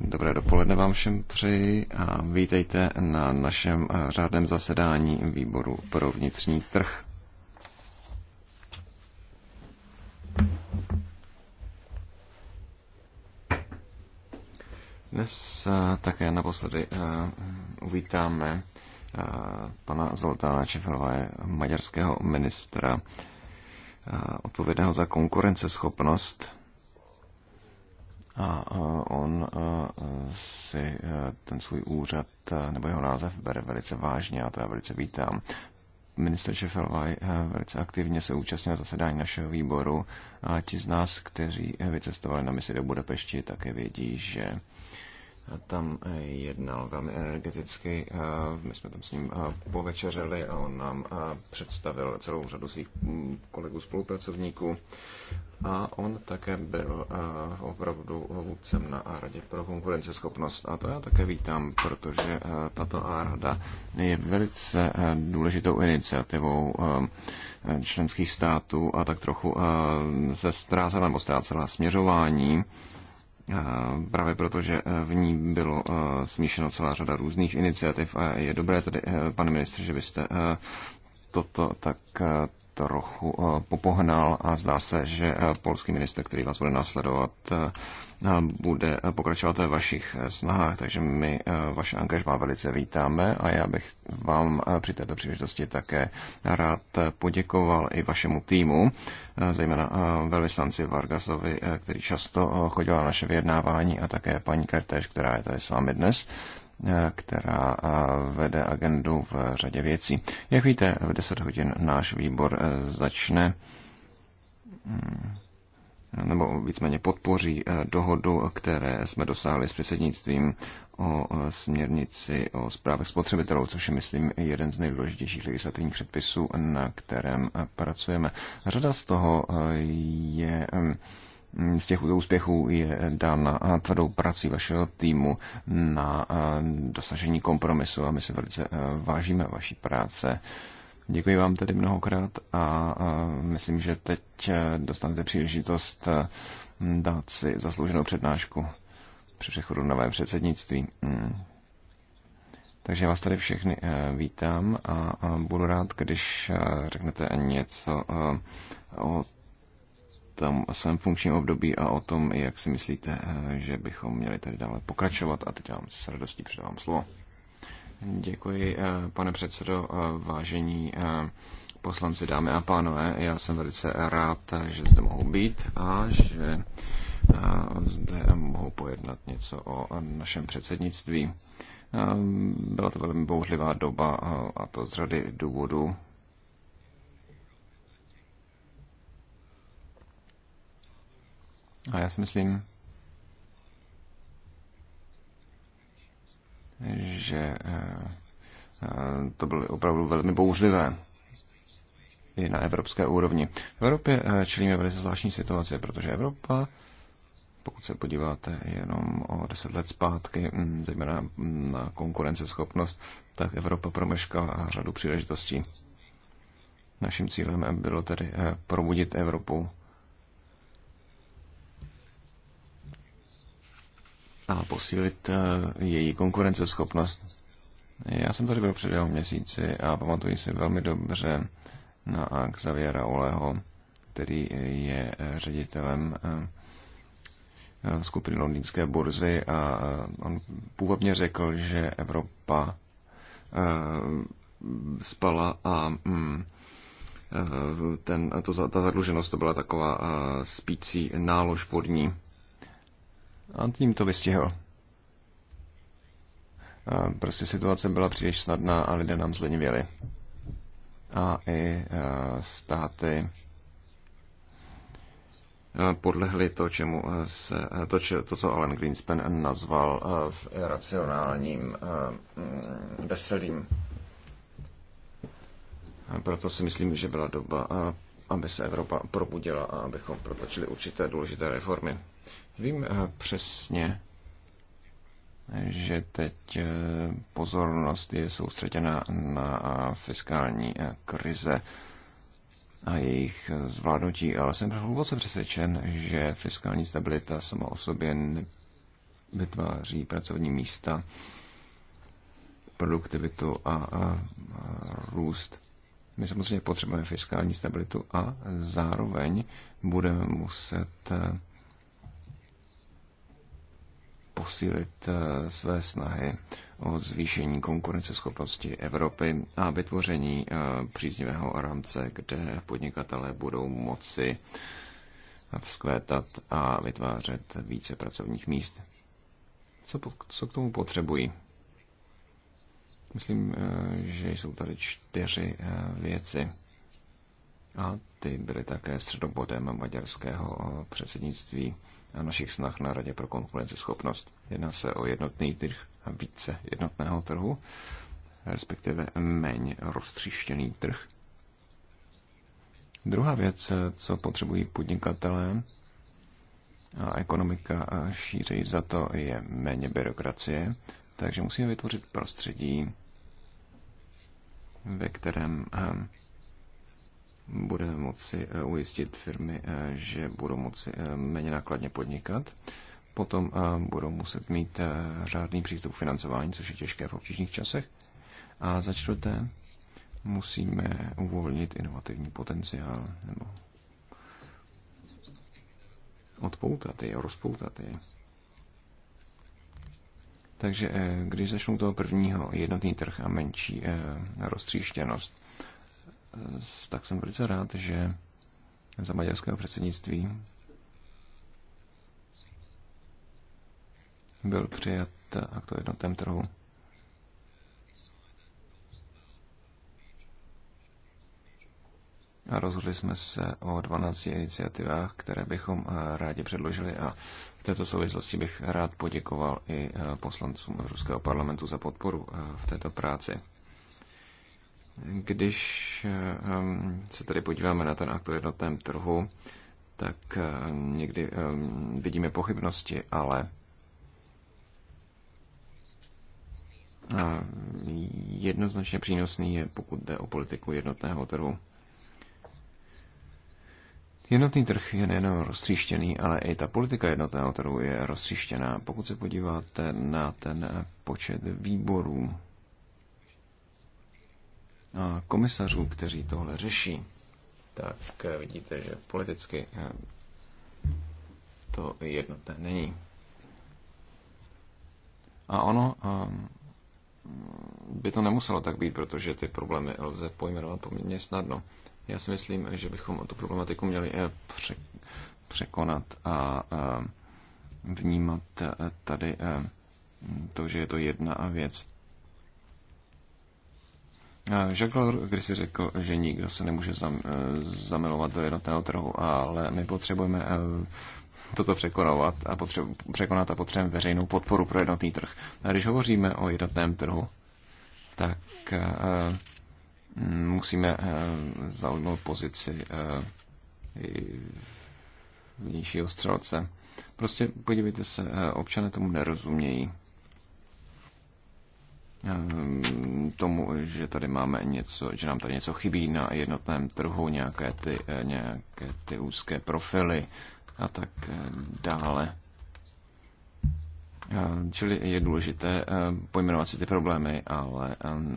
Dobré dopoledne vám všem přeji a vítejte na našem eh, řádném zasedání výboru pro vnitřní trh. Dnes eh, také naposledy eh, uvítáme pana Zoltána Čefelové, maďarského ministra odpovědného za konkurenceschopnost a on si e, ten svůj úřad e, nebo jeho název bere velice vážně a to já velice vítám. Minister Šefelvaj e, velice aktivně se účastnil zasedání našeho výboru a ti z nás, kteří vycestovali na misi do Budapešti, také vědí, že tam eh, jednal velmi energeticky. Eh, my jsme tam s ním eh, povečeřeli a on nám představil celou řadu svých mm, kolegů spolupracovníků. A on také byl opravdu vůdcem na Radě pro konkurenceschopnost. A to já také vítám, protože tato rada je velice důležitou iniciativou členských států a tak trochu se ztrácela nebo ztrácela směřování právě proto, že eh, v ní bylo eh, smíšeno celá řada různých iniciativ a je dobré tedy, eh, pane ministře, že byste toto tak trochu eh, popohnal a zdá se, že eh, polský minister, který vás bude následovat, eh, bude pokračovat ve vašich snahách, takže my vaše angažmá velice vítáme a já bych vám při této příležitosti také rád poděkoval i vašemu týmu, zejména velvyslanci Vargasovi, který často chodil na naše vyjednávání a také paní Kertéž, která je tady s vámi dnes která vede agendu v řadě věcí. Jak víte, v 10 hodin náš výbor e, začne mm, nebo víceméně podpoří e, dohodu, které jsme dosáhli s předsednictvím o e, směrnici o zprávech spotřebitelů, což je, myslím, jeden z nejdůležitějších legislativních předpisů, na kterém pracujeme. Řada z toho je mm, Mm, z těch úspěchů je dána tvrdou prací vašeho týmu na dosažení kompromisu a my si velice vážíme vaší práce. Děkuji vám tedy mnohokrát a myslím, že teď dostanete příležitost dát si zaslouženou přednášku při přechodu nové předsednictví. Mm. Takže vás tady všechny vítám a budu rád, když řeknete něco o tom svém funkčním období a o tom, jak si myslíte, eh, že bychom měli tady dále pokračovat. A teď vám s radostí předávám slovo. Děkuji, eh, pane předsedo, eh, vážení poslanci, dámy a pánové. Já jsem velice rád, že zde mohu být a že zde mohu pojednat něco o našem předsednictví. Byla to velmi bouřlivá doba a to z řady důvodů. A já si myslím, že eh, eh, to byly opravdu velmi bouřlivé i na evropské úrovni. V Evropě eh, čelíme velice zvláštní situace, protože Evropa, pokud se podíváte jenom o deset let zpátky, mm, zejména na konkurenceschopnost, tak Evropa promeškala řadu příležitostí. Naším cílem bylo tedy probudit Evropu a posílit eh, její konkurenceschopnost. Já jsem tady byl před dvěma měsíci a pamatuji si velmi dobře na Xaviera Oleho, který je eh, ředitelem eh, skupiny londýnské burzy a on původně řekl, že Evropa spala a mm, ten, to, ta zadluženost to byla taková spící nálož pod ní. A tím to vystihl. A prostě situace byla příliš snadná a lidé nám zlenivěli. A i e, státy e, podlehli to, čemu e, se, to, če, to, co Alan Greenspan nazval v racionálním mm, veselým. proto si myslím, že byla doba, aby se Evropa probudila a abychom protlačili určité důležité reformy. Vím eh, přesně, že teď eh, pozornost je soustředěna na eh, fiskální krize a jejich zvládnutí, ale jsem hluboce přesvědčen, že fiskální stabilita sama o sobě vytváří pracovní místa, produktivitu a, a, a růst. My samozřejmě potřebujeme fiskální stabilitu a zároveň budeme muset posílit eh, své snahy o zvýšení konkurenceschopnosti Evropy a vytvoření eh, příznivého rámce, kde podnikatelé budou moci vzkvétat a vytvářet více pracovních míst. Co, po, co k tomu potřebují? Myslím, eh, že jsou tady čtyři věci. A ty byly také středobodem maďarského předsednictví a našich snah na Radě pro konkurenceschopnost. Jedná se o jednotný trh a více jednotného trhu, respektive méně roztříštěný trh. Druhá věc, co potřebují podnikatelé a ekonomika šíří za to, je méně byrokracie, takže musíme vytvořit prostředí, ve kterém ehm, bude moci eh, ujistit firmy, eh, že budou moci eh, méně nákladně podnikat. Potom budou muset mít řádný přístup k financování, což je těžké v obtížných časech. A za čtvrté, musíme uvolnit inovativní potenciál nebo odpoutat je, rozpoutat je. Takže když začnou toho prvního jednotný trh a menší roztříštěnost, Eh, tak jsem velice rád, že za maďarského předsednictví byl přijat akt o jednotném trhu. A rozhodli jsme se o 12 iniciativách, které bychom eh, rádi předložili a v této souvislosti bych rád poděkoval i eh, poslancům Evropského parlamentu za podporu v této práci. Když ehm, se tady podíváme na ten akt o jednotném trhu, tak ehm, někdy ehm, vidíme pochybnosti, ale jednoznačně přínosný je, pokud jde o politiku jednotného trhu. Jednotný trh je nejen roztříštěný, ale i ta politika jednotného trhu je roztříštěná. Pokud se podíváte na ten počet výborů, komisařů, kteří tohle řeší, tak vidíte, že politicky eh, to jednotné není. A ono eh, by to nemuselo tak být, protože ty problémy lze pojmenovat poměrně snadno. Já si myslím, že bychom tu problematiku měli eh, překonat a vnímat tady to, že je to jedna věc. Eh, Jacques když si řekl, že nikdo se nemůže zam, eh, zamilovat do jednotného trhu, ale my potřebujeme eh, toto překonovat a potřebu, překonat a potřebujeme veřejnou podporu pro jednotný trh. A když hovoříme o jednotném trhu, tak musíme zaujmout pozici vnějšího střelce. Prostě podívejte se, občané tomu nerozumějí. Ehm, tomu, že tady máme něco, že nám tady něco chybí na jednotném trhu, nějaké ty, eh, nějaké ty úzké profily a tak eh, dále. Ehm, čili je důležité ehm, pojmenovat si ty problémy ale,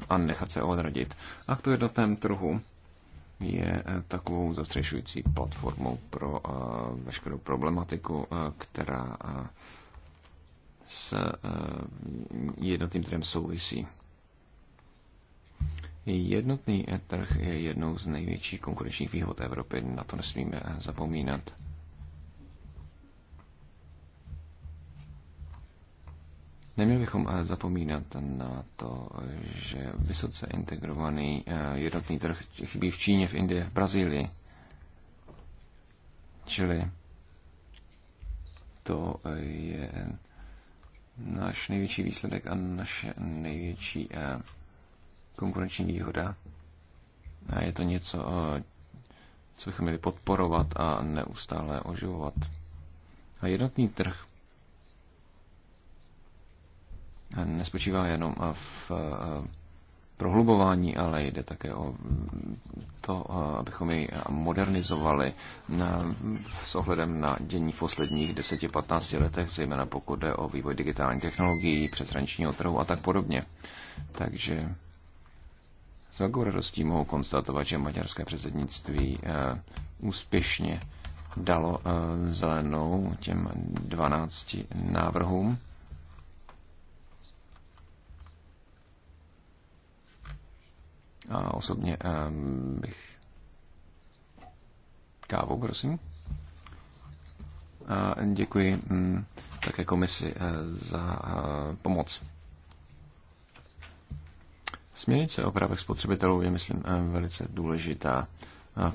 a nechat se odradit. A k to jednotném trhu je eh, takovou zastřešující platformou pro veškerou problematiku, která s eh, jednotným trhem souvisí. Jednotný trh je jednou z největších konkurenčních výhod Evropy, na to nesmíme zapomínat. Neměli bychom eh, zapomínat na to, že vysoce integrovaný eh, jednotný trh chybí v Číně, v Indii, v Brazílii. Čili to je náš největší výsledek a naše největší eh, konkurenční výhoda. A je to něco, eh, co bychom měli podporovat a neustále oživovat. A jednotný trh eh, nespočívá jenom v prohlubování, ale jde také o to, eh, abychom ji modernizovali s ohledem na dění v posledních 10-15 letech, zejména pokud jde o vývoj digitální technologií, přeshraničního trhu a tak podobně. Takže s velkou radostí mohu konstatovat, že maďarské předsednictví eh, úspěšně dalo eh, zelenou těm 12 návrhům A osobně ehm, bych... Kávu, prosím. A děkuji mm, také komisi eh, za eh, pomoc. Směrnice o právech spotřebitelů je, myslím, eh, velice důležitá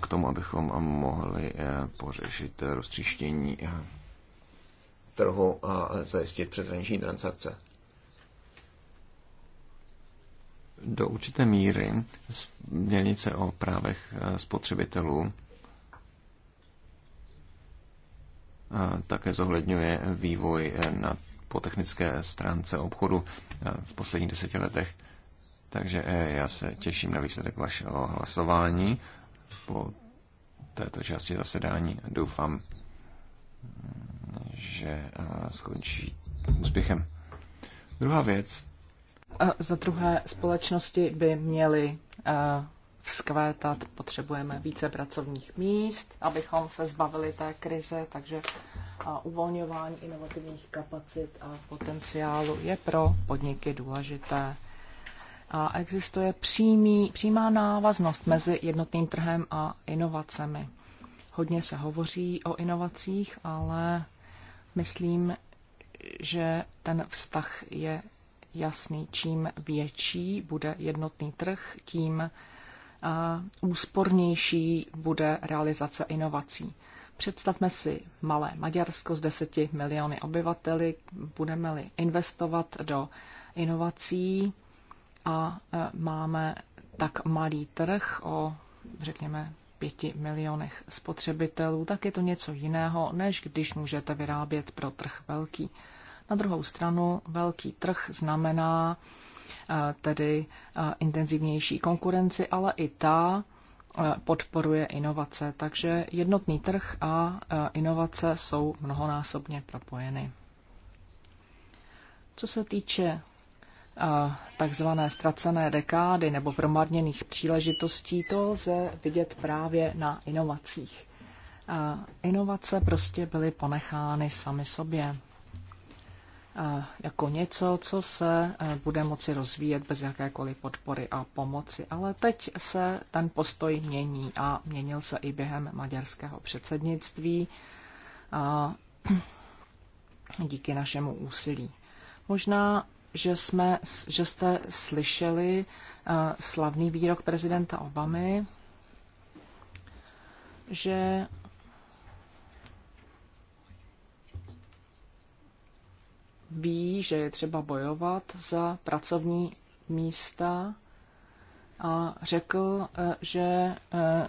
k tomu, abychom mohli pořešit roztříštění trhu a zajistit přeshraniční transakce. do určité míry směrnice o právech eh, spotřebitelů eh, také zohledňuje vývoj eh, na, po technické stránce obchodu v posledních deseti letech. Takže já se těším na výsledek vašeho hlasování po této části zasedání. Doufám, že skončí úspěchem. Druhá věc, za druhé, společnosti by měly eh, vzkvétat, potřebujeme více pracovních míst, abychom se zbavili té krize, takže eh, uvolňování inovativních kapacit a potenciálu je pro podniky důležité. A existuje přímý, přímá návaznost mezi jednotným trhem a inovacemi. Hodně se hovoří o inovacích, ale myslím, že ten vztah je jasný. Čím větší bude jednotný trh, tím eh, úspornější bude realizace inovací. Představme si malé Maďarsko s deseti miliony obyvateli. Budeme-li investovat do inovací a eh, máme tak malý trh o, řekněme, pěti milionech spotřebitelů, tak je to něco jiného, než když můžete vyrábět pro trh velký. Na druhou stranu velký trh znamená eh, tedy eh, intenzivnější konkurenci, ale i ta eh, podporuje inovace. Takže jednotný trh a inovace jsou mnohonásobně propojeny. Co se týče takzvané ztracené dekády nebo promarněných příležitostí, to lze vidět právě na inovacích. Inovace prostě byly ponechány sami sobě jako něco, co se e, bude moci rozvíjet bez jakékoliv podpory a pomoci. Ale teď se ten postoj mění a měnil se i během maďarského předsednictví a díky našemu úsilí. Možná, že, jsme, že jste slyšeli e, slavný výrok prezidenta Obamy, že ví, že je třeba bojovat za pracovní místa a řekl, eh, že eh,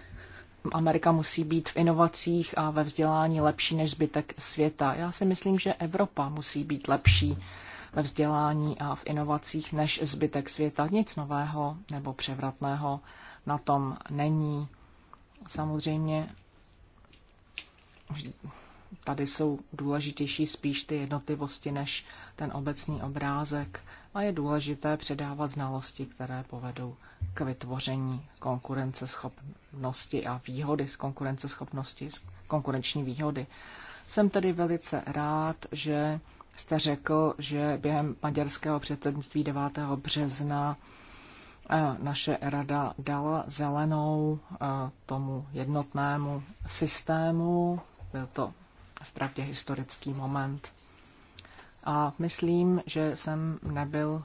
Amerika musí být v inovacích a ve vzdělání lepší než zbytek světa. Já si myslím, že Evropa musí být lepší ve vzdělání a v inovacích než zbytek světa. Nic nového nebo převratného na tom není. Samozřejmě tady jsou důležitější spíš ty jednotlivosti než ten obecný obrázek a je důležité předávat znalosti, které povedou k vytvoření konkurenceschopnosti a výhody z konkurenceschopnosti, z konkurenční výhody. Jsem tedy velice rád, že jste řekl, že během maďarského předsednictví 9. března eh, naše rada dala zelenou eh, tomu jednotnému systému. Byl to vpravdě historický moment. A myslím, že jsem nebyl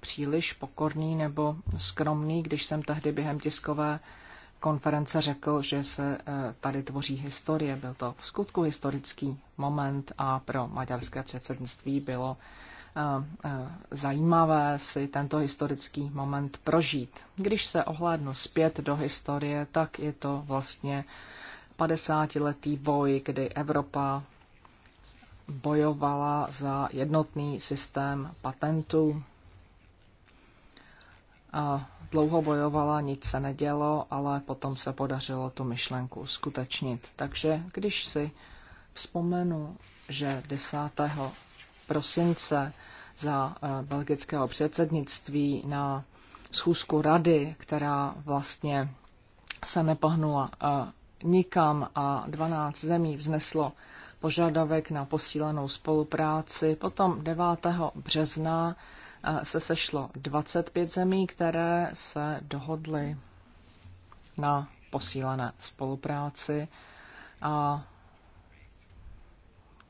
příliš pokorný nebo skromný, když jsem tehdy během tiskové konference řekl, že se eh, tady tvoří historie. Byl to v skutku historický moment a pro maďarské předsednictví bylo eh, eh, zajímavé si tento historický moment prožít. Když se ohlédnu zpět do historie, tak je to vlastně 50-letý boj, kdy Evropa bojovala za jednotný systém patentů. A dlouho bojovala, nic se nedělo, ale potom se podařilo tu myšlenku uskutečnit. Takže když si vzpomenu, že 10. prosince za eh, belgického předsednictví na schůzku rady, která vlastně se nepohnula eh, nikam a 12 zemí vzneslo požadavek na posílenou spolupráci. Potom 9. března eh, se sešlo 25 zemí, které se dohodly na posílené spolupráci a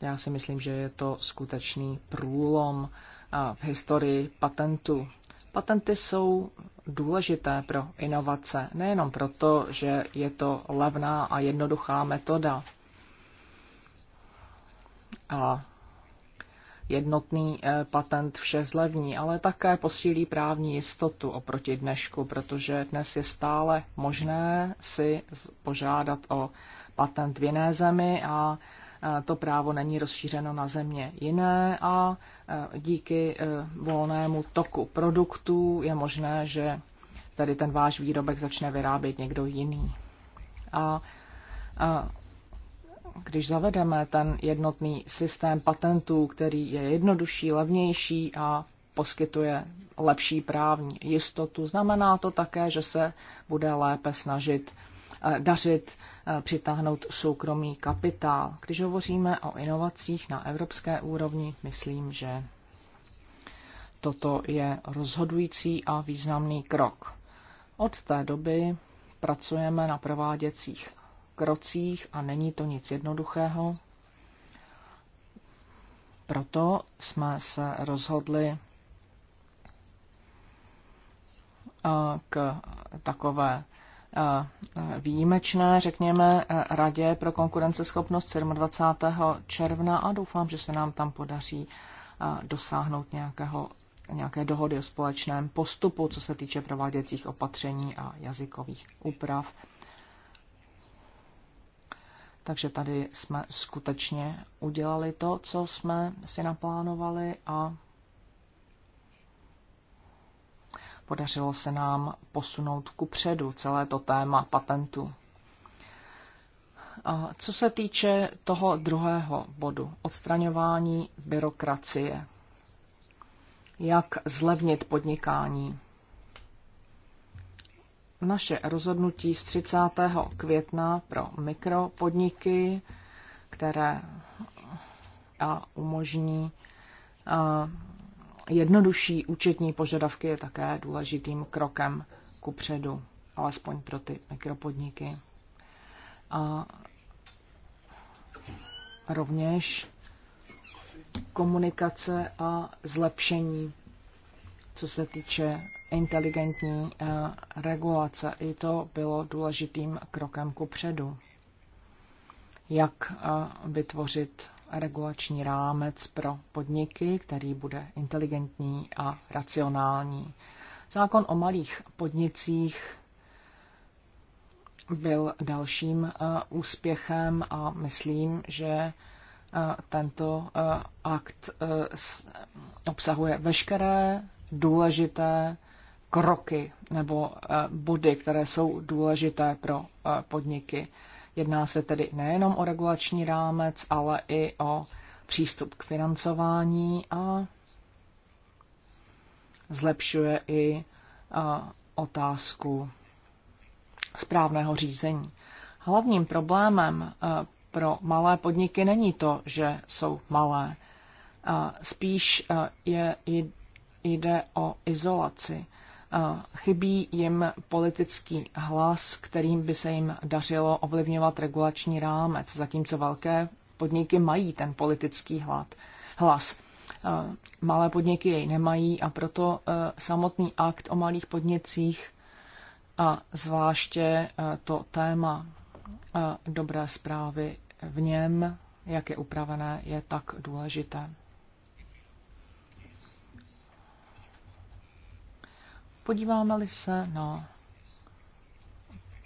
já si myslím, že je to skutečný průlom eh, v historii patentů. Patenty jsou důležité pro inovace, nejenom proto, že je to levná a jednoduchá metoda a jednotný eh, patent vše zlevní, ale také posílí právní jistotu oproti dnešku, protože dnes je stále možné si požádat o patent v jiné zemi a Eh, to právo není rozšířeno na země jiné a eh, díky eh, volnému toku produktů je možné, že tady ten váš výrobek začne vyrábět někdo jiný. A, a když zavedeme ten jednotný systém patentů, který je jednodušší, levnější a poskytuje lepší právní jistotu, znamená to také, že se bude lépe snažit dařit přitáhnout soukromý kapitál. Když hovoříme o inovacích na evropské úrovni, myslím, že toto je rozhodující a významný krok. Od té doby pracujeme na prováděcích krocích a není to nic jednoduchého. Proto jsme se rozhodli eh, k takové výjimečné, řekněme, Radě pro konkurenceschopnost 27. června a doufám, že se nám tam podaří dosáhnout nějakého, nějaké dohody o společném postupu, co se týče prováděcích opatření a jazykových úprav. Takže tady jsme skutečně udělali to, co jsme si naplánovali a Podařilo se nám posunout ku předu celé to téma patentu. A co se týče toho druhého bodu, odstraňování byrokracie, jak zlevnit podnikání. Naše rozhodnutí z 30. května pro mikropodniky, které a umožní jednodušší účetní požadavky je také důležitým krokem ku předu, alespoň pro ty mikropodniky. A rovněž komunikace a zlepšení, co se týče inteligentní eh, regulace. I to bylo důležitým krokem ku předu. Jak eh, vytvořit regulační rámec pro podniky, který bude inteligentní a racionální. Zákon o malých podnicích byl dalším eh, úspěchem a myslím, že eh, tento eh, akt obsahuje veškeré důležité kroky nebo body, které jsou důležité pro podniky. Jedná se tedy nejenom o regulační rámec, ale i o přístup k financování a zlepšuje i otázku správného řízení. Hlavním problémem pro malé podniky není to, že jsou malé. Spíš je, jde o izolaci. Eh, chybí jim politický hlas, kterým by se jim dařilo ovlivňovat regulační rámec, zatímco velké podniky mají ten politický hlad, hlas. Eh, malé podniky jej nemají a proto eh, samotný akt o malých podnicích a zvláště to téma dobré zprávy v něm, jak je upravené, je tak důležité. Podíváme-li se na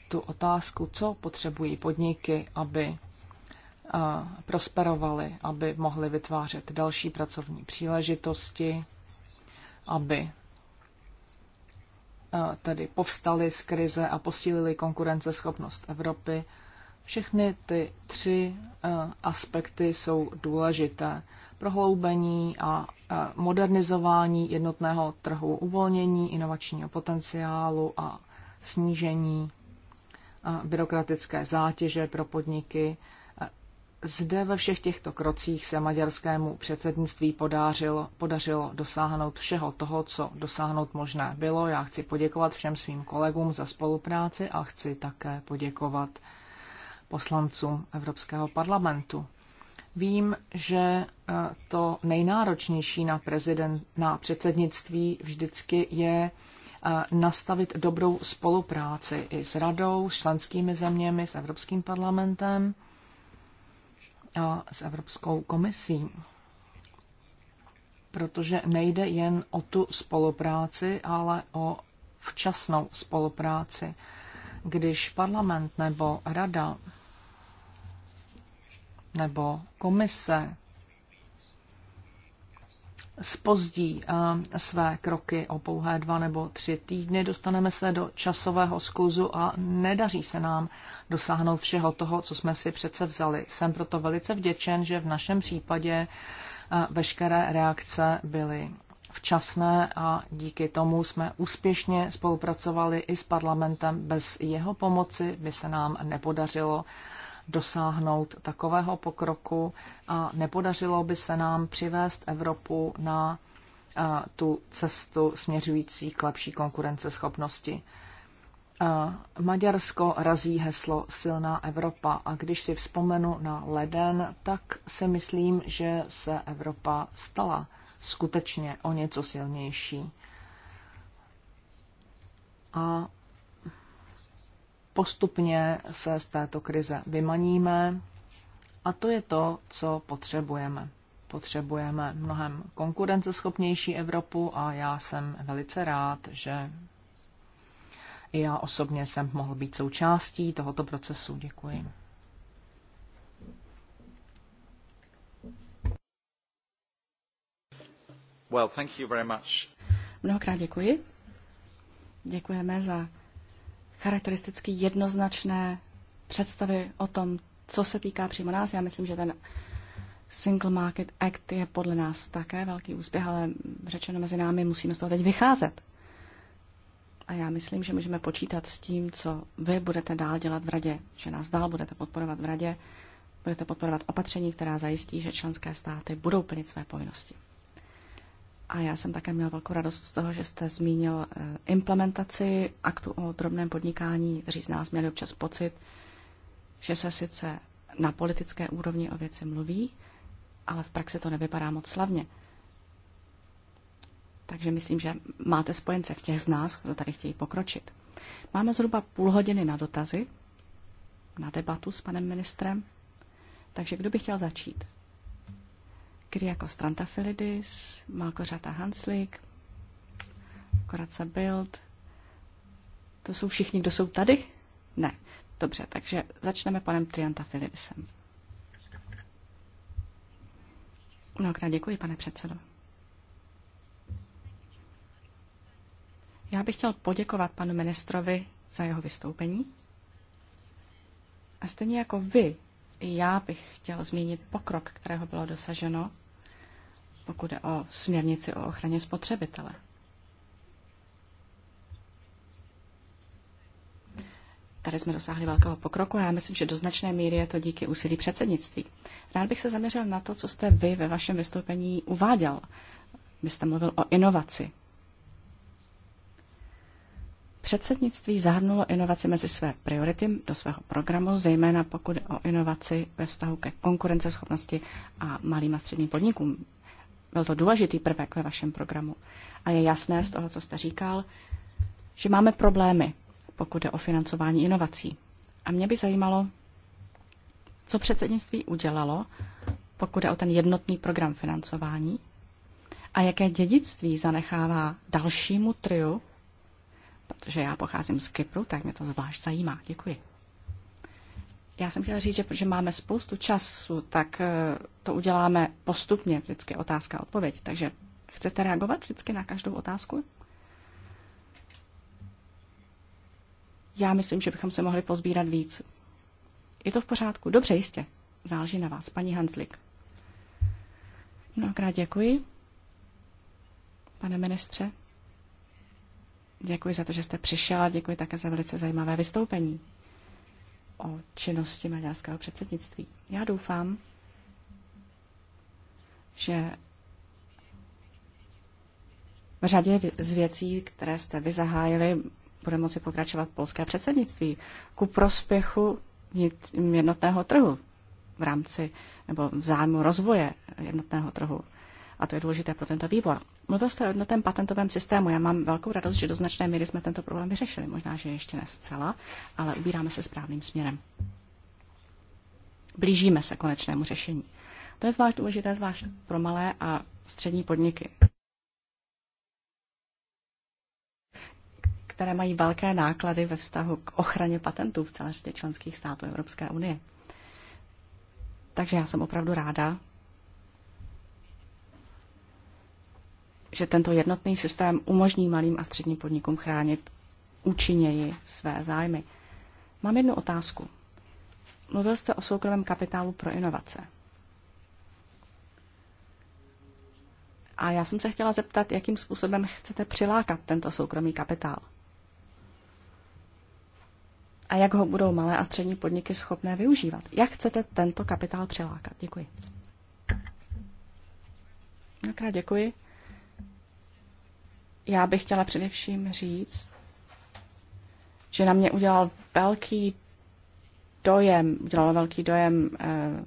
tu otázku, co potřebují podniky, aby eh, prosperovaly, aby mohly vytvářet další pracovní příležitosti, aby eh, tedy povstali z krize a posílili konkurenceschopnost Evropy. Všechny ty tři eh, aspekty jsou důležité prohloubení a modernizování jednotného trhu, uvolnění inovačního potenciálu a snížení byrokratické zátěže pro podniky. Zde ve všech těchto krocích se maďarskému předsednictví podařilo, podařilo dosáhnout všeho toho, co dosáhnout možné bylo. Já chci poděkovat všem svým kolegům za spolupráci a chci také poděkovat poslancům Evropského parlamentu. Vím, že eh, to nejnáročnější na, prezident, na předsednictví vždycky je eh, nastavit dobrou spolupráci i s radou, s členskými zeměmi, s Evropským parlamentem a s Evropskou komisí. Protože nejde jen o tu spolupráci, ale o včasnou spolupráci. Když parlament nebo rada nebo komise spozdí eh, své kroky o pouhé dva nebo tři týdny, dostaneme se do časového skluzu a nedaří se nám dosáhnout všeho toho, co jsme si přece vzali. Jsem proto velice vděčen, že v našem případě eh, veškeré reakce byly včasné a díky tomu jsme úspěšně spolupracovali i s parlamentem. Bez jeho pomoci by se nám nepodařilo dosáhnout takového pokroku a nepodařilo by se nám přivést Evropu na tu cestu směřující k lepší konkurenceschopnosti. Maďarsko razí heslo Silná Evropa a když si vzpomenu na leden, tak si myslím, že se Evropa stala skutečně o něco silnější. A postupně se z této krize vymaníme a to je to, co potřebujeme. Potřebujeme mnohem konkurenceschopnější Evropu a já jsem velice rád, že i já osobně jsem mohl být součástí tohoto procesu. Děkuji. Well, thank you very much. Mnohokrát děkuji. Děkujeme za charakteristicky jednoznačné představy o tom, co se týká přímo nás. Já myslím, že ten Single Market Act je podle nás také velký úspěch, ale řečeno mezi námi, musíme z toho teď vycházet. A já myslím, že můžeme počítat s tím, co vy budete dál dělat v radě, že nás dál budete podporovat v radě, budete podporovat opatření, která zajistí, že členské státy budou plnit své povinnosti. A já jsem také měl velkou radost z toho, že jste zmínil eh, implementaci aktu o drobném podnikání. Někteří z nás měli občas pocit, že se sice na politické úrovni o věci mluví, ale v praxi to nevypadá moc slavně. Takže myslím, že máte spojence v těch z nás, kdo tady chtějí pokročit. Máme zhruba půl hodiny na dotazy, na debatu s panem ministrem. Takže kdo by chtěl začít? Kyriakos Trantafilidis, Malkořata hanslik Koraca Bild. To jsou všichni, kdo jsou tady? Ne. Dobře, takže začneme panem Triantafilidisem. Mnohokrát děkuji, pane předsedo. Já bych chtěl poděkovat panu ministrovi za jeho vystoupení. A stejně jako vy, já bych chtěl změnit pokrok, kterého bylo dosaženo pokud je o směrnici o ochraně spotřebitele. Tady jsme dosáhli velkého pokroku a já myslím, že do značné míry je to díky úsilí předsednictví. Rád bych se zaměřil na to, co jste vy ve vašem vystoupení uváděl. Vy jste mluvil o inovaci. Předsednictví zahrnulo inovaci mezi své priority do svého programu, zejména pokud o inovaci ve vztahu ke konkurenceschopnosti a malým a středním podnikům. Byl to důležitý prvek ve vašem programu. A je jasné z toho, co jste říkal, že máme problémy, pokud jde o financování inovací. A mě by zajímalo, co předsednictví udělalo, pokud jde o ten jednotný program financování a jaké dědictví zanechává dalšímu triu, protože já pocházím z Kypru, tak mě to zvlášť zajímá. Děkuji. Já jsem chtěla říct, že protože máme spoustu času, tak eh, to uděláme postupně, vždycky otázka a odpověď. Takže chcete reagovat vždycky na každou otázku? Já myslím, že bychom se mohli pozbírat víc. Je to v pořádku? Dobře, jistě. Záleží na vás, paní Hanslik. Mnohokrát děkuji, pane ministře. Děkuji za to, že jste přišel a děkuji také za velice zajímavé vystoupení o činnosti maďarského předsednictví. Já doufám, že v řadě z věcí, které jste vy zahájili, bude moci pokračovat polské předsednictví ku prospěchu jednotného trhu v rámci nebo v zájmu rozvoje jednotného trhu. A to je důležité pro tento výbor. Mluvil jste o jednotném patentovém systému. Já mám velkou radost, že do značné míry jsme tento problém vyřešili. Možná, že ještě ne zcela, ale ubíráme se správným směrem. Blížíme se konečnému řešení. To je zvlášť důležité, zvlášť pro malé a střední podniky, které mají velké náklady ve vztahu k ochraně patentů v celé řadě členských států Evropské unie. Takže já jsem opravdu ráda, že tento jednotný systém umožní malým a středním podnikům chránit účinněji své zájmy. Mám jednu otázku. Mluvil jste o soukromém kapitálu pro inovace. A já jsem se chtěla zeptat, jakým způsobem chcete přilákat tento soukromý kapitál. A jak ho budou malé a střední podniky schopné využívat? Jak chcete tento kapitál přilákat? Děkuji. Nakrát děkuji. Já bych chtěla především říct, že na mě udělal velký dojem, udělalo velký dojem, eh,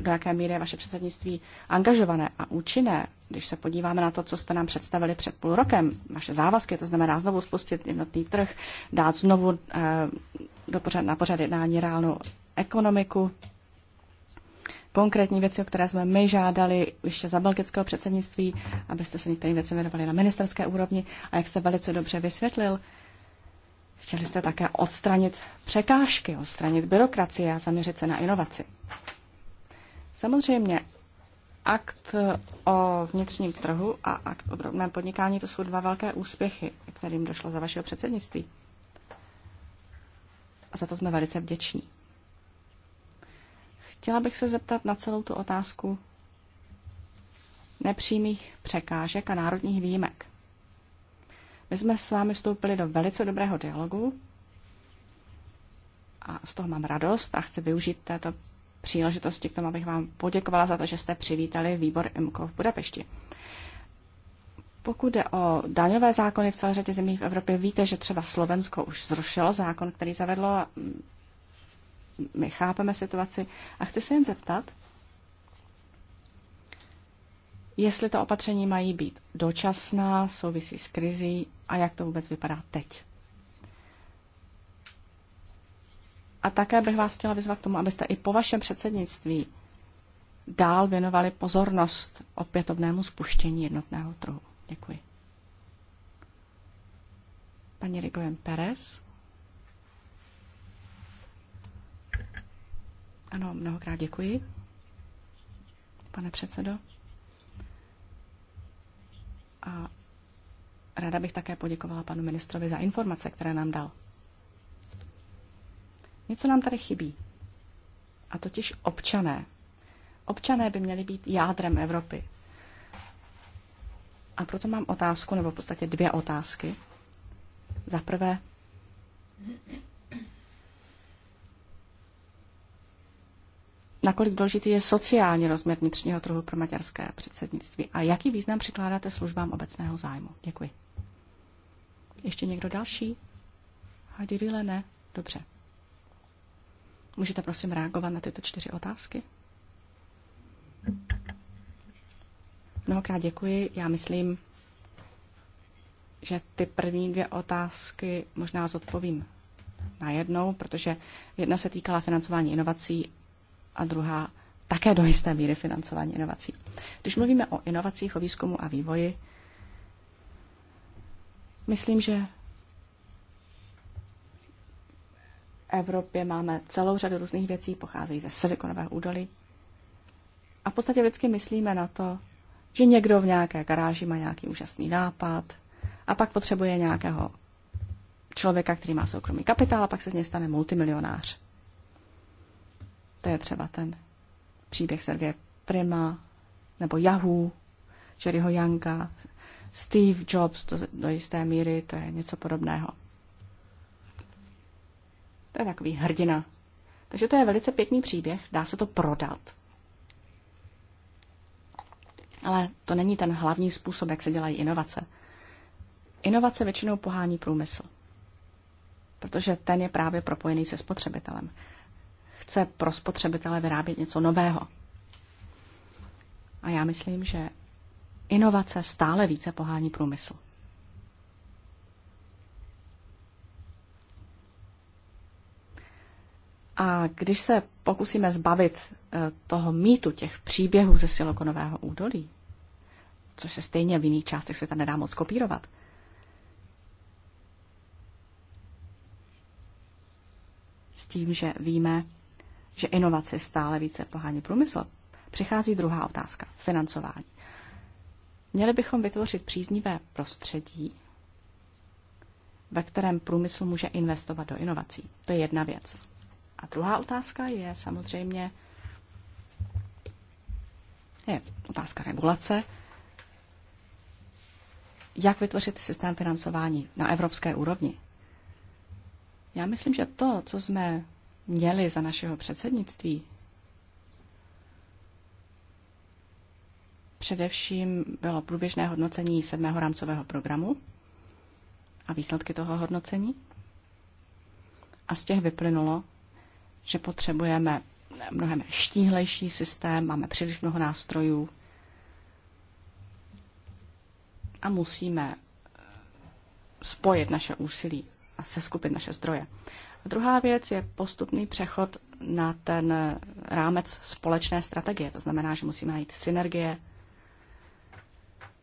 do jaké míry je vaše předsednictví angažované a účinné. Když se podíváme na to, co jste nám představili před půl rokem, vaše závazky, to znamená znovu spustit jednotný trh, dát znovu eh, do na pořad jednání reálnou ekonomiku, konkrétní věci, o které jsme my žádali ještě za belgického předsednictví, abyste se některým věcem věnovali na ministerské úrovni. A jak jste velice dobře vysvětlil, chtěli jste také odstranit překážky, odstranit byrokracie a zaměřit se na inovaci. Samozřejmě akt o vnitřním trhu a akt o drobném podnikání, to jsou dva velké úspěchy, kterým došlo za vašeho předsednictví. A za to jsme velice vděční. Chtěla bych se zeptat na celou tu otázku nepřímých překážek a národních výjimek. My jsme s vámi vstoupili do velice dobrého dialogu a z toho mám radost a chci využít této příležitosti k tomu, abych vám poděkovala za to, že jste přivítali výbor IMCO v Budapešti. Pokud jde o daňové zákony v celé řadě zemí v Evropě, víte, že třeba Slovensko už zrušilo zákon, který zavedlo my chápeme situaci. A chci se jen zeptat, jestli ta opatření mají být dočasná, souvisí s krizí a jak to vůbec vypadá teď. A také bych vás chtěla vyzvat k tomu, abyste i po vašem předsednictví dál věnovali pozornost opětovnému spuštění jednotného trhu. Děkuji. Paní Rigoyen Perez. Ano, mnohokrát děkuji, pane předsedo. A ráda bych také poděkovala panu ministrovi za informace, které nám dal. Něco nám tady chybí. A totiž občané. Občané by měli být jádrem Evropy. A proto mám otázku, nebo v podstatě dvě otázky. Za prvé, nakolik důležitý je sociální rozměr vnitřního trhu pro maďarské předsednictví a jaký význam přikládáte službám obecného zájmu? Děkuji. Ještě někdo další? Hadirile ne? Dobře. Můžete prosím reagovat na tyto čtyři otázky? Mnohokrát děkuji. Já myslím, že ty první dvě otázky možná zodpovím najednou, protože jedna se týkala financování inovací a druhá také do jisté míry financování inovací. Když mluvíme o inovacích, o výzkumu a vývoji, myslím, že v Evropě máme celou řadu různých věcí, pocházejí ze silikonového údolí. A v podstatě vždycky myslíme na to, že někdo v nějaké garáži má nějaký úžasný nápad a pak potřebuje nějakého člověka, který má soukromý kapitál a pak se z něj stane multimilionář. To je třeba ten příběh Sergeje Prima nebo Yahoo, Jerryho Younga, Steve Jobs do, do jisté míry, to je něco podobného. To je takový hrdina. Takže to je velice pěkný příběh, dá se to prodat. Ale to není ten hlavní způsob, jak se dělají inovace. Inovace většinou pohání průmysl, protože ten je právě propojený se spotřebitelem chce pro spotřebitele vyrábět něco nového. A já myslím, že inovace stále více pohání průmysl. A když se pokusíme zbavit eh, toho mýtu, těch příběhů ze silokonového údolí, což se stejně v jiných částech se tam nedá moc kopírovat, s tím, že víme, že inovace stále více pohání průmysl, přichází druhá otázka financování. Měli bychom vytvořit příznivé prostředí, ve kterém průmysl může investovat do inovací. To je jedna věc. A druhá otázka je samozřejmě je otázka regulace. Jak vytvořit systém financování na evropské úrovni? Já myslím, že to, co jsme měli za našeho předsednictví, především bylo průběžné hodnocení sedmého rámcového programu a výsledky toho hodnocení. A z těch vyplynulo, že potřebujeme mnohem štíhlejší systém, máme příliš mnoho nástrojů a musíme spojit naše úsilí a seskupit naše zdroje. A druhá věc je postupný přechod na ten rámec společné strategie. To znamená, že musíme najít synergie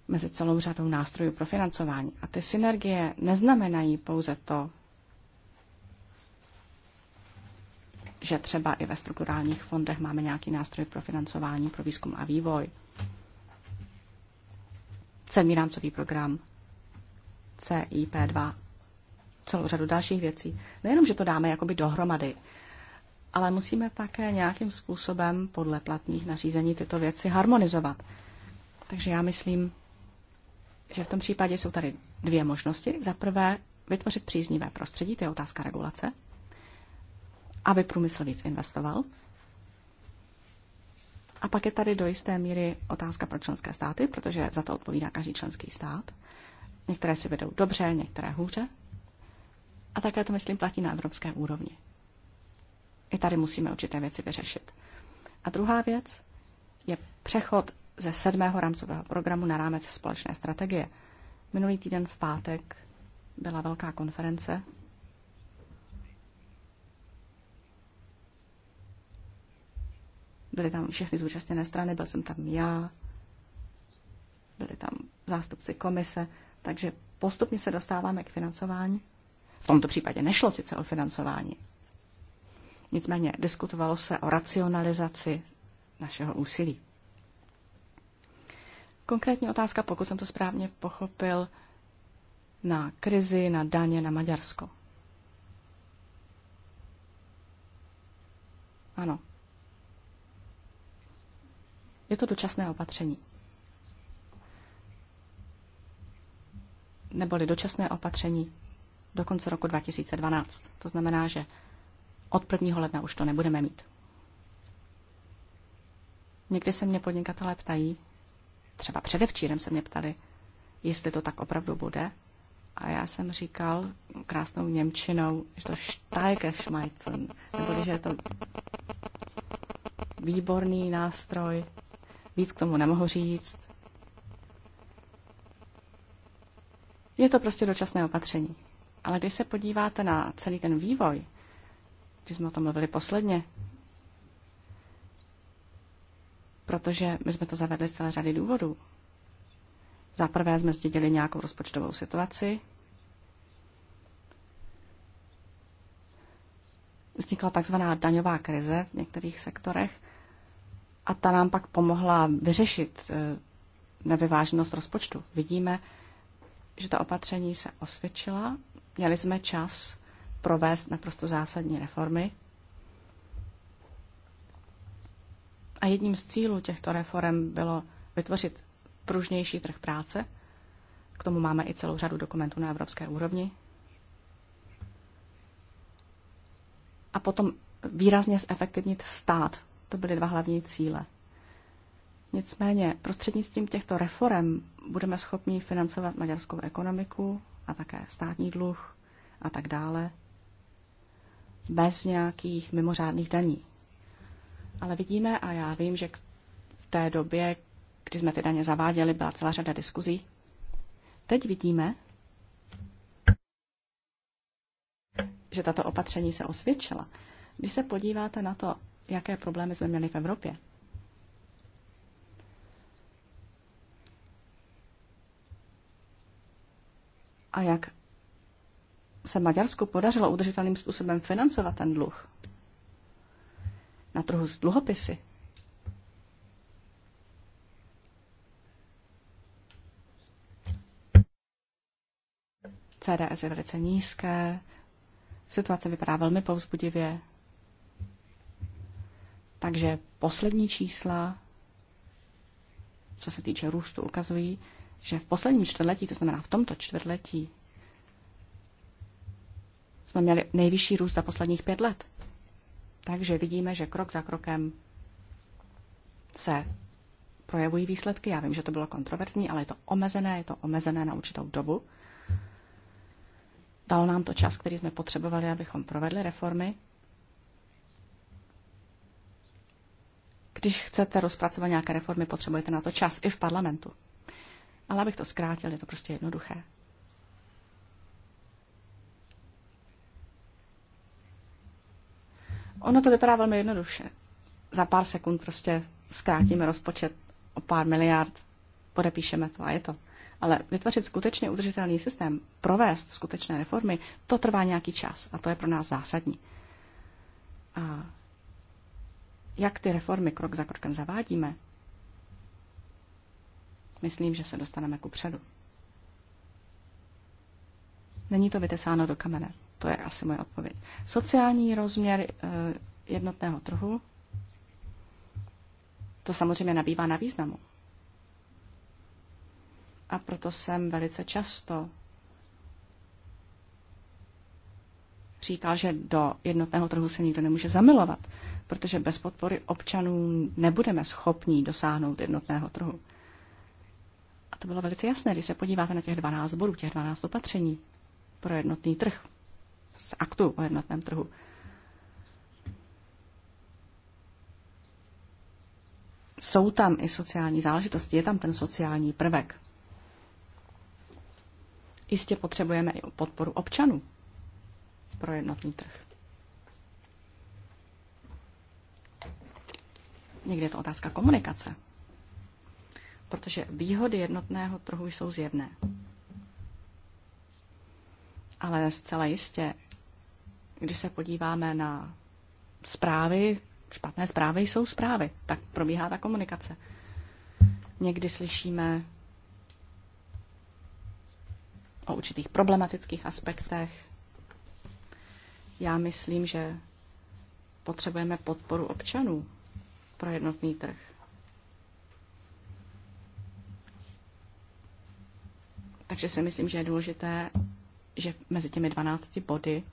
mezi celou řadou nástrojů pro financování. A ty synergie neznamenají pouze to, že třeba i ve strukturálních fondech máme nějaký nástroj pro financování, pro výzkum a vývoj. Sedmý rámcový program CIP2 celou řadu dalších věcí. Nejenom, že to dáme jakoby dohromady, ale musíme také nějakým způsobem podle platných nařízení tyto věci harmonizovat. Takže já myslím, že v tom případě jsou tady dvě možnosti. Za prvé, vytvořit příznivé prostředí, to je otázka regulace, aby průmysl víc investoval. A pak je tady do jisté míry otázka pro členské státy, protože za to odpovídá každý členský stát. Některé si vedou dobře, některé hůře. A také to, myslím, platí na evropské úrovni. I tady musíme určité věci vyřešit. A druhá věc je přechod ze sedmého rámcového programu na rámec společné strategie. Minulý týden v pátek byla velká konference. Byly tam všechny zúčastněné strany, byl jsem tam já, byli tam zástupci komise, takže postupně se dostáváme k financování v tomto případě nešlo sice o financování. Nicméně diskutovalo se o racionalizaci našeho úsilí. Konkrétní otázka, pokud jsem to správně pochopil, na krizi, na daně, na Maďarsko. Ano. Je to dočasné opatření. Neboli dočasné opatření do konce roku 2012. To znamená, že od 1. ledna už to nebudeme mít. Někdy se mě podnikatelé ptají, třeba předevčírem se mě ptali, jestli to tak opravdu bude. A já jsem říkal krásnou Němčinou, že to šmajcen, nebo že je to výborný nástroj, víc k tomu nemohu říct. Je to prostě dočasné opatření. Ale když se podíváte na celý ten vývoj, když jsme o tom mluvili posledně, protože my jsme to zavedli z celé řady důvodů. Za prvé jsme zdědili nějakou rozpočtovou situaci. Vznikla takzvaná daňová krize v některých sektorech a ta nám pak pomohla vyřešit eh, nevyváženost rozpočtu. Vidíme, že ta opatření se osvědčila, Měli jsme čas provést naprosto zásadní reformy. A jedním z cílů těchto reform bylo vytvořit pružnější trh práce. K tomu máme i celou řadu dokumentů na evropské úrovni. A potom výrazně zefektivnit stát. To byly dva hlavní cíle. Nicméně prostřednictvím těchto reform budeme schopni financovat maďarskou ekonomiku, a také státní dluh a tak dále, bez nějakých mimořádných daní. Ale vidíme, a já vím, že v té době, kdy jsme ty daně zaváděli, byla celá řada diskuzí. Teď vidíme, že tato opatření se osvědčila. Když se podíváte na to, jaké problémy jsme měli v Evropě, a jak se Maďarsku podařilo udržitelným způsobem financovat ten dluh na trhu s dluhopisy, CDS je velice nízké, situace vypadá velmi povzbudivě. Takže poslední čísla, co se týče růstu, ukazují, že v posledním čtvrtletí, to znamená v tomto čtvrtletí, jsme měli nejvyšší růst za posledních pět let. Takže vidíme, že krok za krokem se projevují výsledky. Já vím, že to bylo kontroverzní, ale je to omezené, je to omezené na určitou dobu. Dal nám to čas, který jsme potřebovali, abychom provedli reformy. Když chcete rozpracovat nějaké reformy, potřebujete na to čas i v parlamentu. Ale abych to zkrátil, je to prostě jednoduché. Ono to vypadá velmi jednoduše. Za pár sekund prostě zkrátíme rozpočet o pár miliard, podepíšeme to a je to. Ale vytvořit skutečně udržitelný systém, provést skutečné reformy, to trvá nějaký čas a to je pro nás zásadní. A jak ty reformy krok za krokem zavádíme, myslím, že se dostaneme ku předu. Není to vytesáno do kamene. To je asi moje odpověď. Sociální rozměr eh, jednotného trhu, to samozřejmě nabývá na významu. A proto jsem velice často říkal, že do jednotného trhu se nikdo nemůže zamilovat, protože bez podpory občanů nebudeme schopní dosáhnout jednotného trhu. A to bylo velice jasné, když se podíváte na těch 12 bodů, těch 12 opatření pro jednotný trh z aktu o jednotném trhu. Jsou tam i sociální záležitosti, je tam ten sociální prvek. Jistě potřebujeme i podporu občanů pro jednotný trh. Někdy je to otázka komunikace protože výhody jednotného trhu jsou zjevné. Ale zcela jistě, když se podíváme na zprávy, špatné zprávy jsou zprávy, tak probíhá ta komunikace. Někdy slyšíme o určitých problematických aspektech. Já myslím, že potřebujeme podporu občanů pro jednotný trh. Takže si myslím, že je důležité, že mezi těmi 12 body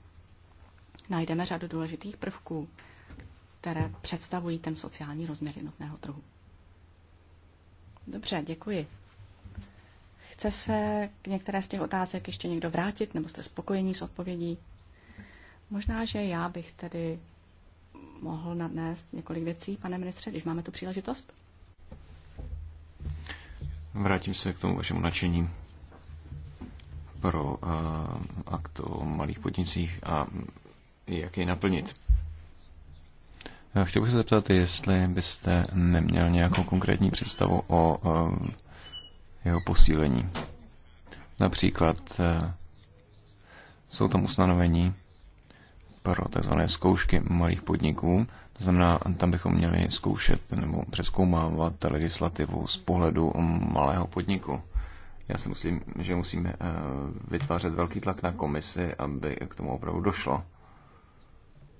najdeme řadu důležitých prvků, které představují ten sociální rozměr jednotného trhu. Dobře, děkuji. Chce se k některé z těch otázek ještě někdo vrátit, nebo jste spokojení s odpovědí? Možná, že já bych tedy mohl nadnést několik věcí, pane ministře, když máme tu příležitost. Vrátím se k tomu vašemu nadšení pro akt o malých podnicích a jak jej naplnit. Chtěl bych se zeptat, jestli byste neměl nějakou konkrétní představu o jeho posílení. Například jsou tam ustanovení pro tzv. zkoušky malých podniků. To znamená, tam bychom měli zkoušet nebo přeskoumávat legislativu z pohledu malého podniku. Já si musím, že musíme eh, vytvářet velký tlak na komisi, aby k tomu opravdu došlo.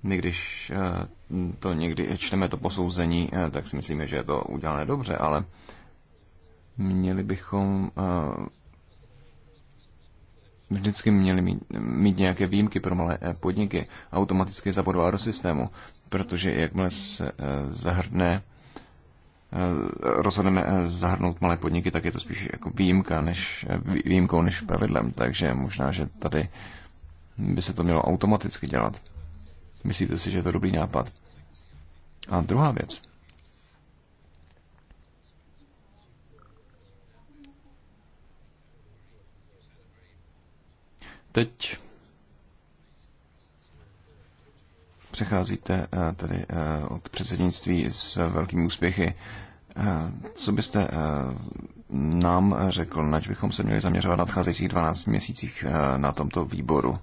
My když eh, to někdy čteme to posouzení, eh, tak si myslíme, že je to udělané dobře, ale měli bychom vždycky měli mít, mít nějaké výjimky pro malé podniky, automaticky zabudovat do systému, protože jakmile se zahrne Eh, rozhodneme eh, zahrnout malé podniky, tak je to spíš jako výjimka než, eh, výjimkou než pravidlem. Takže možná, že tady by se to mělo automaticky dělat. Myslíte si, že je to dobrý nápad? A druhá věc. Teď přecházíte eh, tady eh, od předsednictví s velkými úspěchy. Eh, co byste nám řekl, nač bychom se měli zaměřovat v nadcházejících 12 měsících na tomto výboru?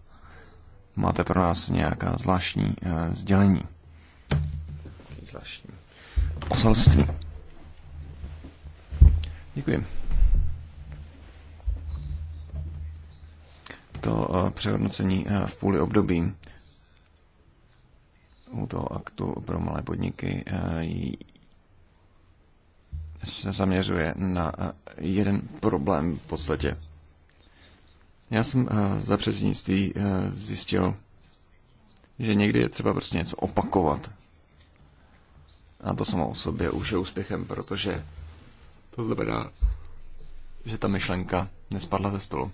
Máte pro nás nějaká zvláštní sdělení? Zvláštní poselství. Děkuji. To přehodnocení v půli období u toho aktu pro malé podniky eh, se zaměřuje na eh, jeden problém v podstatě. Já jsem eh, za předsednictví zjistil, že někdy je třeba prostě něco opakovat. A to samo o sobě už je úspěchem, protože to znamená, že ta myšlenka nespadla ze stolu.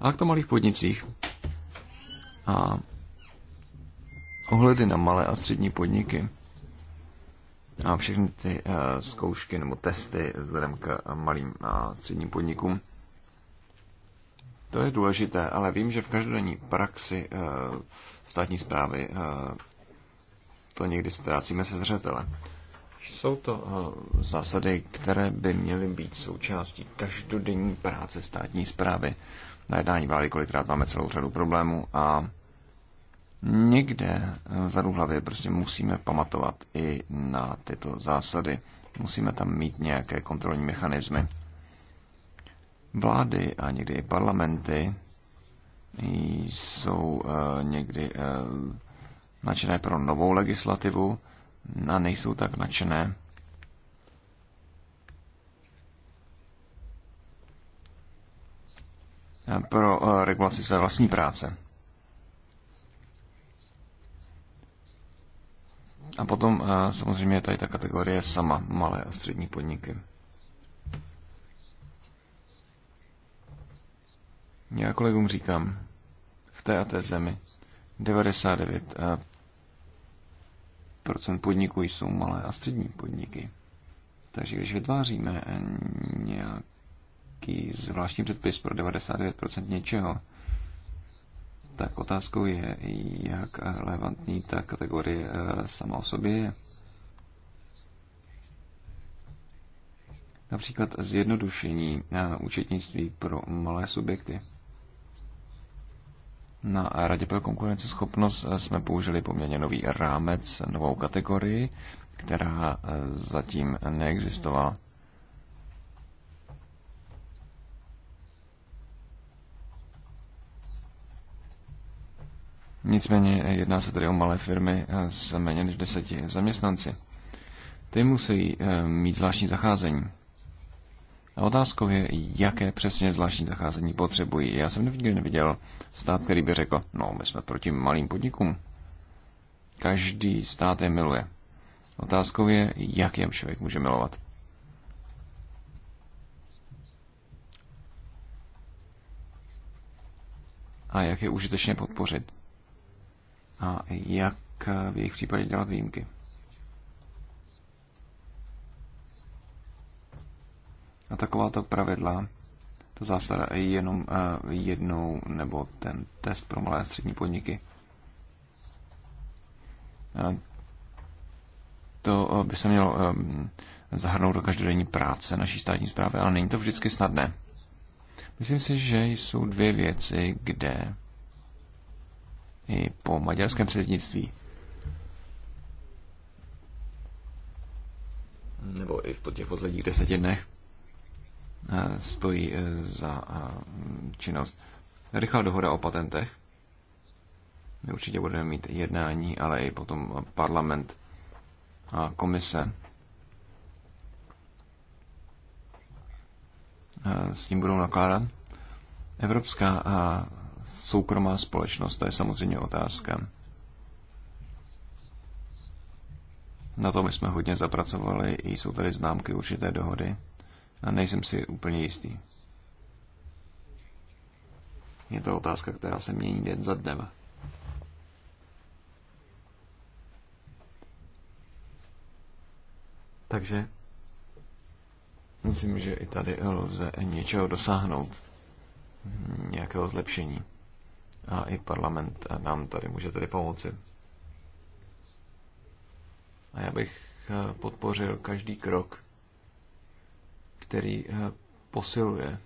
A k to malých podnicích. A ohledy na malé a střední podniky a všechny ty eh, zkoušky nebo testy vzhledem k eh, malým a středním podnikům. To je důležité, ale vím, že v každodenní praxi eh, státní zprávy to někdy ztrácíme se zřetele. Jsou to zásady, které by měly být součástí každodenní práce státní zprávy. Na jednání vlády kolikrát máme celou řadu problémů a někde eh, vzadu hlavě prostě musíme pamatovat i na tyto zásady. Musíme tam mít nějaké kontrolní mechanismy. Vlády a někdy i parlamenty jsou eh, někdy eh, nadšené pro novou legislativu a nejsou tak nadšené pro regulaci své vlastní práce. A potom eh, samozřejmě je tady ta kategorie sama, malé a střední podniky. Já kolegům říkám, v té a té zemi 99% eh, podniků jsou malé a střední podniky. Takže když vytváříme nějaký zvláštní předpis pro 99% něčeho, tak otázkou je, jak relevantní ta kategorie eh, sama o sobě je. Například zjednodušení eh, účetnictví pro malé subjekty. Na Radě pro konkurenceschopnost eh, jsme použili poměrně nový rámec, novou kategorii, která zatím neexistovala. Nicméně jedná se tedy o malé firmy s méně než deseti zaměstnanci. Ty musí eh, mít zvláštní zacházení. A otázkou je, jaké přesně zvláštní zacházení potřebují. Já jsem nikdy neviděl stát, který by řekl, no my jsme proti malým podnikům. Každý stát je miluje. Otázkou je, jak jem člověk může milovat. A jak je užitečně podpořit a jak v jejich případě dělat výjimky. A takováto pravidla, to zásada je jenom eh, jednou, nebo ten test pro malé a střední podniky. to eh, by se mělo ehm, zahrnout do každodenní práce naší státní zprávy, ale není to vždycky snadné. Myslím si, že jsou dvě věci, kde i po maďarském předsednictví. Nebo i po těch posledních deseti dnech eh, stojí eh, za eh, činnost. Rychlá dohoda o patentech. My určitě budeme mít jednání, ale i potom parlament a komise. S tím budou nakládat. Evropská soukromá společnost, to je samozřejmě otázka. Na to my jsme hodně zapracovali, i jsou tady známky určité dohody a nejsem si úplně jistý. Je to otázka, která se mění den za dnem. Takže myslím, že i tady lze něčeho dosáhnout, nějakého zlepšení a i parlament nám tady může tedy pomoci. A já bych eh, podpořil každý krok, který eh, posiluje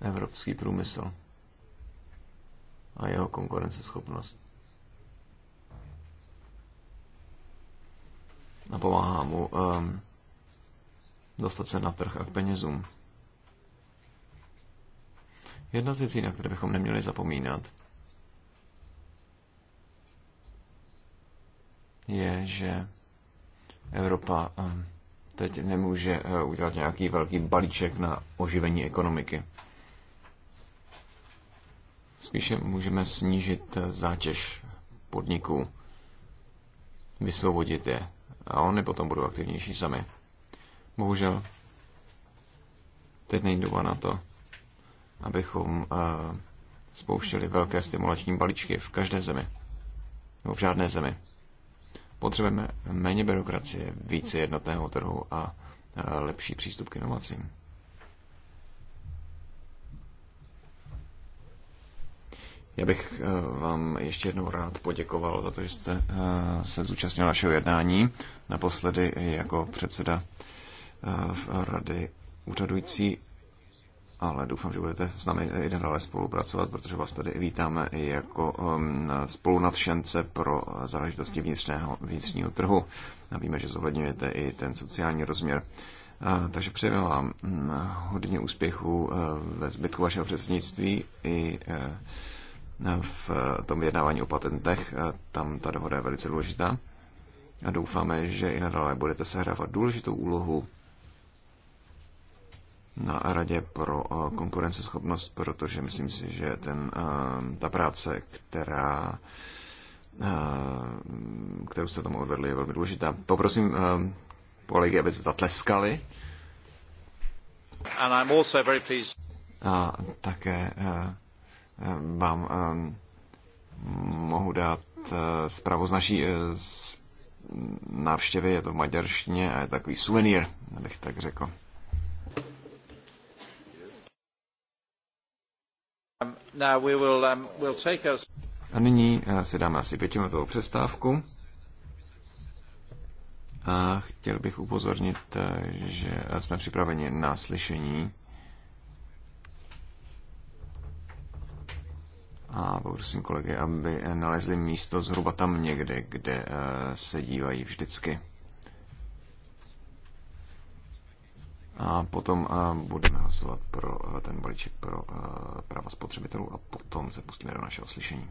evropský průmysl a jeho konkurenceschopnost. A pomáhá mu um, dostat se na trh a k penězům. Jedna z věcí, na které bychom neměli zapomínat, je, že Evropa eh, teď nemůže eh, udělat nějaký velký balíček na oživení ekonomiky. Spíše můžeme snížit eh, zátěž podniků, vysvobodit je a oni potom budou aktivnější sami. Bohužel, teď není doba na to abychom eh, spouštěli velké stimulační balíčky v každé zemi, nebo v žádné zemi. Potřebujeme méně byrokracie, více jednotného trhu a eh, lepší přístup k inovacím. Já bych eh, vám ještě jednou rád poděkoval za to, že jste se zúčastnil našeho jednání. Naposledy jako předseda v rady úřadující ale doufám, že budete s námi i dále spolupracovat, protože vás tady vítáme i jako um, spolunadšence pro záležitosti vnitřného, vnitřního trhu. A víme, že zohledňujete i ten sociální rozměr. A, takže přejeme vám mm, hodně úspěchů eh, ve zbytku vašeho předsednictví i eh, v tom vyjednávání o patentech. Tam ta dohoda je velice důležitá. A doufáme, že i nadále budete sehrávat důležitou úlohu na Radě pro eh, konkurenceschopnost, protože myslím si, že ten, eh, ta práce, která, eh, kterou jste tomu odvedli, je velmi důležitá. Poprosím kolegy, aby zatleskali. And I'm also very pleased. A také vám mohu dát zprávu z naší z návštěvy, je to v maďarštině a je takový suvenír, abych tak řekl. Um, um, a... a nyní eh, si dáme asi pětiminutovou přestávku. A chtěl bych upozornit, eh, že jsme připraveni na slyšení. A poprosím kolegy, aby nalezli místo zhruba tam někde, kde eh, se dívají vždycky. A potom eh, budeme hlasovat pro eh, ten balíček pro eh, práva spotřebitelů a potom se pustíme do našeho slyšení.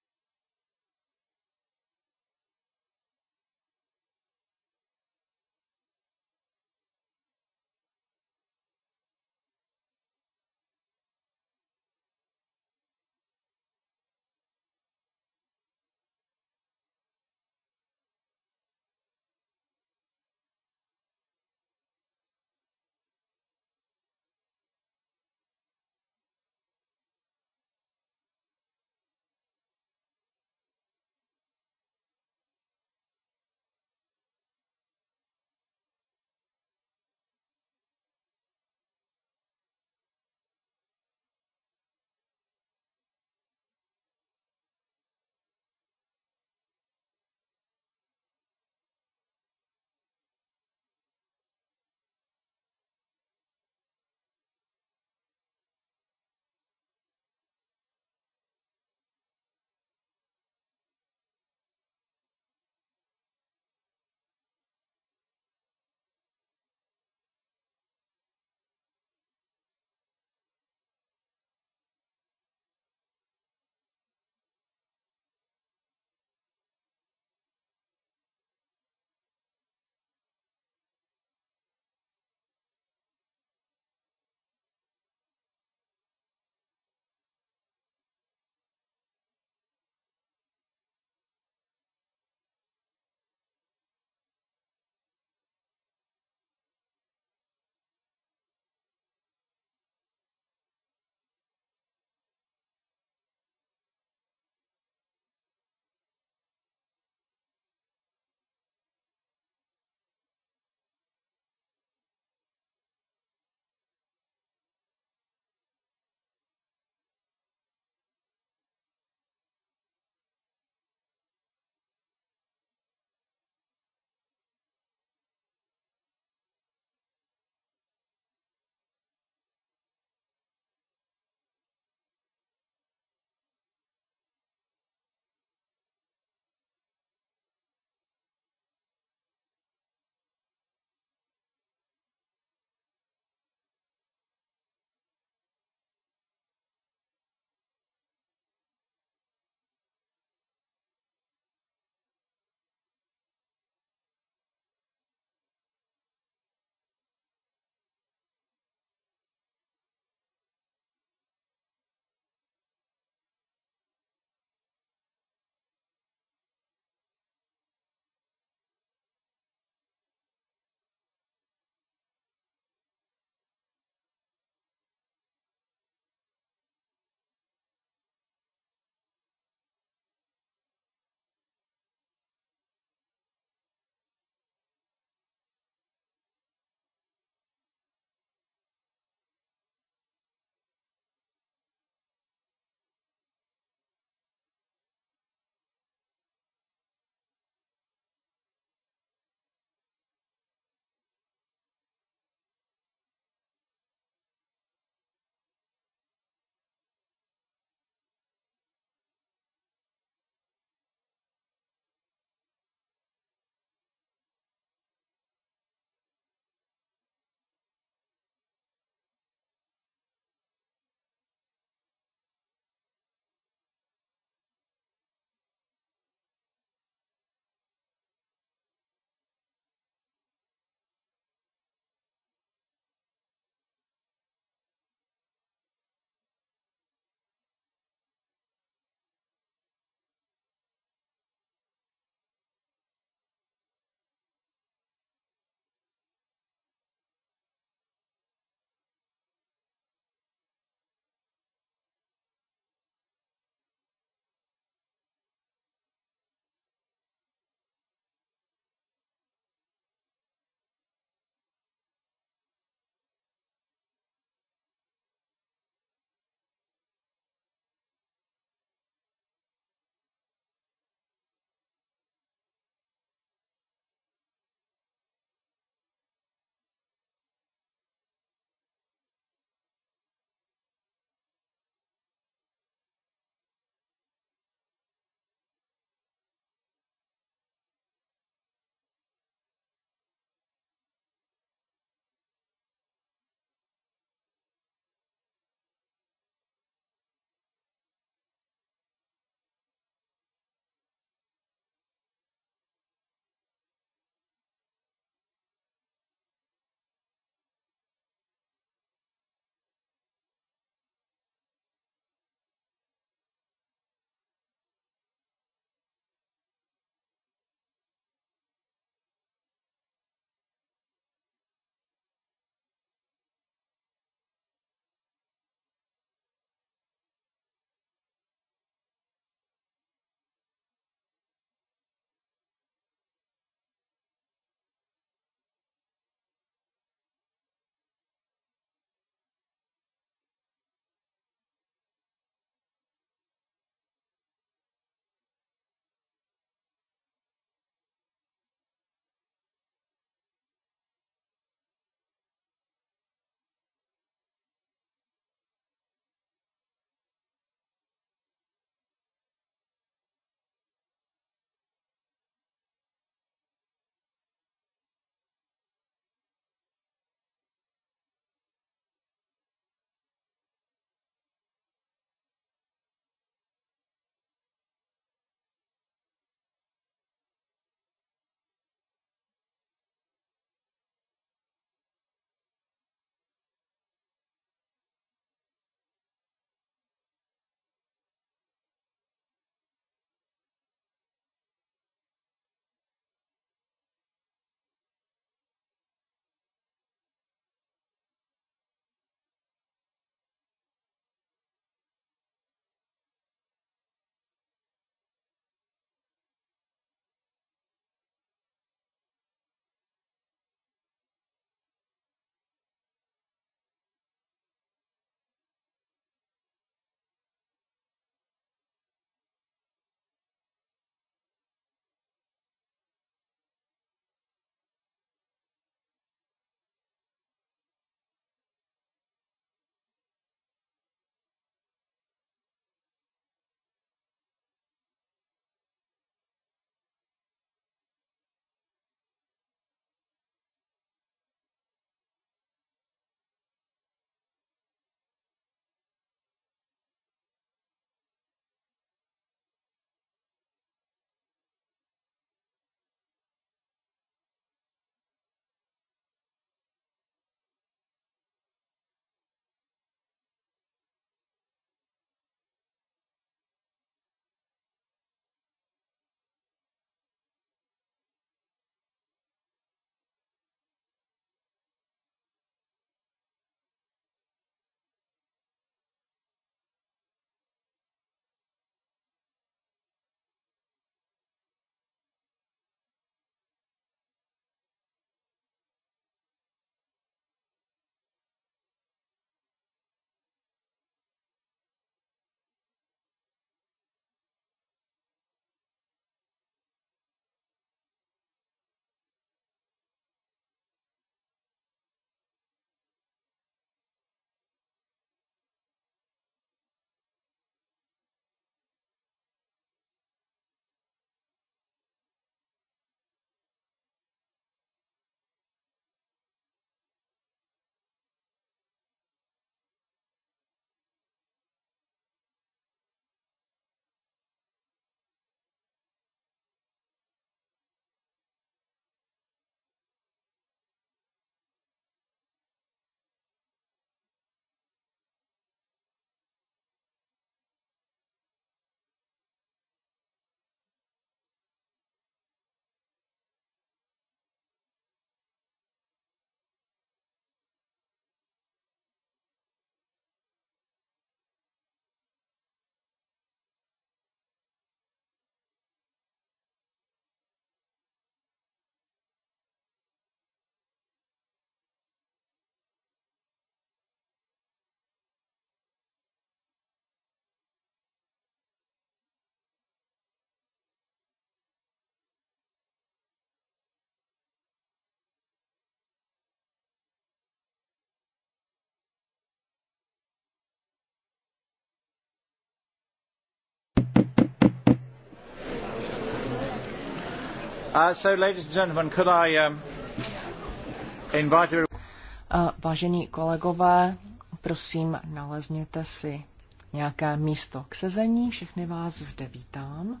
vážení kolegové, prosím, nalezněte si nějaké místo k sezení. Všechny vás zde vítám.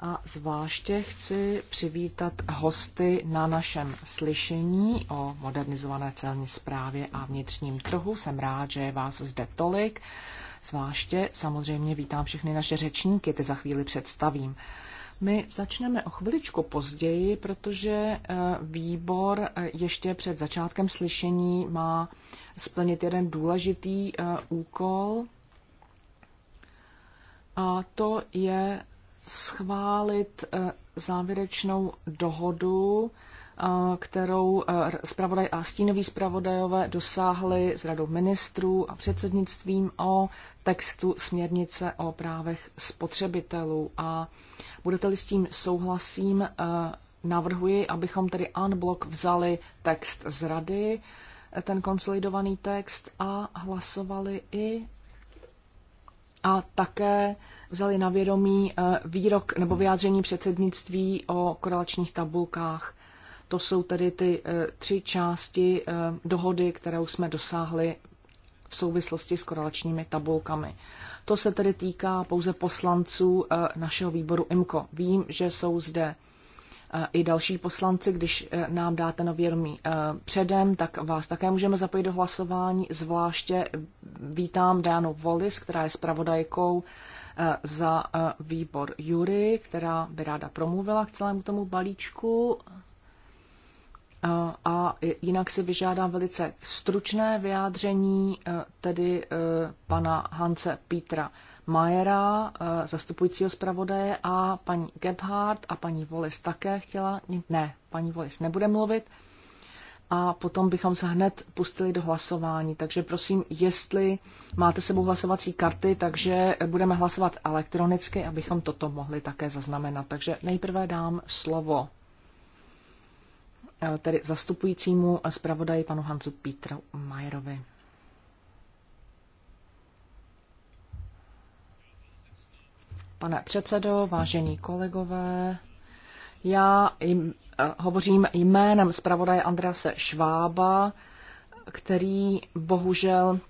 A zvláště chci přivítat hosty na našem slyšení o modernizované celní správě a vnitřním trhu. Jsem rád, že je vás zde tolik. Zvláště samozřejmě vítám všechny naše řečníky, ty za chvíli představím. Uh, my začneme o chviličku později, protože eh, výbor eh, ještě před začátkem slyšení má splnit jeden důležitý eh, úkol, a to je schválit závěrečnou dohodu kterou e, zpravodaj a stínoví zpravodajové dosáhli s radou ministrů a předsednictvím o textu směrnice o právech spotřebitelů. A budete-li s tím souhlasím, e, navrhuji, abychom tedy unblock vzali text z rady, e, ten konsolidovaný text a hlasovali i a také vzali na vědomí výrok nebo vyjádření předsednictví o korelačních tabulkách to jsou tedy ty eh, tři části eh, dohody, kterou jsme dosáhli v souvislosti s korelačními tabulkami. To se tedy týká pouze poslanců eh, našeho výboru IMCO. Vím, že jsou zde i další poslanci, když nám dáte na vědomí předem, tak vás také můžeme zapojit do hlasování. Zvláště vítám Dánu Volis, která je zpravodajkou za výbor Jury, která by ráda promluvila k celému tomu balíčku. A jinak si vyžádám velice stručné vyjádření e, tedy e, pana Hance Petra Majera, e, zastupujícího zpravodaje, a paní Gebhardt a paní Volis také chtěla. Ne, paní Volis nebude mluvit. A potom bychom se hned pustili do hlasování. Takže prosím, jestli máte sebou hlasovací karty, takže budeme hlasovat elektronicky, abychom toto mohli také zaznamenat. Takže nejprve dám slovo Eh, tedy zastupujícímu zpravodaji panu Hancu Pítru Majerovi. Pane předsedo, vážení kolegové, já jim, eh, hovořím jménem zpravodaje Andrease Švába, který bohužel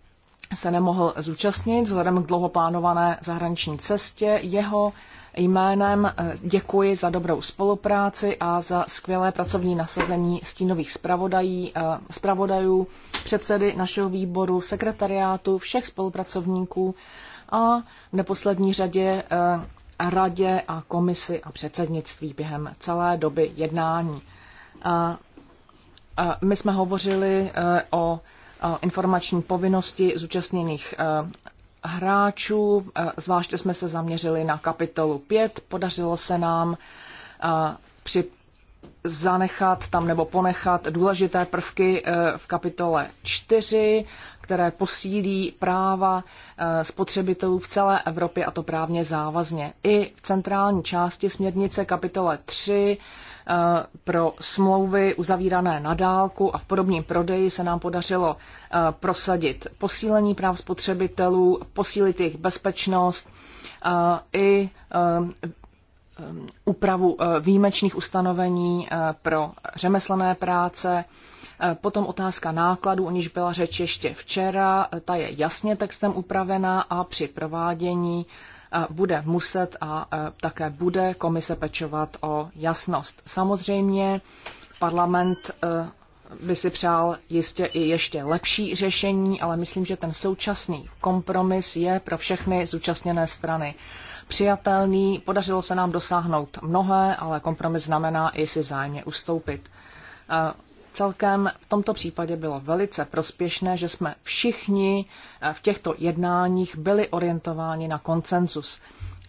se nemohl zúčastnit vzhledem k dlouhoplánované zahraniční cestě. Jeho jménem eh, děkuji za dobrou spolupráci a za skvělé pracovní nasazení stínových zpravodají, eh, zpravodajů, předsedy našeho výboru, sekretariátu, všech spolupracovníků a v neposlední řadě eh, radě a komisi a předsednictví během celé doby jednání. My jsme hovořili o informační povinnosti zúčastněných eh, hráčů. Eh, zvláště jsme se zaměřili na kapitolu 5. Podařilo se nám eh, při zanechat tam nebo ponechat důležité prvky v kapitole 4, které posílí práva spotřebitelů v celé Evropě a to právně závazně. I v centrální části směrnice kapitole 3 Eh, pro smlouvy uzavírané na dálku a v podobném prodeji se nám podařilo eh, prosadit posílení práv spotřebitelů, posílit jejich bezpečnost eh, i úpravu výjimečných ustanovení pro řemeslné práce. Potom otázka nákladů, o níž byla řeč ještě včera, ta je jasně textem upravená a při provádění uh, bude muset a e, také bude komise pečovat o jasnost. Samozřejmě parlament e, by si přál jistě i ještě lepší řešení, ale myslím, že ten současný kompromis je pro všechny zúčastněné strany přijatelný. Podařilo se nám dosáhnout mnohé, ale kompromis znamená i si vzájemně ustoupit. E, Celkem v tomto případě bylo velice prospěšné, že jsme všichni eh, v těchto jednáních byli orientováni na konsenzus.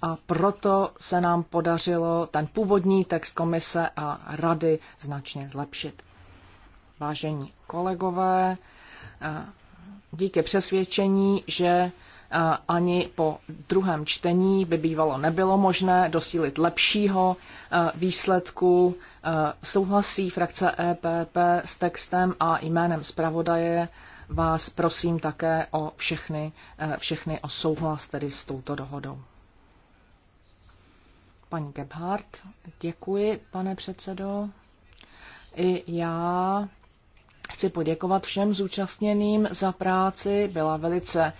A proto se nám podařilo ten původní text komise a rady značně zlepšit. Vážení kolegové, eh, díky přesvědčení, že eh, ani po druhém čtení by bývalo nebylo možné dosílit lepšího výsledku Eh, souhlasí frakce EPP s textem a jménem zpravodaje vás prosím také o všechny, eh, všechny o souhlas tedy s touto dohodou. Paní Gebhardt, děkuji, pane předsedo. I já chci poděkovat všem zúčastněným za práci, byla velice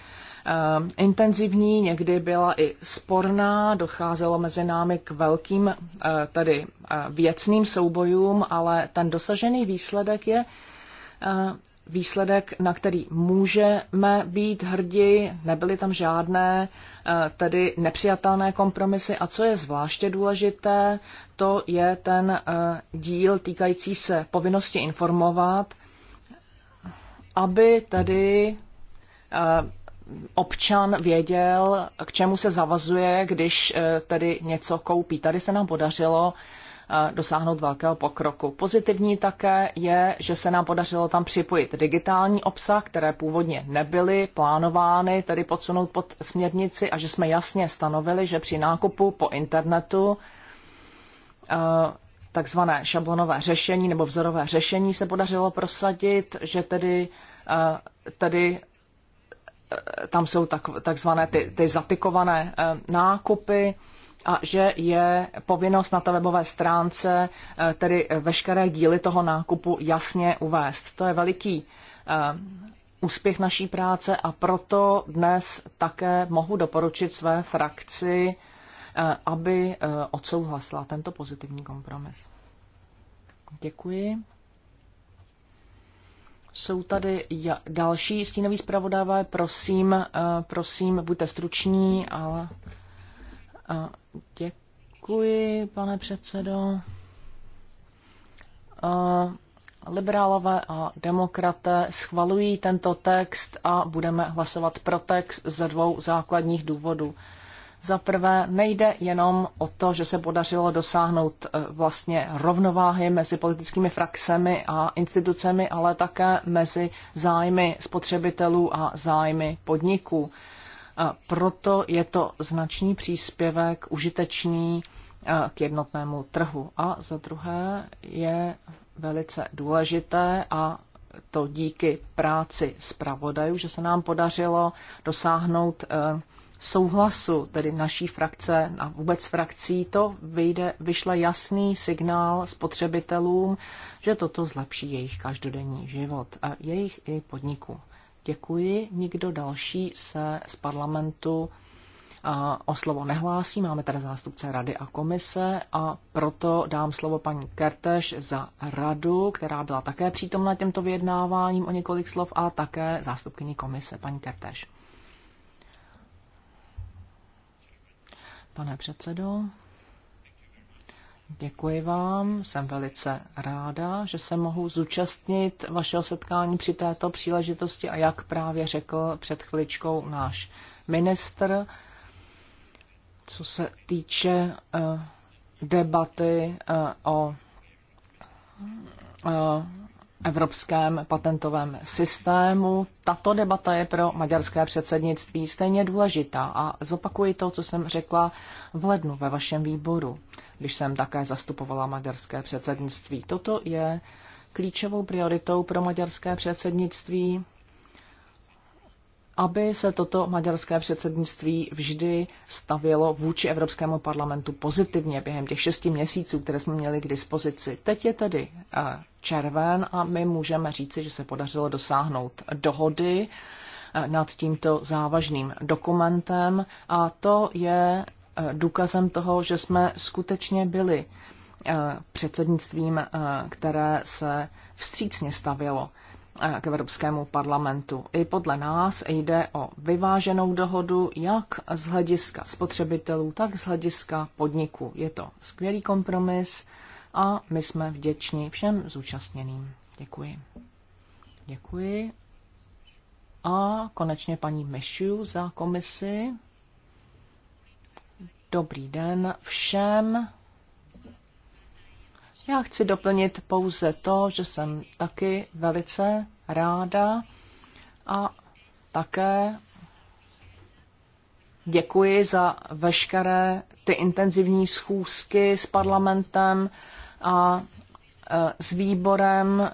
Eh, intenzivní, někdy byla i sporná, docházelo mezi námi k velkým eh, tedy eh, věcným soubojům, ale ten dosažený výsledek je výsledek, na který můžeme být hrdí, nebyly tam žádné tedy nepřijatelné kompromisy a co je zvláště důležité, to je ten díl týkající se povinnosti informovat, aby tedy občan věděl, k čemu se zavazuje, když eh, tedy něco koupí. Tady se nám podařilo eh, dosáhnout velkého pokroku. Pozitivní také je, že se nám podařilo tam připojit digitální obsah, které původně nebyly plánovány, tedy podsunout pod směrnici a že jsme jasně stanovili, že při nákupu po internetu eh, takzvané šablonové řešení nebo vzorové řešení se podařilo prosadit, že tedy, tedy tam jsou tak, takzvané ty, ty zatykované eh, nákupy a že je povinnost na té webové stránce eh, tedy veškeré díly toho nákupu jasně uvést. To je veliký eh, úspěch naší práce a proto dnes také mohu doporučit své frakci, aby odsouhlasila tento pozitivní kompromis. Děkuji. Jsou tady další stínoví zpravodává. prosím, eh, prosím, buďte struční, ale děkuji, pane předsedo. Eh, liberálové a demokraté schvalují tento text a budeme hlasovat pro text ze dvou základních důvodů. Za prvé nejde jenom o to, že se podařilo dosáhnout e, vlastně rovnováhy mezi politickými frakcemi a institucemi, ale také mezi zájmy spotřebitelů a zájmy podniků. E, proto je to značný příspěvek, užitečný e, k jednotnému trhu. A za druhé je velice důležité a to díky práci zpravodajů, že se nám podařilo dosáhnout souhlasu, tedy naší frakce a vůbec frakcí, to vyjde, vyšle jasný signál spotřebitelům, že toto zlepší jejich každodenní život a jejich i podniku. Děkuji. Nikdo další se z parlamentu o slovo nehlásí. Máme tady zástupce rady a komise a proto dám slovo paní Kerteš za radu, která byla také přítomna těmto vyjednáváním o několik slov a také zástupkyni komise. Paní Kerteš. pane předsedo. Děkuji vám, jsem velice ráda, že se mohu zúčastnit vašeho setkání při této příležitosti a jak právě řekl před chviličkou náš ministr, co se týče eh, debaty eh, o eh, evropském patentovém systému. Tato debata je pro maďarské předsednictví stejně důležitá a zopakuji to, co jsem řekla v lednu ve vašem výboru, když jsem také zastupovala maďarské předsednictví. Toto je klíčovou prioritou pro maďarské předsednictví aby se toto maďarské předsednictví vždy stavělo vůči Evropskému parlamentu pozitivně během těch šesti měsíců, které jsme měli k dispozici. Teď je tedy eh, červen a my můžeme říci, že se podařilo dosáhnout dohody eh, nad tímto závažným dokumentem a to je eh, důkazem toho, že jsme skutečně byli předsednictvím, které se vstřícně stavělo k Evropskému parlamentu. I podle nás jde o vyváženou dohodu jak z hlediska spotřebitelů, tak z hlediska podniků. Je to skvělý kompromis a my jsme vděční všem zúčastněným. Děkuji. Děkuji. A konečně paní Mešu za komisi. Dobrý den všem. Já chci doplnit pouze to, že jsem taky velice ráda a také děkuji za veškeré ty intenzivní schůzky s parlamentem a e, s výborem. E,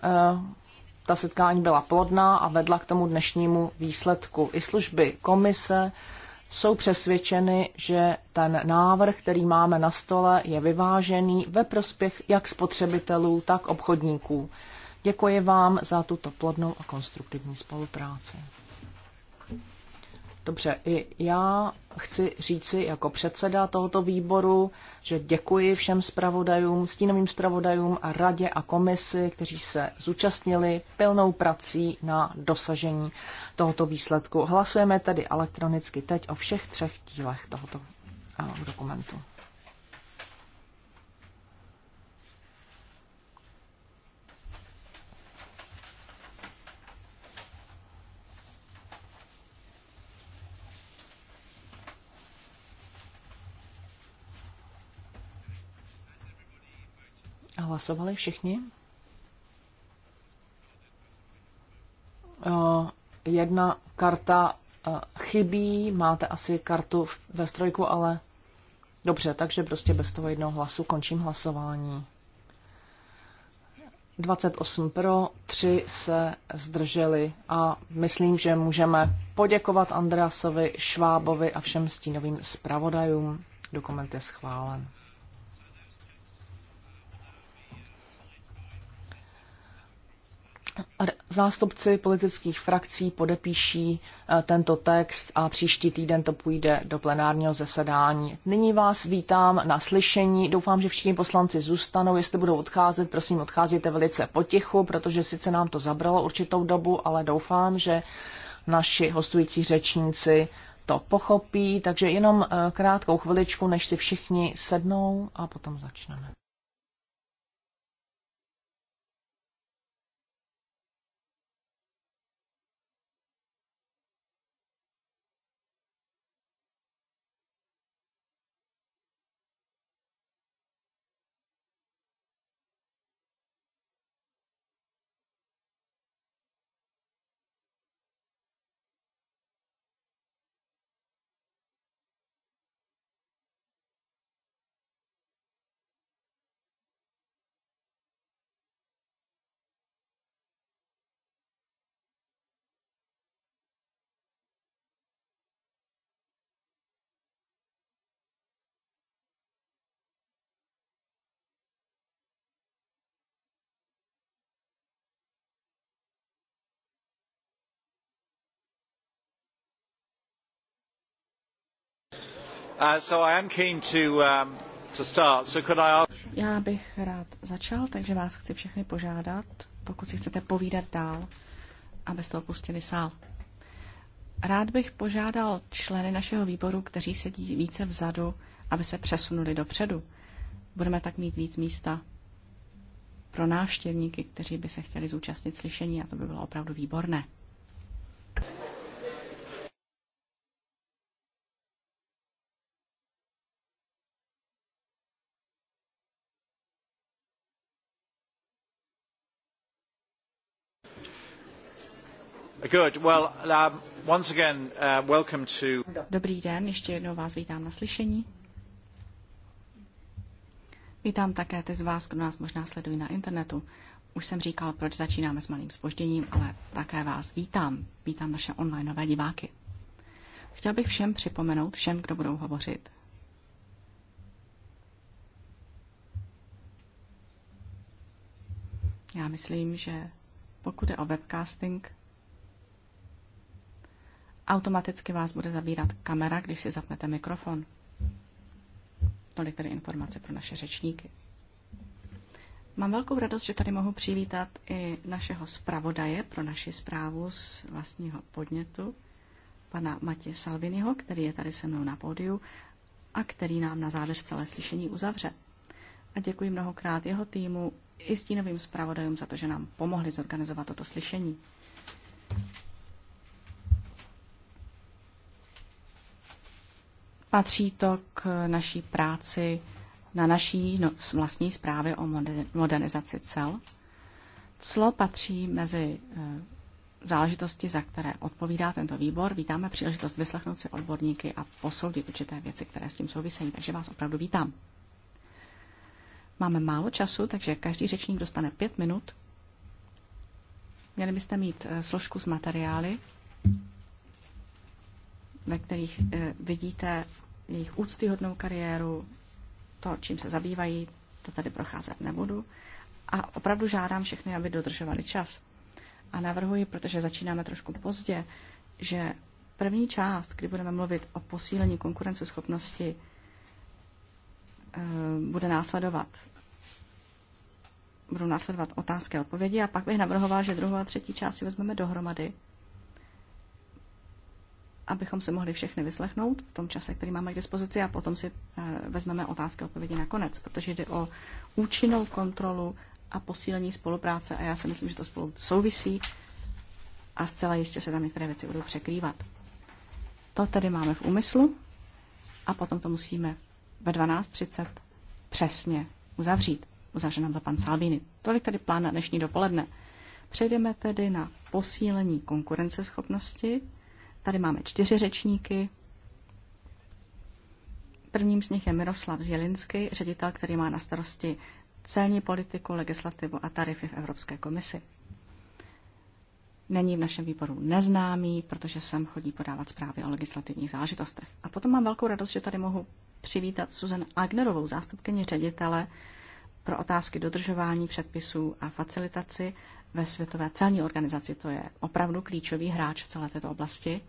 ta setkání byla plodná a vedla k tomu dnešnímu výsledku. I služby komise jsou přesvědčeny, že ten návrh, který máme na stole, je vyvážený ve prospěch jak spotřebitelů, tak obchodníků. Děkuji vám za tuto plodnou a konstruktivní spolupráci. Dobře, i já chci říci jako předseda tohoto výboru, že děkuji všem zpravodajům, stínovým zpravodajům a radě a komisi, kteří se zúčastnili pilnou prací na dosažení tohoto výsledku. Hlasujeme tedy elektronicky teď o všech třech dílech tohoto eh, dokumentu. Hlasovali všichni? Eh, jedna karta eh, chybí, máte asi kartu ve strojku, ale dobře, takže prostě bez toho jednoho hlasu končím hlasování. 28 pro, 3 se zdrželi a myslím, že můžeme poděkovat Andreasovi, Švábovi a všem stínovým zpravodajům. Dokument je schválen. Zástupci politických frakcí podepíší eh, tento text a příští týden to půjde do plenárního zasedání. Nyní vás vítám na slyšení. Doufám, že všichni poslanci zůstanou. Jestli budou odcházet, prosím, odcházíte velice potichu, protože sice nám to zabralo určitou dobu, ale doufám, že naši hostující řečníci to pochopí. Takže jenom eh, krátkou chviličku, než si všichni sednou a potom začneme. Já bych rád začal, takže vás chci všechny požádat, pokud si chcete povídat dál, abyste opustili sál. Rád bych požádal členy našeho výboru, kteří sedí více vzadu, aby se přesunuli dopředu. Budeme tak mít víc místa pro návštěvníky, kteří by se chtěli zúčastnit slyšení a to by bylo opravdu výborné. Um, uh, Dobrý den, ještě jednou vás vítám na slyšení. Vítám také ty z vás, kdo nás možná sledují na internetu. Už jsem říkal, proč začínáme s malým spožděním, ale také vás vítám. Vítám naše nové diváky. Chtěl bych všem připomenout, všem, kdo budou hovořit, Já myslím, že pokud je o webcasting, Automaticky vás bude zabírat kamera, když si zapnete mikrofon. Tolik tedy informace pro naše řečníky. Mám velkou radost, že tady mohu přivítat i našeho zpravodaje pro naši zprávu z vlastního podnětu, pana Matě Salviniho, který je tady se mnou na pódiu a který nám na závěr celé slyšení uzavře. A děkuji mnohokrát jeho týmu i stínovým zpravodajům za to, že nám pomohli zorganizovat toto slyšení. Patří to k naší práci na naší no, vlastní zprávě o modernizaci cel. Clo patří mezi eh, záležitosti, za které odpovídá tento výbor. Vítáme příležitost vyslechnout si odborníky a posoudit určité věci, které s tím souvisejí, takže vás opravdu vítám. Máme málo času, takže každý řečník dostane pět minut. Měli byste mít eh, složku s materiály, ve kterých eh, vidíte jejich úctyhodnou kariéru, to, čím se zabývají, to tady procházet nebudu. A opravdu žádám všechny, aby dodržovali čas. A navrhuji, protože začínáme trošku pozdě, že první část, kdy budeme mluvit o posílení konkurenceschopnosti, eh, bude následovat budou následovat otázky a odpovědi a pak bych navrhoval, že druhou a třetí část si vezmeme dohromady abychom se mohli všechny vyslechnout v tom čase, který máme k dispozici a potom si eh, vezmeme otázky a odpovědi nakonec, protože jde o účinnou kontrolu a posílení spolupráce a já si myslím, že to spolu souvisí a zcela jistě se tam některé věci budou překrývat. To tady máme v úmyslu a potom to musíme ve 12.30 přesně uzavřít. Uzavře nám to pan Salvini. Tolik tady plán na dnešní dopoledne. Přejdeme tedy na posílení konkurenceschopnosti Tady máme čtyři řečníky. Prvním z nich je Miroslav Zjelinsky, ředitel, který má na starosti celní politiku, legislativu a tarify v Evropské komisi. Není v našem výboru neznámý, protože sem chodí podávat zprávy o legislativních zážitostech. A potom mám velkou radost, že tady mohu přivítat Susan Agnerovou, zástupkyni ředitele pro otázky dodržování předpisů a facilitaci ve Světové celní organizaci. To je opravdu klíčový hráč v celé této oblasti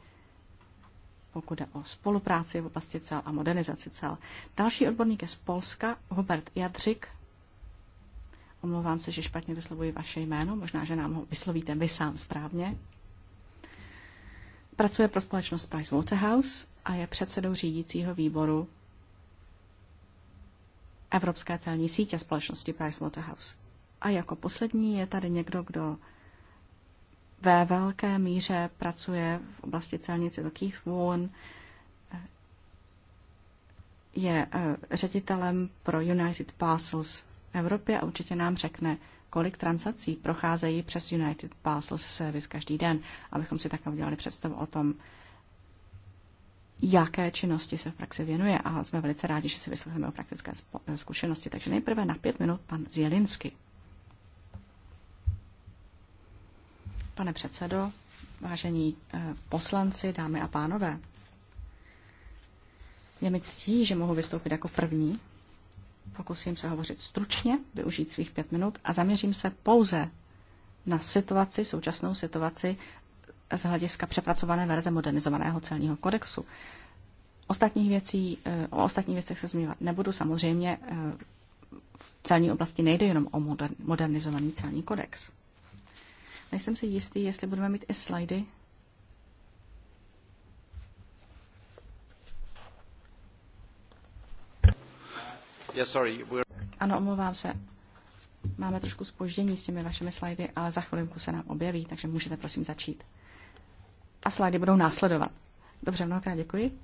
pokud jde o spolupráci v oblasti cel a modernizaci cel. Další odborník je z Polska, Hubert Jadřik. Omlouvám se, že špatně vyslovuji vaše jméno, možná, že nám ho vyslovíte vy sám správně. Pracuje pro společnost Price Waterhouse a je předsedou řídícího výboru Evropské celní sítě společnosti Price Waterhouse. A jako poslední je tady někdo, kdo ve velké míře pracuje v oblasti celnice do Keith Vaughan, je eh, ředitelem pro United Parcels v Evropě a určitě nám řekne, kolik transakcí procházejí přes United Parcels Service každý den, abychom si také udělali představu o tom, jaké činnosti se v praxi věnuje a jsme velice rádi, že si vyslechneme o praktické eh, zkušenosti. Takže nejprve na pět minut pan Zielinsky. pane předsedo, vážení eh, poslanci, dámy a pánové. Je mi ctí, že mohu vystoupit jako první. Pokusím se hovořit stručně, využít svých pět minut a zaměřím se pouze na situaci, současnou situaci z hlediska přepracované verze modernizovaného celního kodexu. Ostatních věcí, eh, o ostatních věcech se zmívat nebudu. Samozřejmě eh, v celní oblasti nejde jenom o modernizovaný celní kodex. Nejsem si jistý, jestli budeme mít i slajdy. Yeah, sorry, we're... Ano, omlouvám se. Máme trošku spoždění s těmi vašimi slajdy, ale za chvilinku se nám objeví, takže můžete prosím začít. A slajdy budou následovat. Dobře, mnohokrát děkuji.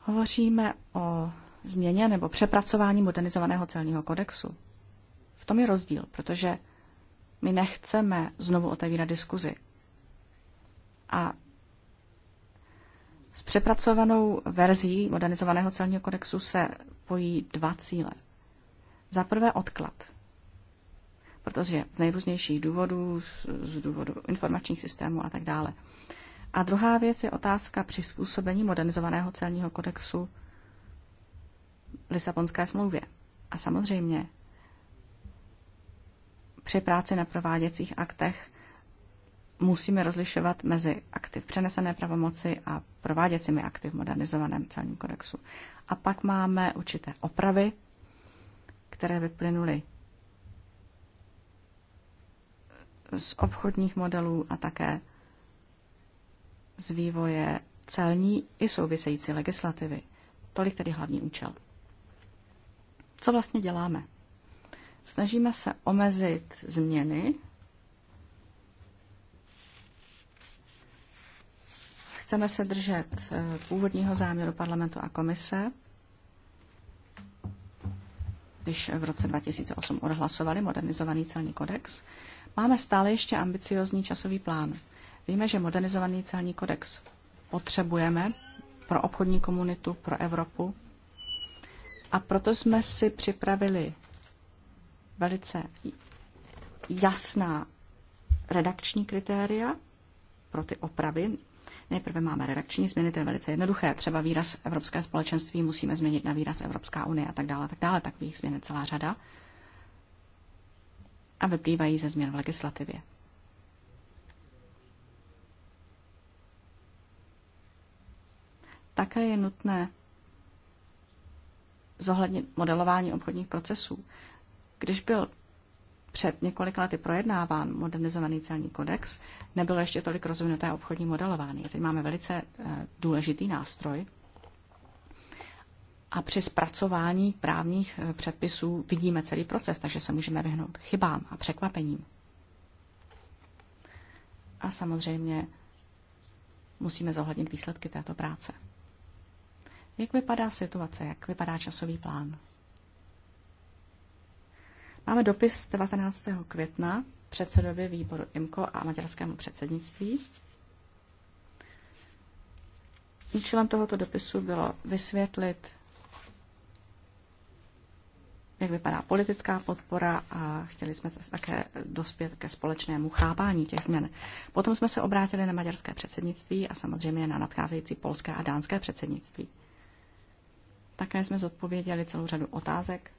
Hovoříme o změně nebo přepracování modernizovaného celního kodexu. V tom je rozdíl, protože my nechceme znovu otevírat diskuzi. A s přepracovanou verzí modernizovaného celního kodexu se pojí dva cíle. Za prvé odklad, protože z nejrůznějších důvodů, z, důvodu informačních systémů a tak dále. A druhá věc je otázka přizpůsobení modernizovaného celního kodexu Lisabonské smlouvě. A samozřejmě při práci na prováděcích aktech musíme rozlišovat mezi aktiv přenesené pravomoci a prováděcími akty v modernizovaném celním kodexu. A pak máme určité opravy, které vyplynuly z obchodních modelů a také z vývoje celní i související legislativy. Tolik tedy hlavní účel. Co vlastně děláme? Snažíme se omezit změny. Chceme se držet eh, původního záměru parlamentu a komise, když v roce 2008 odhlasovali modernizovaný celní kodex. Máme stále ještě ambiciozní časový plán. Víme, že modernizovaný celní kodex potřebujeme pro obchodní komunitu, pro Evropu. A proto jsme si připravili velice jasná redakční kritéria pro ty opravy. Nejprve máme redakční změny, to je velice jednoduché. Třeba výraz Evropské společenství musíme změnit na výraz Evropská unie a tak dále, tak dále. Takových změn je celá řada a vyplývají ze změn v legislativě. Také je nutné zohlednit modelování obchodních procesů. Když byl před několika lety projednáván modernizovaný celní kodex, nebylo ještě tolik rozvinuté obchodní modelování. Teď máme velice eh, důležitý nástroj a při zpracování právních eh, předpisů vidíme celý proces, takže se můžeme vyhnout chybám a překvapením. A samozřejmě musíme zohlednit výsledky této práce. Jak vypadá situace, jak vypadá časový plán? Máme dopis 19. května předsedovi výboru IMCO a maďarskému předsednictví. Účelem tohoto dopisu bylo vysvětlit, jak vypadá politická podpora a chtěli jsme také dospět ke společnému chápání těch změn. Potom jsme se obrátili na maďarské předsednictví a samozřejmě na nadcházející polské a dánské předsednictví. Také jsme zodpověděli celou řadu otázek,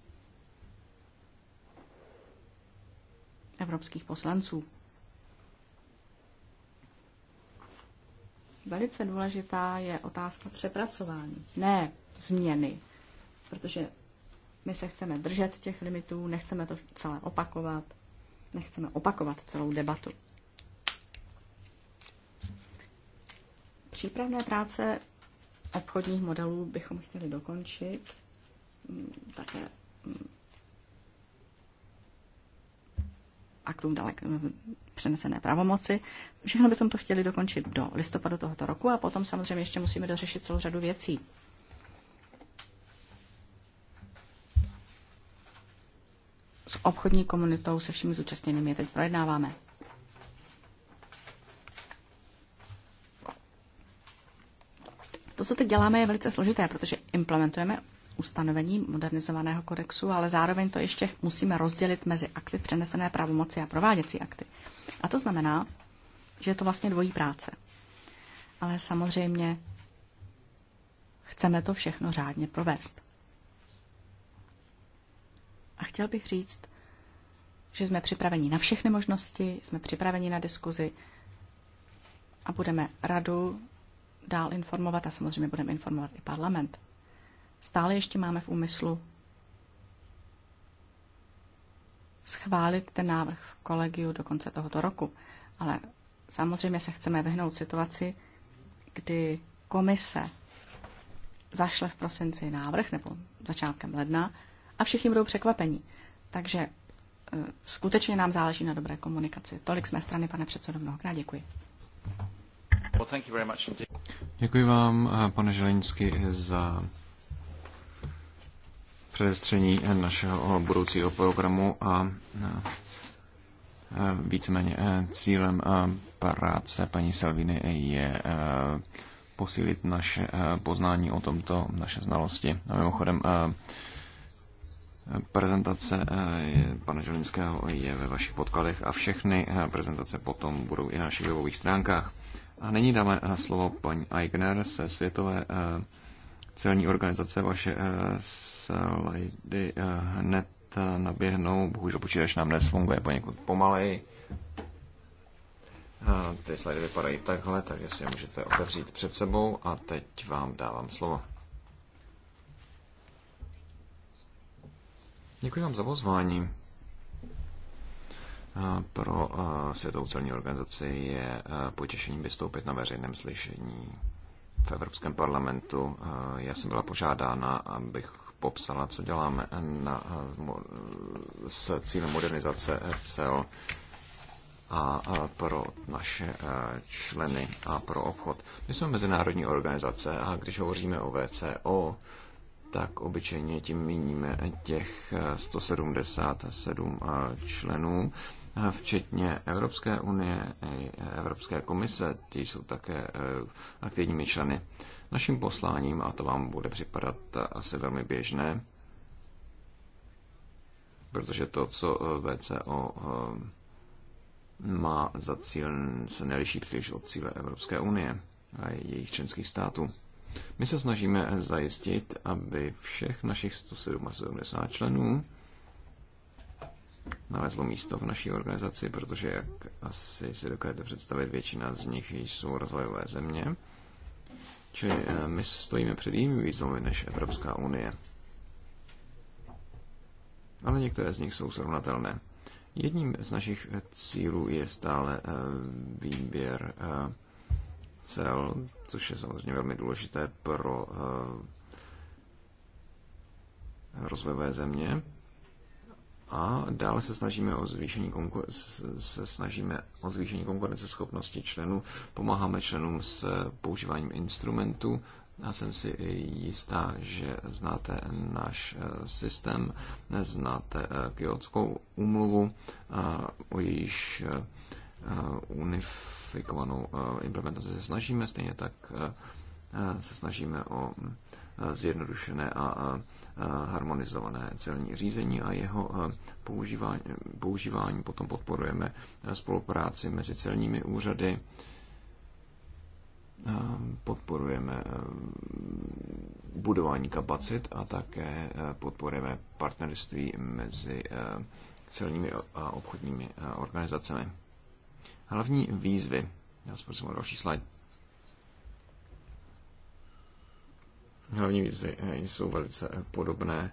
evropských poslanců. Velice důležitá je otázka přepracování, ne změny, protože my se chceme držet těch limitů, nechceme to celé opakovat, nechceme opakovat celou debatu. Přípravné práce obchodních modelů bychom chtěli dokončit. Mm, také mm, aktů dalek přenesené pravomoci. Všechno bychom to chtěli dokončit do listopadu tohoto roku a potom samozřejmě ještě musíme dořešit celou řadu věcí. S obchodní komunitou, se všemi zúčastněnými je teď projednáváme. To, co teď děláme, je velice složité, protože implementujeme ustanovení modernizovaného kodexu, ale zároveň to ještě musíme rozdělit mezi akty přenesené pravomoci a prováděcí akty. A to znamená, že je to vlastně dvojí práce. Ale samozřejmě chceme to všechno řádně provést. A chtěl bych říct, že jsme připraveni na všechny možnosti, jsme připraveni na diskuzi a budeme radu dál informovat a samozřejmě budeme informovat i parlament stále ještě máme v úmyslu schválit ten návrh v kolegiu do konce tohoto roku. Ale samozřejmě se chceme vyhnout situaci, kdy komise zašle v prosinci návrh nebo začátkem ledna a všichni budou překvapení. Takže e, skutečně nám záleží na dobré komunikaci. Tolik z mé strany, pane předsedo, mnohokrát děkuji. Děkuji vám, e, pane Želeňský, za předestření našeho budoucího programu a víceméně e, cílem e, práce paní Salviny je e, posílit naše poznání o tomto, naše znalosti. A mimochodem prezentace pana Želinského je ve vašich podkladech a všechny prezentace potom budou i na našich webových stránkách. A nyní dáme slovo paní Eigner se Světové celní organizace vaše eh, slidy eh, hned eh, naběhnou. Bohužel počítač nám dnes funguje poněkud pomalej. ty slidy vypadají takhle, takže si je můžete otevřít před sebou a teď vám dávám slovo. Děkuji vám za pozvání. Pro Světovou celní organizaci je potěšením vystoupit na veřejném slyšení v Evropském parlamentu. Eh, já jsem byla požádána, abych popsala, co děláme na, eh, s cílem modernizace cel a pro naše eh, členy a pro obchod. My jsme mezinárodní organizace a když hovoříme o VCO, tak obyčejně tím míníme těch 177 členů, včetně Evropské unie i Evropské komise, ty jsou také eh, aktivními členy. Naším posláním, a to vám bude připadat asi velmi běžné, protože to, co eh, VCO eh, má za cíl, se neliší příliš od cíle Evropské unie a jejich členských států. My se snažíme zajistit, aby všech našich 177 členů nalezlo místo v naší organizaci, protože, jak asi si dokážete představit, většina z nich jsou rozvojové země. Čili eh, my stojíme před jinými výzvami než Evropská unie. Ale některé z nich jsou srovnatelné. Jedním z našich cílů je stále eh, výběr eh, cel, což je samozřejmě velmi důležité pro rozvojové země. A dále se snažíme o zvýšení, konkur- se snažíme o zvýšení konkurenceschopnosti členů, pomáháme členům s používáním instrumentů Já jsem si jistá, že znáte náš eh, systém, znáte eh, Kyotskou úmluvu, o jejíž eh, unifikovanou implementaci se snažíme, stejně tak se snažíme o zjednodušené a harmonizované celní řízení a jeho používání, používání potom podporujeme spolupráci mezi celními úřady, podporujeme budování kapacit a také podporujeme partnerství mezi celními a obchodními organizacemi. Hlavní výzvy. Já prosím o další slide. Hlavní výzvy eh, jsou velice eh, podobné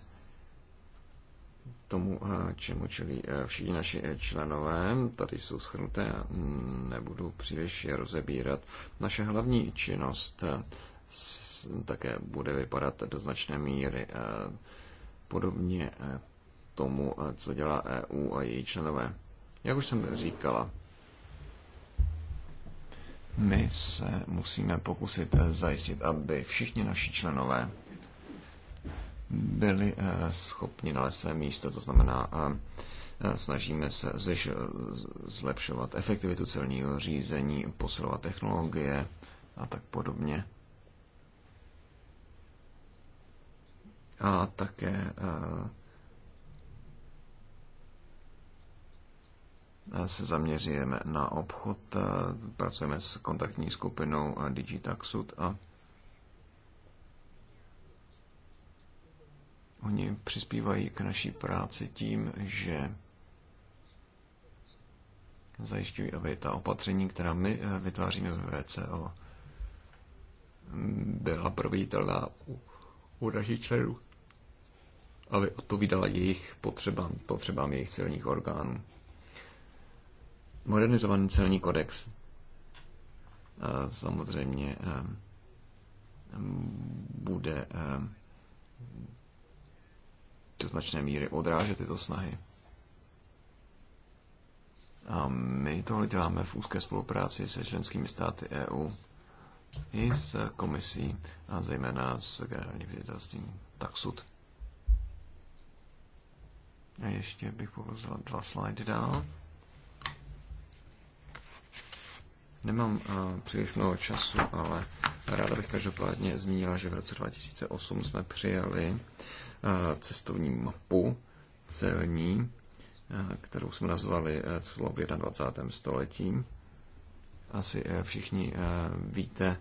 tomu, eh, čemu čelí všichni naši členové. Tady jsou schrnuté a nebudu příliš je rozebírat. Naše hlavní činnost také bude vypadat do značné míry podobně tomu, co dělá EU a její členové. Jak už jsem říkala, my se musíme pokusit eh, zajistit, aby všichni naši členové byli eh, schopni nalézt své místo, to znamená, eh, snažíme se zlepšovat efektivitu celního řízení, posilovat technologie a tak podobně. A také se zaměřujeme na obchod, eh, pracujeme s kontaktní skupinou eh, Digitaxud a oni přispívají k naší práci tím, že zajišťují, aby ta opatření, která my eh, vytváříme ve VCO, byla proveditelná u, u našich členů, aby odpovídala jejich potřebám, potřebám jejich celních orgánů modernizovaný celní kodex samozřejmě eh, bude eh, do značné míry odrážet tyto snahy. A my tohle děláme v úzké spolupráci se členskými státy EU i s komisí a zejména s generálním ředitelstvím Taxud. A ještě bych poprosila dva slajdy dál. Nemám eh, příliš mnoho času, ale ráda bych každopádně zmínila, že v roce 2008 jsme přijali eh, cestovní mapu celní, eh, kterou jsme nazvali clo v 21. století. Asi všichni víte,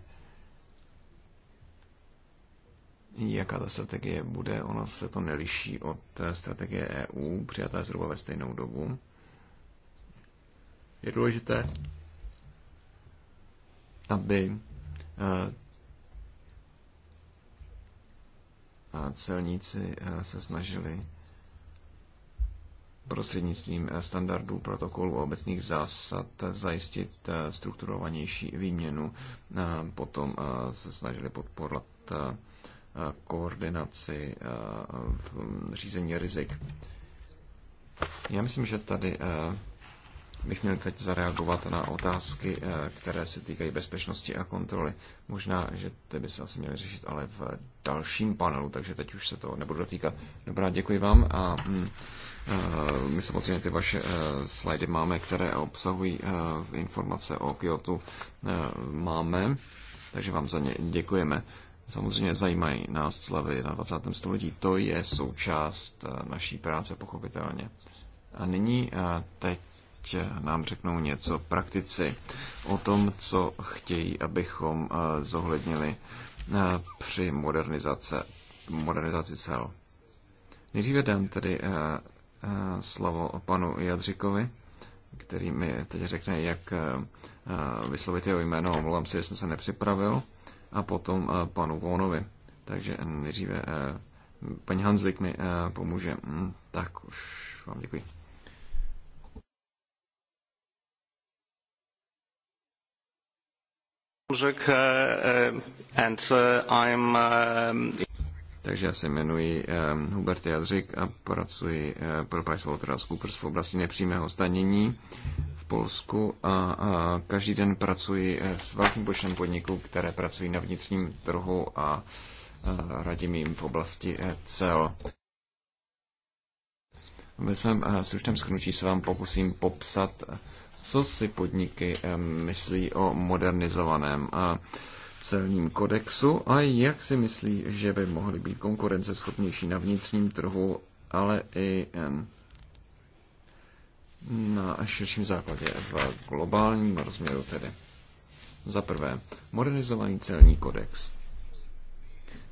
jaká ta strategie bude. Ona se to neliší od strategie EU, přijatá zhruba ve stejnou dobu. Je důležité aby eh, celníci eh, se snažili prostřednictvím eh, standardů protokolu obecných zásad zajistit strukturovanější výměnu. Potom se snažili podporovat koordinaci v řízení rizik. Já myslím, že tady bych měl teď zareagovat na otázky, eh, které se týkají bezpečnosti a kontroly. Možná, že ty by se asi měly řešit, ale v dalším panelu, takže teď už se to nebudu dotýkat. Dobrá, děkuji vám a mm, eh, my samozřejmě ty vaše eh, slajdy máme, které obsahují informace o Kyoto. Máme, takže vám za ně děkujeme. Samozřejmě zajímají nás slavy na 20. století. To je součást naší práce, pochopitelně. A nyní teď nám řeknou něco praktici o tom, co chtějí, abychom eh, zohlednili eh, při modernizace, modernizaci cel. Nejdříve dám tedy eh, slovo panu Jadřikovi, který mi teď řekne, jak vyslovit jeho jméno. Omlouvám se, že jsem se nepřipravil. A potom panu Vonovi. Takže nejdříve paní Hanzlik mi pomůže. Mm, tak už vám děkuji. Eh, eh, eh, Takže já se jmenuji um, Hubert Jadřik a pracuji uh, pro PricewaterhouseCoopers v oblasti nepřímého stanění v Polsku a, a každý den pracuji s velkým počtem podniků, které pracují na vnitřním trhu a radím jim v oblasti cel. Ve svém uh, stručném shrnutí se vám pokusím popsat uh, co si podniky myslí o modernizovaném celním kodexu a jak si myslí, že by mohly být konkurenceschopnější na vnitřním trhu, ale i na širším základě v globálním rozměru tedy. Za prvé, modernizovaný celní kodex.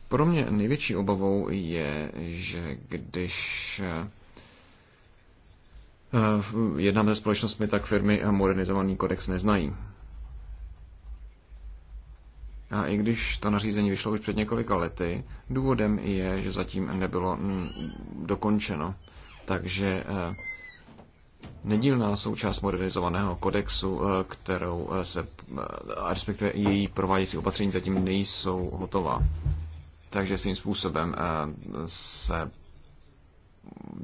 Pro mě největší obavou je, že když Eh, jednáme se společnostmi, tak firmy a modernizovaný kodex neznají. A i když to nařízení vyšlo už před několika lety, důvodem je, že zatím nebylo mm, dokončeno. Takže eh, nedílná součást modernizovaného kodexu, eh, kterou se, respektive její provádějící opatření zatím nejsou hotová. Takže svým způsobem se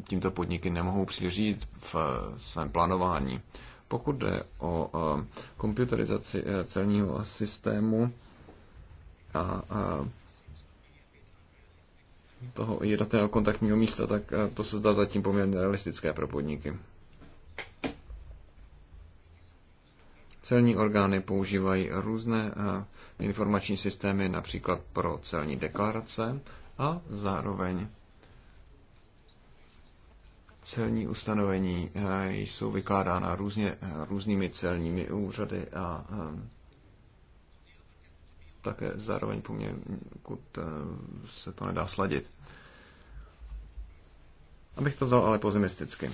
tímto podniky nemohou přilžít v eh, svém plánování. Pokud jde o eh, komputerizaci eh, celního systému a toho jednotného kontaktního místa, tak to se zdá zatím poměrně realistické pro podniky. Celní orgány používají různé informační systémy, například pro celní deklarace a zároveň celní ustanovení eh, jsou vykládána různě, eh, různými celními úřady a eh, také zároveň kud se to nedá sladit. Abych to vzal ale pozimisticky,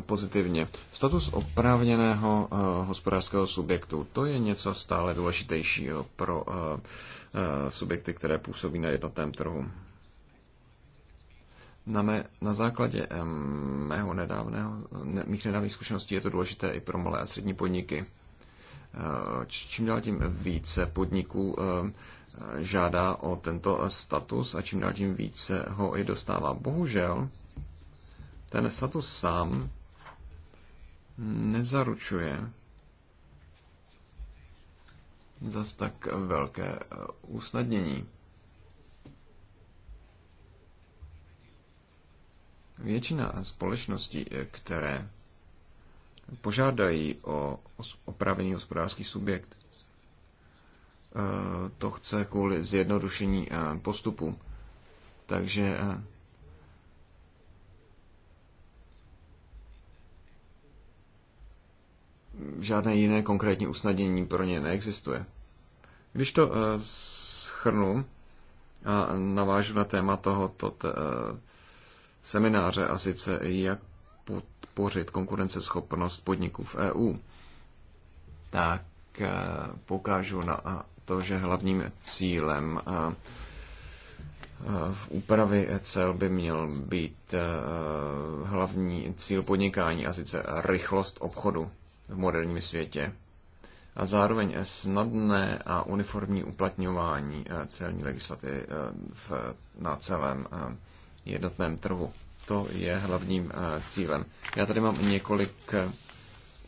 pozitivně. Status oprávněného hospodářského subjektu, to je něco stále důležitějšího pro subjekty, které působí na jednotném trhu. Na, mé, na základě mého nedávného, ne, mých nedávných zkušeností je to důležité i pro malé a střední podniky. Eh, čím dál tím více podniků eh, žádá o tento status a čím dál tím více ho i dostává. Bohužel ten status sám nezaručuje zas tak velké eh, usnadnění. Většina společností, které požádají o opravení hospodářský subjekt, eh, to chce kvůli zjednodušení eh, postupu. Takže eh, žádné jiné konkrétní usnadnění pro ně neexistuje. Když to schrnu a navážu na téma tohoto semináře a sice jak podpořit konkurenceschopnost podniků v EU, tak eh, poukážu na to, že hlavním cílem eh, v úpravy cel by měl být eh, hlavní cíl podnikání a sice rychlost obchodu v moderním světě a zároveň snadné a uniformní uplatňování celní legislativy na celém jednotném trhu. To je hlavním eh, cílem. Já tady mám několik eh,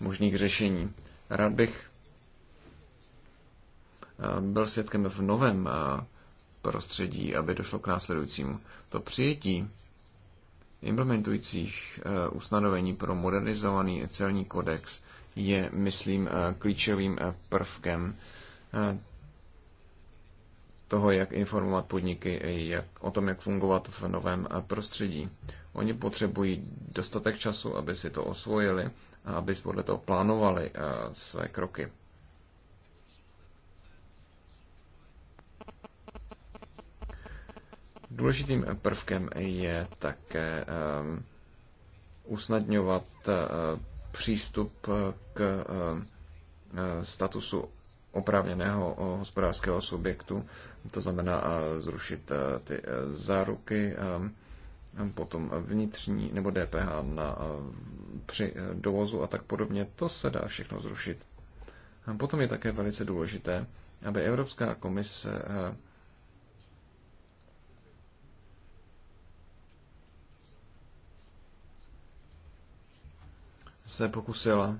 možných řešení. Rád bych eh, byl svědkem v novém prostředí, aby došlo k následujícímu. To přijetí implementujících usnadovení pro modernizovaný celní kodex je, myslím, klíčovým prvkem toho, jak informovat podniky jak, o tom, jak fungovat v novém prostředí. Oni potřebují dostatek času, aby si to osvojili a aby podle toho plánovali eh, své kroky. Důležitým prvkem je také ehm, usnadňovat eh, přístup eh, k statusu oprávněného hospodářského subjektu to znamená zrušit e, ty e, záruky, e, potom vnitřní nebo DPH na, při dovozu a tak podobně, to se dá všechno zrušit. Potom je také velice důležité, aby Evropská komise se pokusila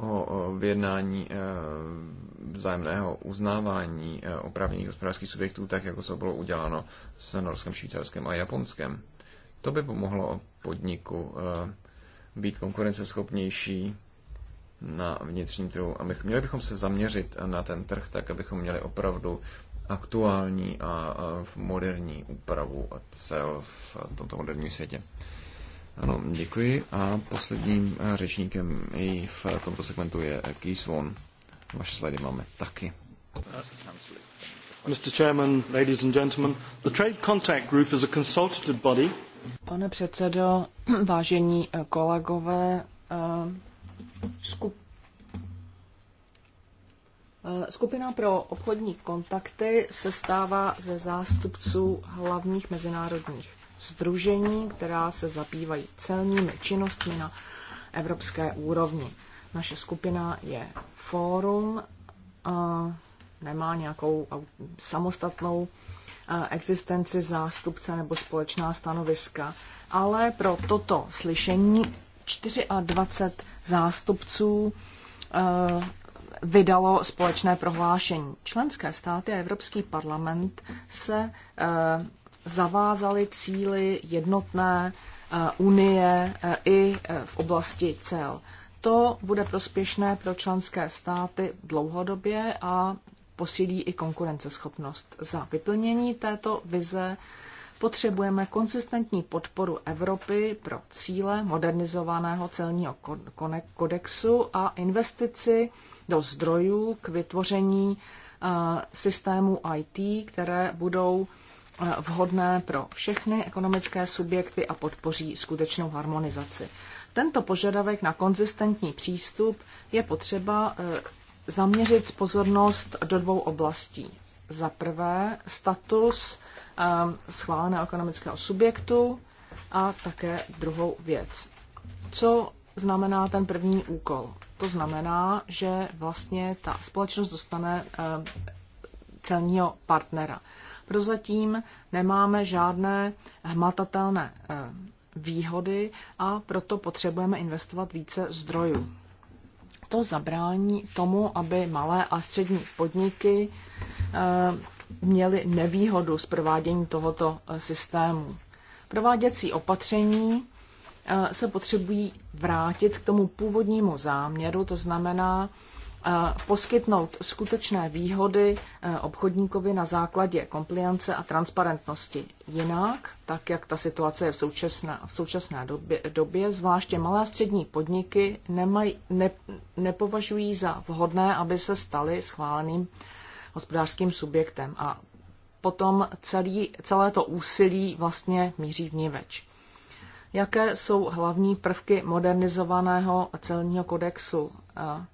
o vyjednání e, vzájemného uznávání e, oprávněných hospodářských subjektů, tak jako to bylo uděláno s Norskem, Švýcarskem a Japonskem. To by pomohlo podniku e, být konkurenceschopnější na vnitřním trhu. A my, měli bychom se zaměřit na ten trh tak, abychom měli opravdu aktuální a moderní úpravu cel v tomto moderním světě. Ano, děkuji. A posledním eh, řečníkem i v tomto segmentu je eh, Keith Swan. Vaše slajdy máme taky. Mr. Chairman, ladies and gentlemen, the Trade Contact Group is a consultative body. Pane předsedo, vážení eh, kolegové, skup... Skupina pro obchodní kontakty se stává ze zástupců hlavních mezinárodních združení, která se zabývají celními činnostmi na evropské úrovni. Naše skupina je fórum, nemá nějakou samostatnou existenci zástupce nebo společná stanoviska, ale pro toto slyšení 24 zástupců vydalo společné prohlášení. Členské státy a Evropský parlament se zavázali cíly jednotné eh, unie eh, i eh, v oblasti cel. To bude prospěšné pro členské státy dlouhodobě a posílí i konkurenceschopnost. Za vyplnění této vize potřebujeme konsistentní podporu Evropy pro cíle modernizovaného celního kodexu a investici do zdrojů k vytvoření systému IT, které budou vhodné pro všechny ekonomické subjekty a podpoří skutečnou harmonizaci. Tento požadavek na konzistentní přístup je potřeba eh, zaměřit pozornost do dvou oblastí. Za prvé status eh, schváleného ekonomického subjektu a také druhou věc. Co znamená ten první úkol? To znamená, že vlastně ta společnost dostane eh, celního partnera. Prozatím nemáme žádné hmatatelné eh, výhody a proto potřebujeme investovat více zdrojů. To zabrání tomu, aby malé a střední podniky eh, měly nevýhodu z provádění tohoto eh, systému. Prováděcí opatření se potřebují vrátit k tomu původnímu záměru, to znamená poskytnout skutečné výhody e, obchodníkovi na základě kompliance a transparentnosti. Jinak, tak jak ta situace je v současné, v současné době, době, zvláště malé a střední podniky nemaj, ne, nepovažují za vhodné, aby se staly schváleným hospodářským subjektem a potom celý, celé to úsilí vlastně míří v več. Jaké jsou hlavní prvky modernizovaného celního kodexu? E,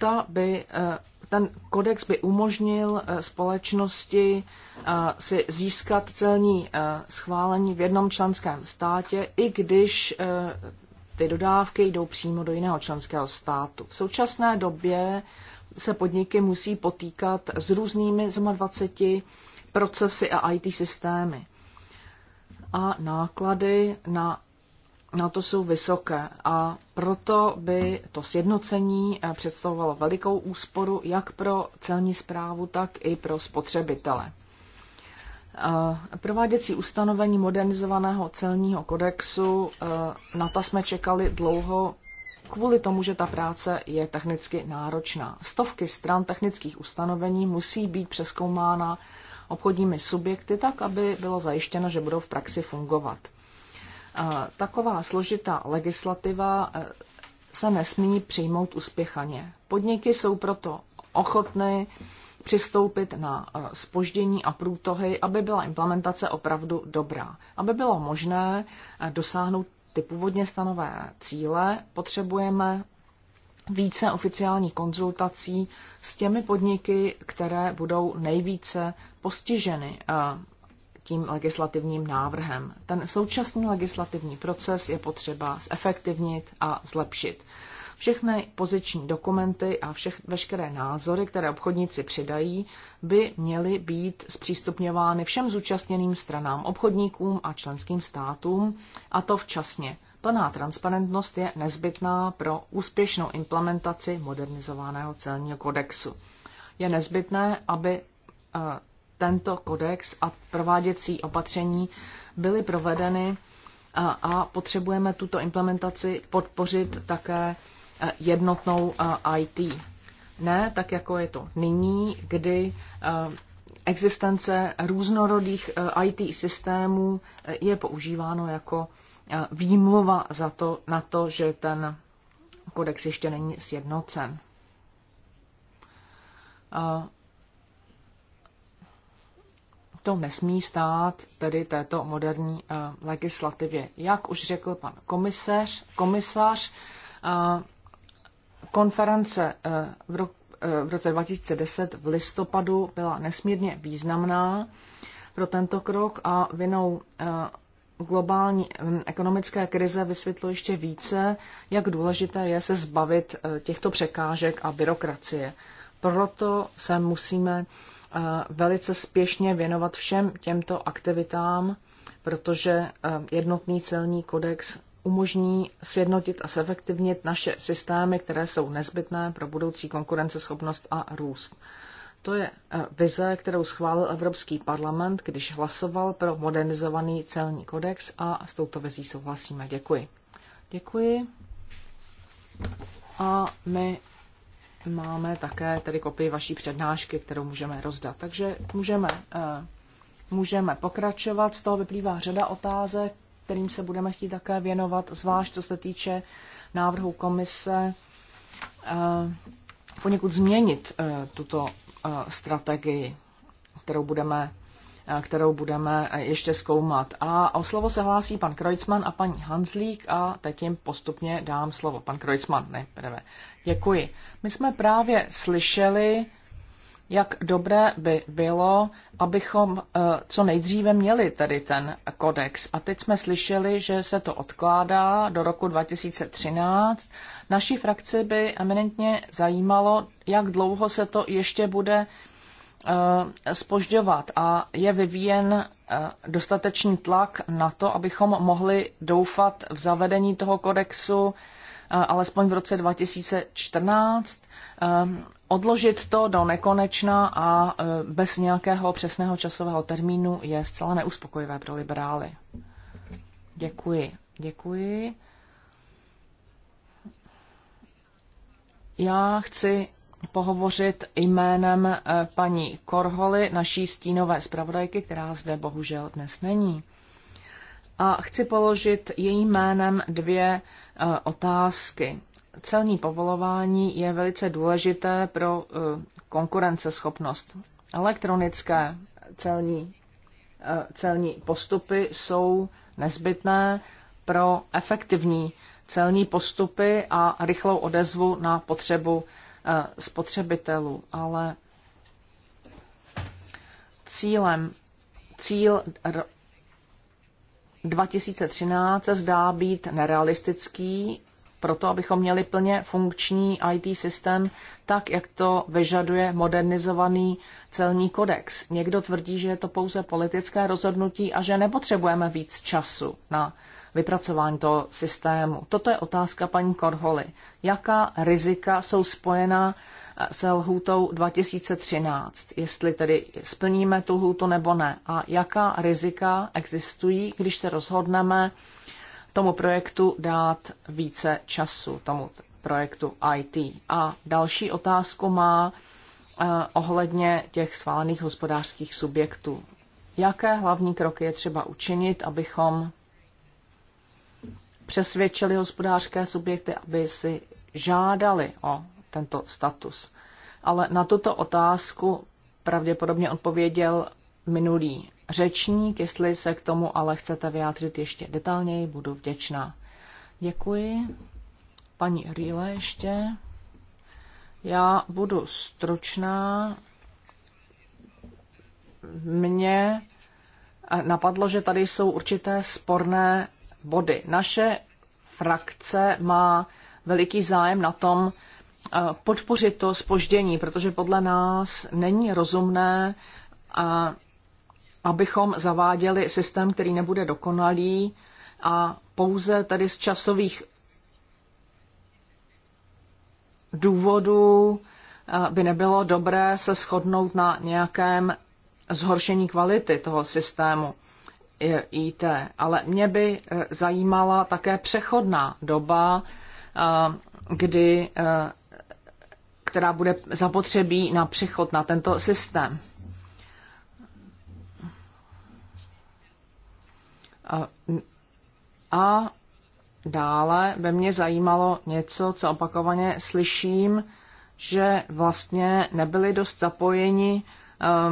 ta by, eh, ten kodex by umožnil eh, společnosti eh, si získat celní schválení v jednom členském státě, i když ty dodávky jdou přímo do jiného členského státu. V současné době se podniky musí potýkat s různými 27 procesy a IT systémy. A náklady na na no, to jsou vysoké a proto by to sjednocení eh, představovalo velikou úsporu jak pro celní zprávu, tak i pro spotřebitele. Eh, prováděcí ustanovení modernizovaného celního kodexu, eh, na ta jsme čekali dlouho kvůli tomu, že ta práce je technicky náročná. Stovky stran technických ustanovení musí být přeskoumána obchodními subjekty tak, aby bylo zajištěno, že budou v praxi fungovat taková složitá legislativa eh, se nesmí přijmout uspěchaně. Podniky jsou proto ochotny přistoupit na spoždění eh, a průtohy, aby byla implementace opravdu dobrá. Aby bylo možné eh, dosáhnout ty původně stanové cíle, potřebujeme více oficiálních konzultací s těmi podniky, které budou nejvíce postiženy tím legislativním návrhem. Ten současný legislativní proces je potřeba zefektivnit a zlepšit. Všechny poziční dokumenty a všech, veškeré názory, které obchodníci přidají, by měly být zpřístupňovány všem zúčastněným stranám, obchodníkům a členským státům, a to včasně. Plná transparentnost je nezbytná pro úspěšnou implementaci modernizovaného celního kodexu. Je nezbytné, aby eh, tento kodex a prováděcí opatření byly provedeny a, a potřebujeme tuto implementaci podpořit také e, jednotnou e, IT. Ne tak, jako je to nyní, kdy e, existence různorodých IT systémů je používáno jako výmluva za to, na to, že ten kodex ještě není sjednocen to nesmí stát tedy této moderní eh, legislativě. Jak už řekl pan komisař, komisař eh, konference eh, v roce 2010 v listopadu byla nesmírně významná pro tento krok a vinou globální hm, ekonomické krize vysvětlo ještě více, jak důležité je se zbavit těchto překážek a byrokracie. Proto se musíme velice spěšně věnovat všem těmto aktivitám, protože e, jednotný celní kodex umožní sjednotit a zefektivnit naše systémy, které jsou nezbytné pro budoucí konkurenceschopnost a růst. To je e, vize, kterou schválil Evropský parlament, když hlasoval pro modernizovaný celní kodex a s touto vizí souhlasíme. Děkuji. Děkuji. A my Máme také tedy kopii vaší přednášky, kterou můžeme rozdat. Takže můžeme, eh, můžeme pokračovat. Z toho vyplývá řada otázek, kterým se budeme chtít také věnovat, zvlášť co se týče návrhu komise eh, poněkud změnit eh, tuto strategii, kterou budeme kterou budeme ještě zkoumat. A o slovo se hlásí pan Krojcman a paní Hanslík a teď jim postupně dám slovo. Pan Krojcman nejprve. Děkuji. My jsme právě slyšeli, jak dobré by bylo, abychom eh, co nejdříve měli tady ten kodex. A teď jsme slyšeli, že se to odkládá do roku 2013. Naší frakci by eminentně zajímalo, jak dlouho se to ještě bude Eh, spožďovat a je vyvíjen eh, dostatečný tlak na to, abychom mohli doufat v zavedení toho kodexu eh, alespoň v roce 2014, odložit to do nekonečna a bez nějakého přesného časového termínu je zcela neuspokojivé pro liberály. Děkuji. Děkuji. Já chci pohovořit jménem eh, paní Korholy, naší stínové zpravodajky, která zde bohužel dnes není. A chci položit její jménem dvě eh, otázky. Celní povolování je velice důležité pro eh, konkurenceschopnost. Elektronické celní, celní postupy jsou nezbytné pro efektivní celní postupy a rychlou odezvu na potřebu Eh, spotřebitelů, ale cílem, cíl 2013 se zdá být nerealistický, proto abychom měli plně funkční IT systém, tak jak to vyžaduje modernizovaný celní kodex. Někdo tvrdí, že je to pouze politické rozhodnutí a že nepotřebujeme víc času na vypracování toho systému. Toto je otázka paní Korholy. Jaká rizika jsou spojená eh, se lhůtou 2013, jestli tedy splníme tu lhůtu nebo ne a jaká rizika existují, když se rozhodneme tomu projektu dát více času, tomu projektu IT. A další otázku má eh, ohledně těch schválených hospodářských subjektů. Jaké hlavní kroky je třeba učinit, abychom přesvědčili hospodářské subjekty, aby si žádali o tento status. Ale na tuto otázku pravděpodobně odpověděl minulý řečník. Jestli se k tomu ale chcete vyjádřit ještě detailněji, budu vděčná. Děkuji. Paní Rýle ještě. Já budu stručná. Mně napadlo, že tady jsou určité sporné body. Naše frakce má veliký zájem na tom eh, podpořit to spoždění, protože podle nás není rozumné, abychom zaváděli systém, který nebude dokonalý a pouze tedy z časových důvodů eh, by nebylo dobré se shodnout na nějakém zhoršení kvality toho systému. IT, ale mě by eh, zajímala také přechodná doba, eh, kdy, eh, která bude zapotřebí na přechod na tento systém. A dále by mě zajímalo něco, co opakovaně slyším, že vlastně nebyli dost zapojeni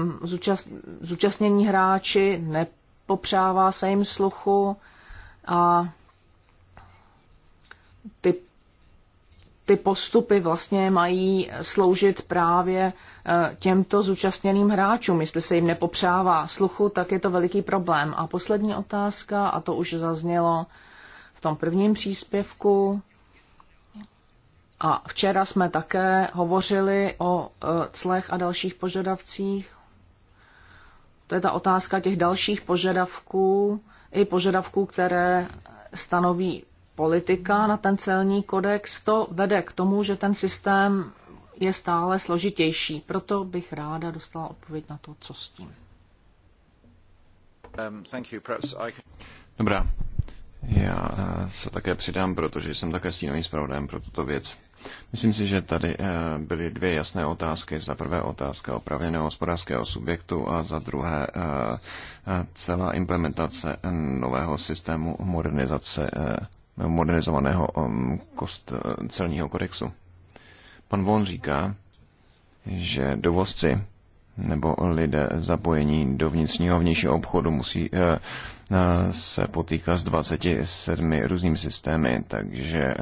um, zúčast, zúčastnění hráči, ne, popřává se jim sluchu a ty, ty postupy vlastně mají sloužit právě eh, těmto zúčastněným hráčům. Jestli se jim nepopřává sluchu, tak je to veliký problém. A poslední otázka, a to už zaznělo v tom prvním příspěvku, a včera jsme také hovořili o eh, clech a dalších požadavcích. To je ta otázka těch dalších požadavků, i požadavků, které stanoví politika na ten celní kodex. To vede k tomu, že ten systém je stále složitější. Proto bych ráda dostala odpověď na to, co s tím. Um, Dobrá. Já eh, se také přidám, protože jsem také stínovým zpravodajem pro tuto věc. Myslím si, že tady eh, byly dvě jasné otázky. Za prvé otázka opravněného hospodářského subjektu a za druhé eh, eh, celá implementace nového systému modernizace modernizovaného kost celního kodexu. Pan Von říká, že dovozci nebo lidé zapojení do vnitřního a vnějšího obchodu musí se potýkat s 27 různými systémy, takže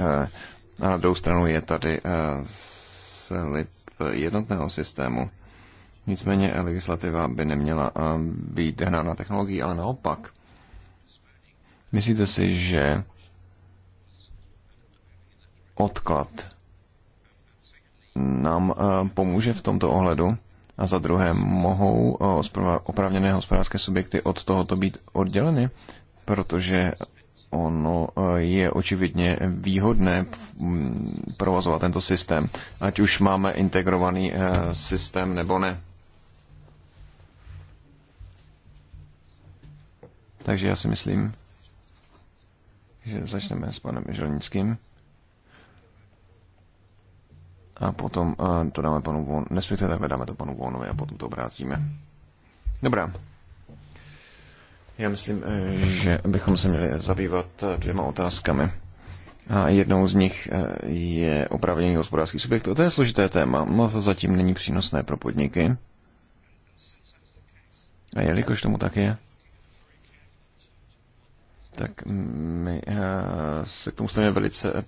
a na druhou stranu je tady eh, slib jednotného systému. Nicméně legislativa by neměla eh, být hnána technologií, ale naopak. Myslíte si, že odklad nám eh, pomůže v tomto ohledu? A za druhé, mohou opravněné hospodářské subjekty od tohoto být odděleny? Protože ono eh, je očividně výhodné provozovat tento systém, ať už máme integrovaný eh, systém nebo ne. Takže já si myslím, že začneme s panem Želnickým. A potom eh, to dáme panu Von, respektive dáme to panu Vonovi a potom to obrátíme. Dobrá. Já myslím, eh, že bychom se měli zabývat eh, dvěma otázkami. A jednou z nich eh, je opravdění hospodářských subjektů. To je složité téma, no to zatím není přínosné pro podniky. A jelikož tomu tak je, tak my se k tomu stavíme velice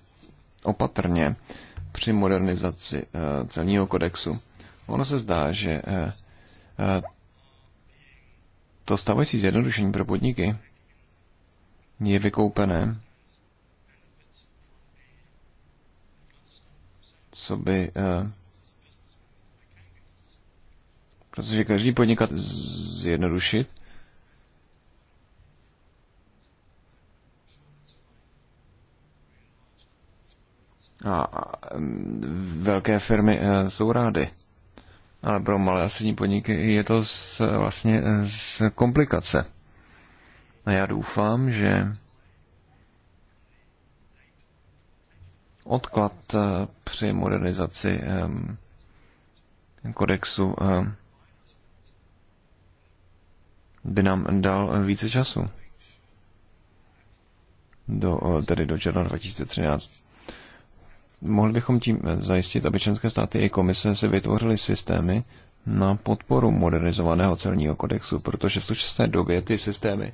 opatrně při modernizaci celního kodexu. Ono se zdá, že to stávající zjednodušení pro podniky je vykoupené, co by... Uh, protože každý podnikat zjednodušit, A mm, velké firmy eh, jsou rády ale pro malé a střední podniky je to z, vlastně z komplikace. A já doufám, že odklad eh, při modernizaci eh, kodexu eh, by nám dal více času. Do, tedy do června 2013. Mohli bychom tím eh, zajistit, aby členské státy i komise si vytvořily systémy na podporu modernizovaného celního kodexu, protože v současné době ty systémy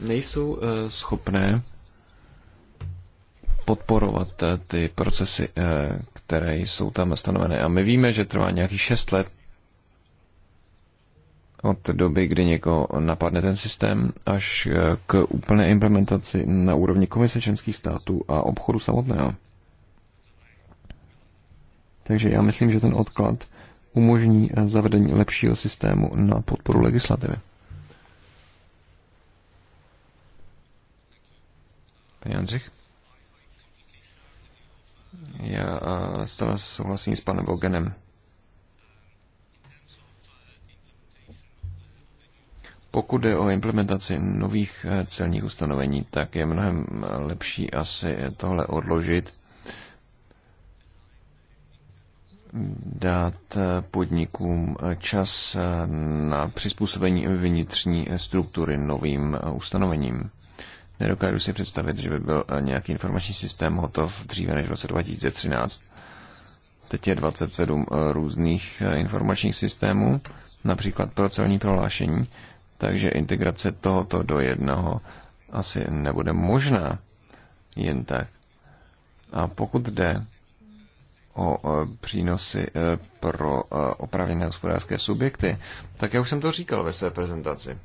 nejsou eh, schopné podporovat eh, ty procesy, které jsou tam stanovené. A my víme, že trvá nějakých 6 let, od doby, kdy někoho napadne ten systém, až eh, k úplné implementaci na úrovni komise členských států a obchodu samotného. Takže já myslím, že ten odklad umožní eh, zavedení lepšího systému na podporu legislativy. Pane Andřich? Já stále eh, souhlasím s panem Bogenem. Pokud jde o implementaci nových eh, celních ustanovení, tak je mnohem eh, lepší asi eh, tohle odložit, dát podnikům čas na přizpůsobení vnitřní struktury novým ustanovením. Nedokážu si představit, že by byl nějaký informační systém hotov dříve než v roce 2013. Teď je 27 různých informačních systémů, například pro celní prohlášení takže integrace tohoto do jednoho asi nebude možná jen tak. A pokud jde o přínosy e, pro e, opravené hospodářské subjekty, tak já už jsem to říkal ve své prezentaci.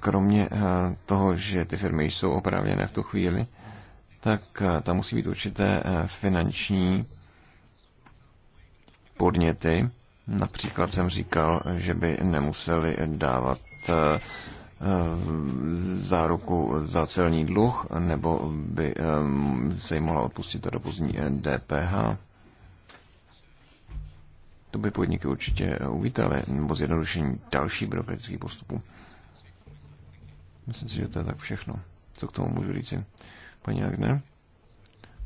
Kromě e, toho, že ty firmy jsou opravněné v tu chvíli, tak tam musí být určité finanční podněty, Například jsem říkal, že by nemuseli dávat eh, eh, záruku za celní dluh, nebo by eh, se jim mohla odpustit ta dopozní DPH. To by podniky určitě uvítaly, nebo zjednodušení další byrokratických postupů. Myslím si, že to je tak všechno. Co k tomu můžu říci? Paní Agne,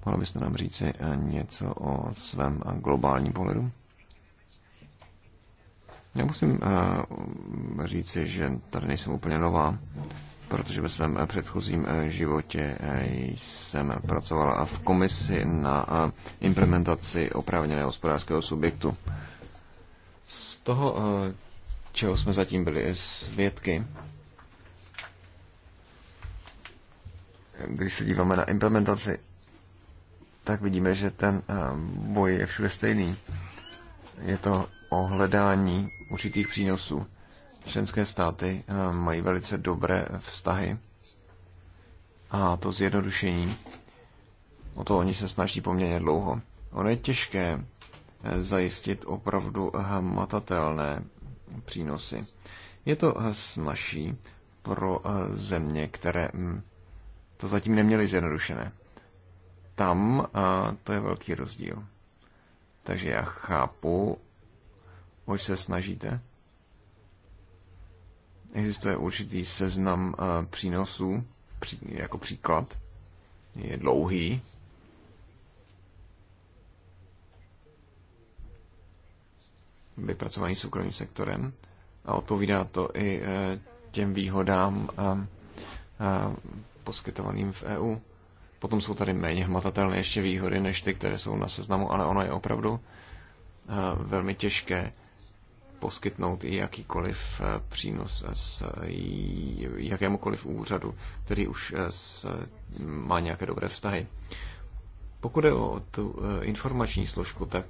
mohla byste nám říci něco o svém globálním pohledu? Já musím uh, říci, že tady nejsem úplně nová, protože ve svém eh, předchozím eh, životě jsem pracovala v komisi na implementaci oprávněného hospodářského subjektu. Z toho, čeho jsme zatím byli svědky, když se díváme na implementaci, tak vidíme, že ten boj je všude stejný. Je to ohledání určitých přínosů. Členské státy eh, mají velice dobré vztahy a to zjednodušení, o to oni se snaží poměrně dlouho. Ono je těžké eh, zajistit opravdu hmatatelné přínosy. Je to eh, snažší pro země, které mm, to zatím neměly zjednodušené. Tam to je velký rozdíl. Takže já chápu oč se snažíte? Existuje určitý seznam eh, přínosů, jako příklad. Je dlouhý. Vypracovaný soukromým sektorem. A odpovídá to i eh, těm výhodám eh, poskytovaným v EU. Potom jsou tady méně hmatatelné ještě výhody než ty, které jsou na seznamu, ale ono je opravdu velmi těžké poskytnout i jakýkoliv eh, přínos s eh, jakémukoliv úřadu, který už eh, má nějaké dobré vztahy. Pokud je o tu informační složku, tak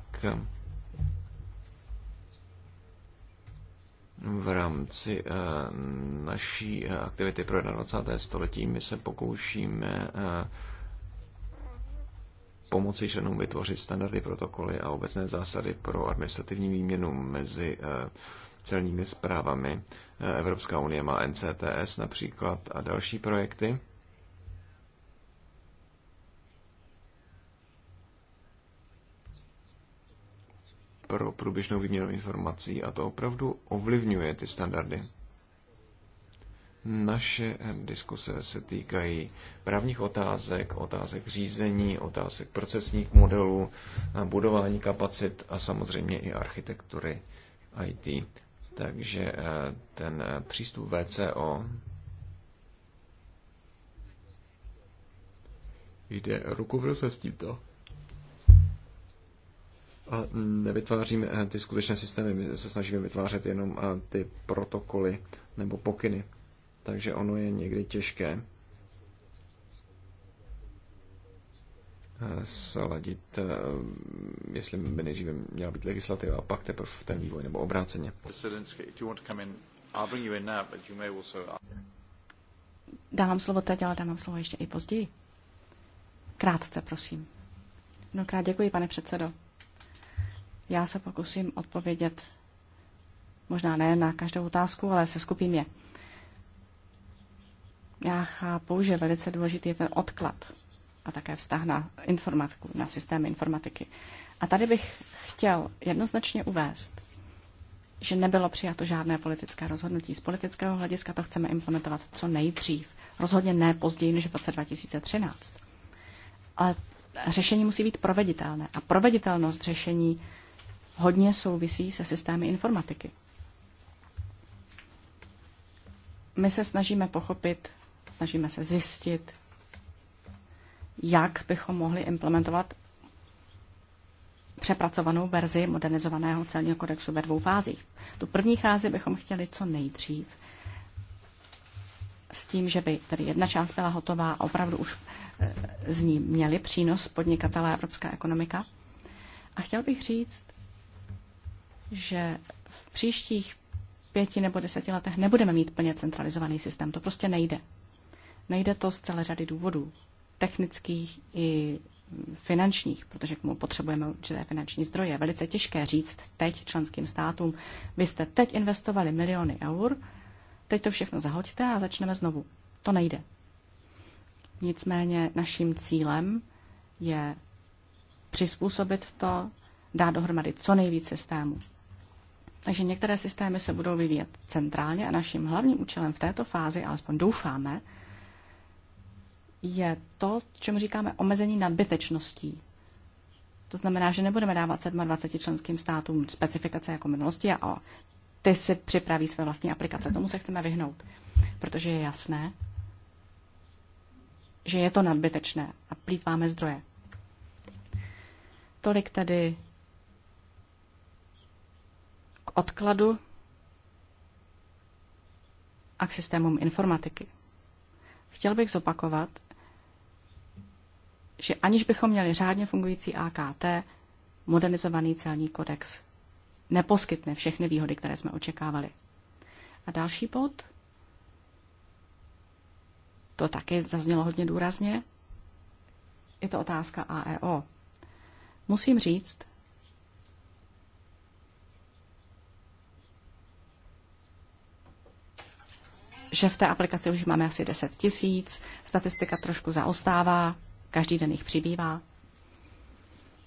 v rámci naší aktivity pro 21. století my se pokoušíme pomoci členům vytvořit standardy, protokoly a obecné zásady pro administrativní výměnu mezi eh, celními zprávami. Eh, Evropská unie má NCTS například a další projekty. pro průběžnou výměnu informací a to opravdu ovlivňuje ty standardy. Naše eh, diskuse se týkají právních otázek, otázek řízení, otázek procesních modelů, budování kapacit a samozřejmě i architektury IT. Takže eh, ten eh, přístup VCO jde ruku v ruce s tímto. A nevytváříme ty skutečné systémy, my se snažíme vytvářet jenom ty protokoly nebo pokyny takže ono je někdy těžké eh, sladit, eh, jestli by nejdříve měla být legislativa a pak teprve ten vývoj, nebo obráceně. Dávám slovo teď, ale dávám slovo ještě i později. Krátce, prosím. No, krát, děkuji, pane předsedo. Já se pokusím odpovědět možná ne na každou otázku, ale se skupím je. Já chápu, že velice důležitý je ten odklad a také vztah na informatiku, na systémy informatiky. A tady bych chtěl jednoznačně uvést, že nebylo přijato žádné politické rozhodnutí. Z politického hlediska to chceme implementovat co nejdřív. Rozhodně ne později než v roce 2013. Ale řešení musí být proveditelné. A proveditelnost řešení hodně souvisí se systémy informatiky. My se snažíme pochopit, Snažíme se zjistit, jak bychom mohli implementovat přepracovanou verzi modernizovaného celního kodexu ve dvou fázích. Tu první fázi bychom chtěli co nejdřív s tím, že by tedy jedna část byla hotová a opravdu už eh, z ní měli přínos podnikatelé Evropská ekonomika. A chtěl bych říct, že v příštích pěti nebo deseti letech nebudeme mít plně centralizovaný systém. To prostě nejde. Nejde to z celé řady důvodů, technických i finančních, protože k tomu potřebujeme určité finanční zdroje. Velice těžké říct teď členským státům, vy jste teď investovali miliony eur, teď to všechno zahoďte a začneme znovu. To nejde. Nicméně naším cílem je přizpůsobit to, dát dohromady co nejvíc systémů. Takže některé systémy se budou vyvíjet centrálně a naším hlavním účelem v této fázi, alespoň doufáme, je to, čemu říkáme omezení nadbytečností. To znamená, že nebudeme dávat 27 členským státům specifikace jako minulosti a o, ty si připraví své vlastní aplikace. Tomu se chceme vyhnout, protože je jasné, že je to nadbytečné a plítváme zdroje. Tolik tedy k odkladu a k systémům informatiky. Chtěl bych zopakovat, že aniž bychom měli řádně fungující AKT, modernizovaný celní kodex neposkytne všechny výhody, které jsme očekávali. A další bod, to taky zaznělo hodně důrazně, je to otázka AEO. Musím říct, že v té aplikaci už máme asi 10 tisíc, statistika trošku zaostává, Každý den jich přibývá.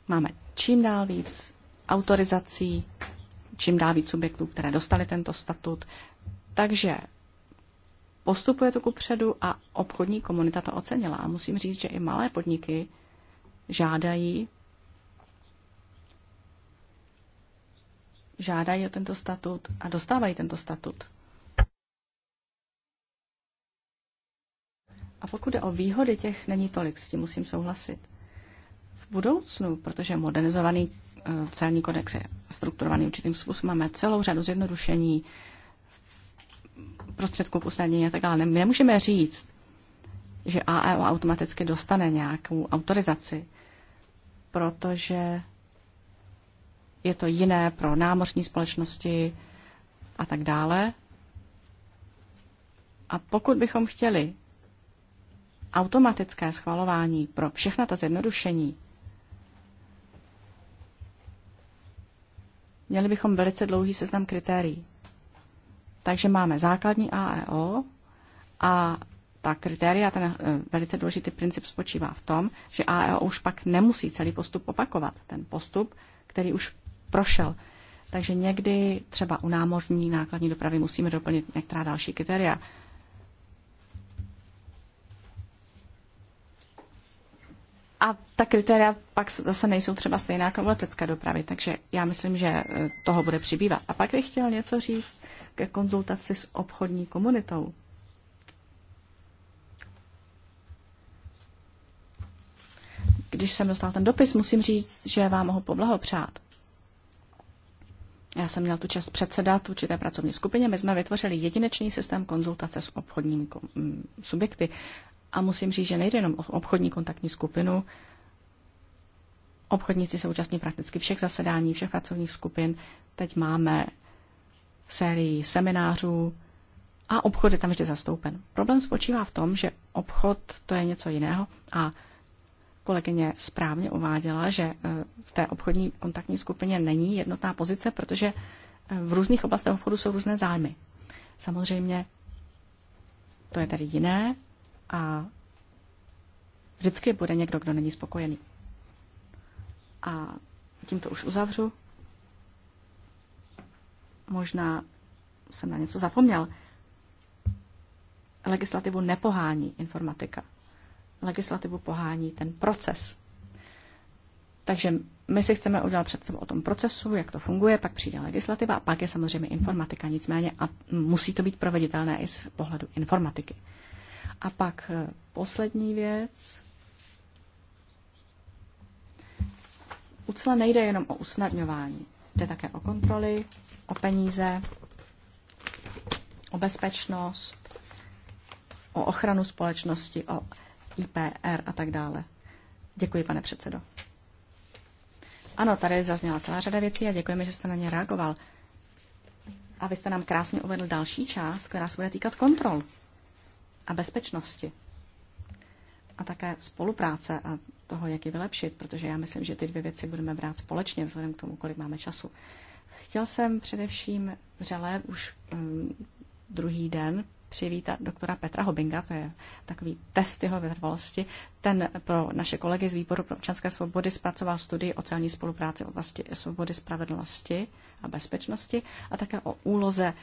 Máme čím dál víc autorizací, čím dál víc subjektů, které dostali tento statut. Takže postupuje to kupředu a obchodní komunita to ocenila. A musím říct, že i malé podniky žádají žádají o tento statut a dostávají tento statut. A pokud je o výhody těch, není tolik, s tím musím souhlasit. V budoucnu, protože modernizovaný eh, celní kodex je strukturovaný určitým způsobem, máme celou řadu zjednodušení, prostředků k usnadnění a tak dále. Nemůžeme říct, že AEO automaticky dostane nějakou autorizaci, protože je to jiné pro námořní společnosti a tak dále. A pokud bychom chtěli automatické schvalování pro všechna ta zjednodušení, měli bychom velice dlouhý seznam kritérií. Takže máme základní AEO a ta kritéria, ten eh, velice důležitý princip spočívá v tom, že AEO už pak nemusí celý postup opakovat. Ten postup, který už prošel. Takže někdy třeba u námořní nákladní dopravy musíme doplnit některá další kritéria. A ta kritéria pak zase nejsou třeba stejná jako letecké dopravy, takže já myslím, že e, toho bude přibývat. A pak bych chtěl něco říct ke konzultaci s obchodní komunitou. Když jsem dostal ten dopis, musím říct, že vám mohu poblahopřát. Já jsem měl tu čest předsedat určité pracovní skupině. My jsme vytvořili jedinečný systém konzultace s obchodními subjekty a musím říct, že nejde jenom o obchodní kontaktní skupinu. Obchodníci se účastní prakticky všech zasedání, všech pracovních skupin. Teď máme sérii seminářů a obchod je tam vždy zastoupen. Problém spočívá v tom, že obchod to je něco jiného a kolegyně správně uváděla, že eh, v té obchodní kontaktní skupině není jednotná pozice, protože eh, v různých oblastech obchodu jsou různé zájmy. Samozřejmě to je tady jiné a vždycky bude někdo, kdo není spokojený. A tímto už uzavřu. Možná jsem na něco zapomněl. Legislativu nepohání informatika. Legislativu pohání ten proces. Takže my si chceme udělat představu o tom procesu, jak to funguje, pak přijde legislativa a pak je samozřejmě informatika. Nicméně a musí to být proveditelné i z pohledu informatiky. A pak eh, poslední věc. U nejde jenom o usnadňování. Jde také o kontroly, o peníze, o bezpečnost, o ochranu společnosti, o IPR a tak dále. Děkuji, pane předsedo. Ano, tady zazněla celá řada věcí a děkujeme, že jste na ně reagoval. A vy jste nám krásně uvedl další část, která se bude týkat kontrol a bezpečnosti. A také spolupráce a toho, jak ji vylepšit, protože já myslím, že ty dvě věci budeme brát společně vzhledem k tomu, kolik máme času. Chtěl jsem především vřele už um, druhý den přivítat doktora Petra Hobinga, to je takový test jeho vytrvalosti. Ten pro naše kolegy z Výboru pro občanské svobody zpracoval studii o celní spolupráci v oblasti svobody, spravedlnosti a bezpečnosti a také o úloze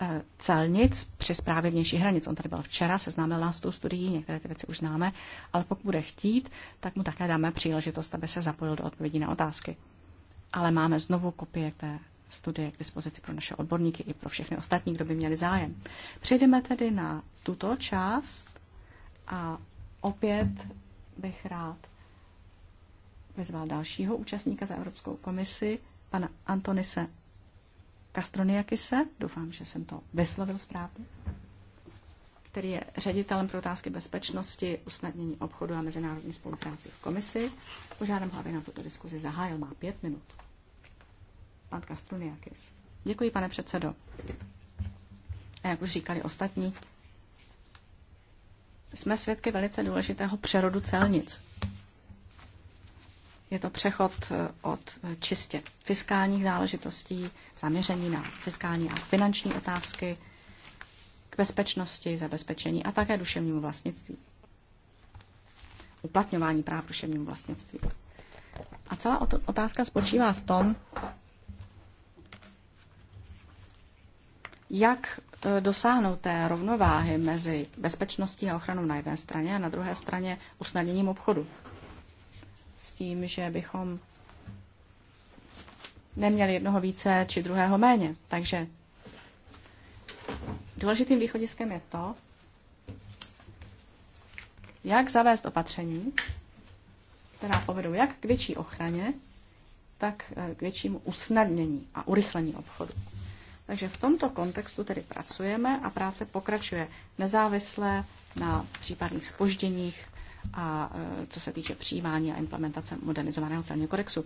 Eh, celnic při zprávě vnější hranic. On tady byl včera, seznámil nás s studií, některé ty věci už známe, ale pokud bude chtít, tak mu také dáme příležitost, aby se zapojil do odpovědí na otázky. Ale máme znovu kopie té studie k dispozici pro naše odborníky i pro všechny ostatní, kdo by měli zájem. Přejdeme tedy na tuto část a opět bych rád vyzval dalšího účastníka za Evropskou komisi, pana Antonise Kastroniakise, doufám, že jsem to vyslovil správně, který je ředitelem pro otázky bezpečnosti, usnadnění obchodu a mezinárodní spolupráci v komisi. Požádám ho, na tuto diskuzi zahájil. Má pět minut. Pan Kastruniakis. Děkuji, pane předsedo. A jak už říkali ostatní, jsme svědky velice důležitého přerodu celnic. Je to přechod eh, od eh, čistě fiskálních záležitostí, zaměření na fiskální a finanční otázky, k bezpečnosti, zabezpečení a také duševnímu vlastnictví. Uplatňování práv duševnímu vlastnictví. A celá otázka spočívá v tom, jak eh, dosáhnout té rovnováhy mezi bezpečností a ochranou na jedné straně a na druhé straně usnadněním obchodu tím, že bychom neměli jednoho více či druhého méně. Takže důležitým východiskem je to, jak zavést opatření, která povedou jak k větší ochraně, tak eh, k většímu usnadnění a urychlení obchodu. Takže v tomto kontextu tedy pracujeme a práce pokračuje nezávisle na případných spožděních a e, co se týče přijímání a implementace modernizovaného celního kodexu.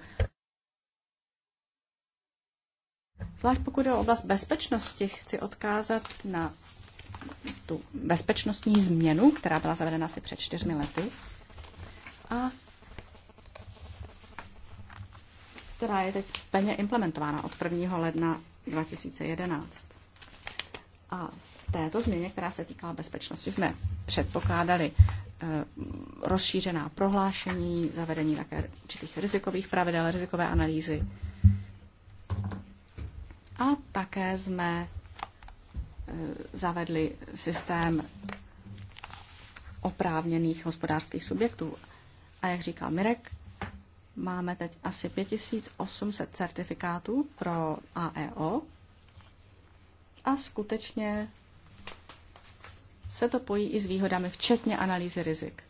Zvlášť pokud je o oblast bezpečnosti, chci odkázat na tu bezpečnostní změnu, která byla zavedena asi před čtyřmi lety a která je teď plně implementována od 1. ledna 2011. A v této změně, která se týkala bezpečnosti, jsme předpokládali eh, rozšířená prohlášení, zavedení také určitých rizikových pravidel, rizikové analýzy. A také jsme eh, zavedli systém oprávněných hospodářských subjektů. A jak říkal Mirek, máme teď asi 5800 certifikátů pro AEO a skutečně se to pojí i s výhodami, včetně analýzy rizik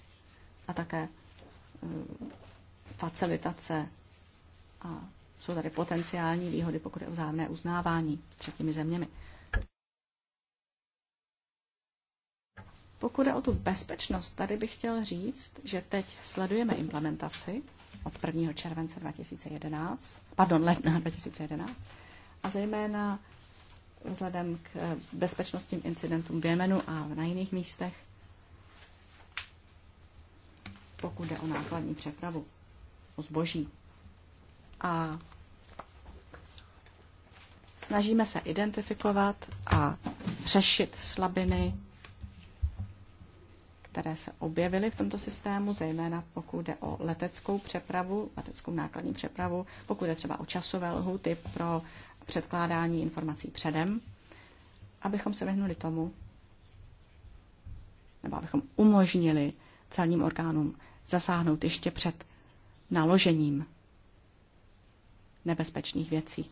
a také eh, facilitace a jsou tady potenciální výhody, pokud je o vzájemné uznávání s třetími zeměmi. Pokud je o tu bezpečnost, tady bych chtěl říct, že teď sledujeme implementaci od 1. července 2011, pardon, ledna 2011, a zejména vzhledem k eh, bezpečnostním incidentům v Jemenu a na jiných místech, pokud jde o nákladní přepravu, o zboží. A snažíme se identifikovat a řešit slabiny, které se objevily v tomto systému, zejména pokud jde o leteckou přepravu, leteckou nákladní přepravu, pokud jde třeba o časové lhuty pro předkládání informací předem, abychom se vyhnuli tomu, nebo abychom umožnili celním orgánům zasáhnout ještě před naložením nebezpečných věcí.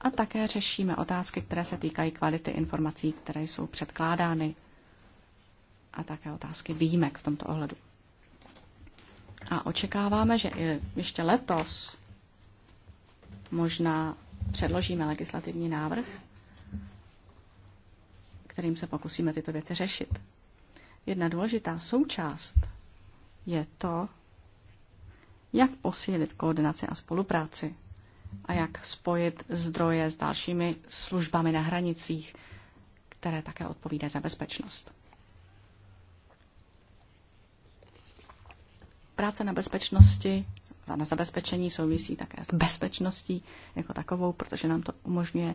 A také řešíme otázky, které se týkají kvality informací, které jsou předkládány, a také otázky výjimek v tomto ohledu. A očekáváme, že i ještě letos, možná předložíme legislativní návrh, kterým se pokusíme tyto věci řešit. Jedna důležitá součást je to, jak posílit koordinaci a spolupráci a jak spojit zdroje s dalšími službami na hranicích, které také odpovídají za bezpečnost. Práce na bezpečnosti ta na zabezpečení souvisí také s bezpečností jako takovou, protože nám to umožňuje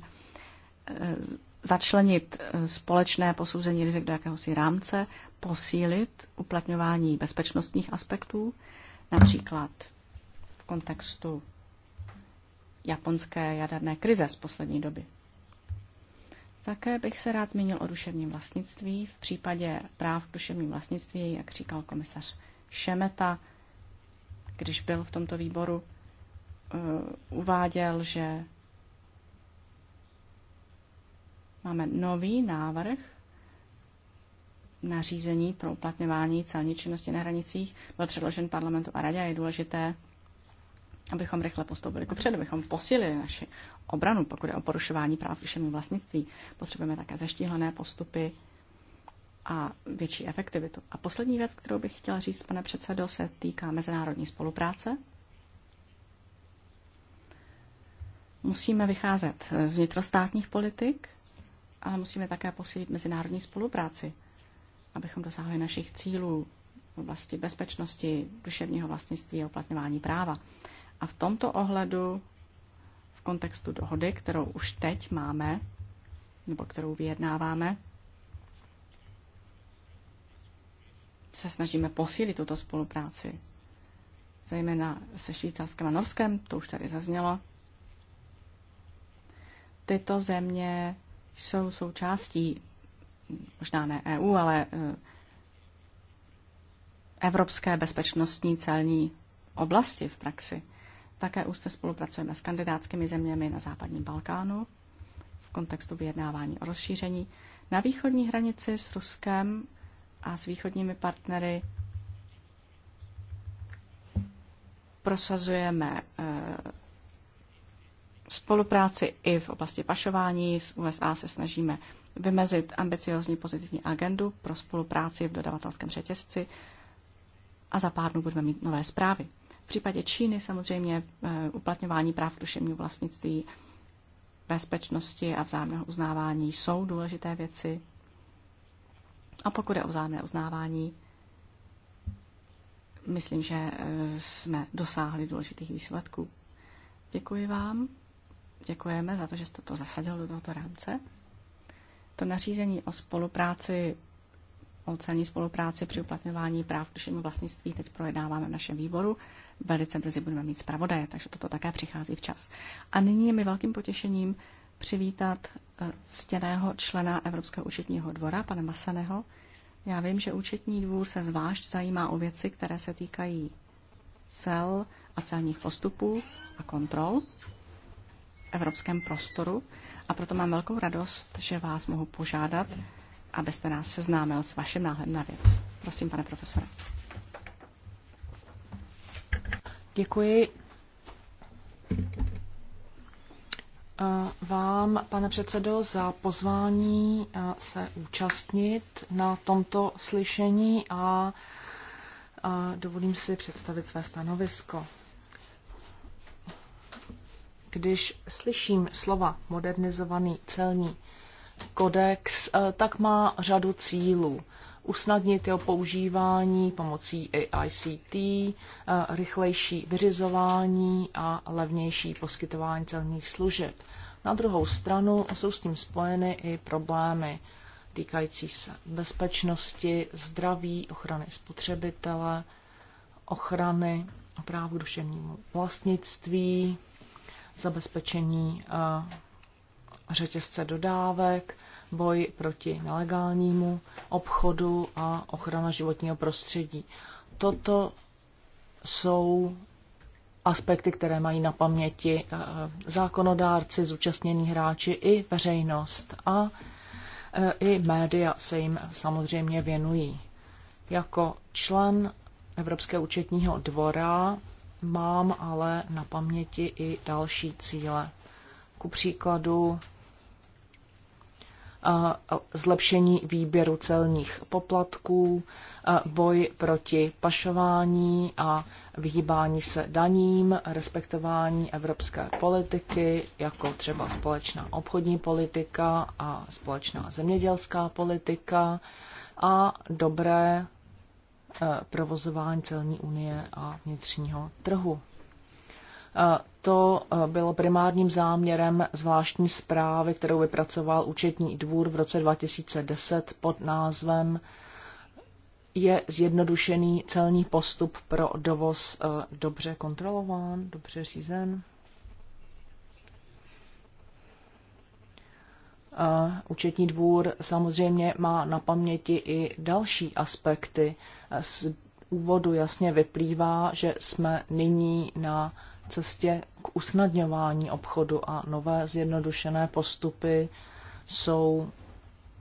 eh, začlenit eh, společné posouzení rizik do jakéhosi rámce, posílit uplatňování bezpečnostních aspektů, například v kontextu japonské jaderné krize z poslední doby. Také bych se rád zmínil o duševním vlastnictví. V případě práv k duševním vlastnictví, jak říkal komisař Šemeta, když byl v tomto výboru, eh, uváděl, že máme nový návrh nařízení pro uplatňování celní činnosti na hranicích. Byl předložen parlamentu a radě a je důležité, abychom rychle postoupili kupředu, abychom posílili naši obranu, pokud je o porušování práv duševního vlastnictví. Potřebujeme také zaštíhlené postupy a větší efektivitu. A poslední věc, kterou bych chtěla říct, pane předsedo, se týká mezinárodní spolupráce. Musíme vycházet z vnitrostátních politik, ale musíme také posílit mezinárodní spolupráci, abychom dosáhli našich cílů v oblasti bezpečnosti, duševního vlastnictví a uplatňování práva. A v tomto ohledu, v kontextu dohody, kterou už teď máme, nebo kterou vyjednáváme, se snažíme posílit tuto spolupráci, zejména se Švýcarskem a Norskem, to už tady zaznělo. Tyto země jsou součástí, možná ne EU, ale eh, evropské bezpečnostní celní oblasti v praxi. Také úzce spolupracujeme s kandidátskými zeměmi na západním Balkánu v kontextu vyjednávání o rozšíření. Na východní hranici s Ruskem a s východními partnery prosazujeme eh, spolupráci i v oblasti pašování. S USA se snažíme vymezit ambiciozní pozitivní agendu pro spolupráci v dodavatelském řetězci a za pár dnů budeme mít nové zprávy. V případě Číny samozřejmě eh, uplatňování práv duševního vlastnictví, bezpečnosti a vzájemného uznávání jsou důležité věci. A pokud je o vzájemné uznávání, myslím, že eh, jsme dosáhli důležitých výsledků. Děkuji vám. Děkujeme za to, že jste to zasadil do tohoto rámce. To nařízení o spolupráci, o celní spolupráci při uplatňování práv k duševnímu vlastnictví teď projednáváme v našem výboru. Velice brzy budeme mít zpravodaje, takže toto také přichází včas. A nyní je mi velkým potěšením, přivítat eh, ctěného člena Evropského účetního dvora, pana Masaného. Já vím, že účetní dvůr se zvlášť zajímá o věci, které se týkají cel a celních postupů a kontrol v evropském prostoru a proto mám velkou radost, že vás mohu požádat, abyste nás seznámil s vaším náhledem na věc. Prosím, pane profesore. Děkuji vám, pane předsedo, za pozvání se účastnit na tomto slyšení a dovolím si představit své stanovisko. Když slyším slova modernizovaný celní kodex, tak má řadu cílů usnadnit jeho používání pomocí AICT, eh, rychlejší vyřizování a levnější poskytování celních služeb. Na druhou stranu jsou s tím spojeny i problémy týkající se bezpečnosti, zdraví, ochrany spotřebitele, ochrany právu duševnímu vlastnictví, zabezpečení eh, řetězce dodávek boj proti nelegálnímu obchodu a ochrana životního prostředí. Toto jsou aspekty, které mají na paměti eh, zákonodárci, zúčastnění hráči i veřejnost a eh, i média se jim samozřejmě věnují. Jako člen Evropského účetního dvora mám ale na paměti i další cíle. Ku příkladu zlepšení výběru celních poplatků, boj proti pašování a vyhýbání se daním, respektování evropské politiky, jako třeba společná obchodní politika a společná zemědělská politika a dobré provozování celní unie a vnitřního trhu. To bylo primárním záměrem zvláštní zprávy, kterou vypracoval účetní dvůr v roce 2010 pod názvem Je zjednodušený celní postup pro dovoz dobře kontrolován, dobře řízen. Účetní dvůr samozřejmě má na paměti i další aspekty. Z úvodu jasně vyplývá, že jsme nyní na cestě k usnadňování obchodu a nové zjednodušené postupy jsou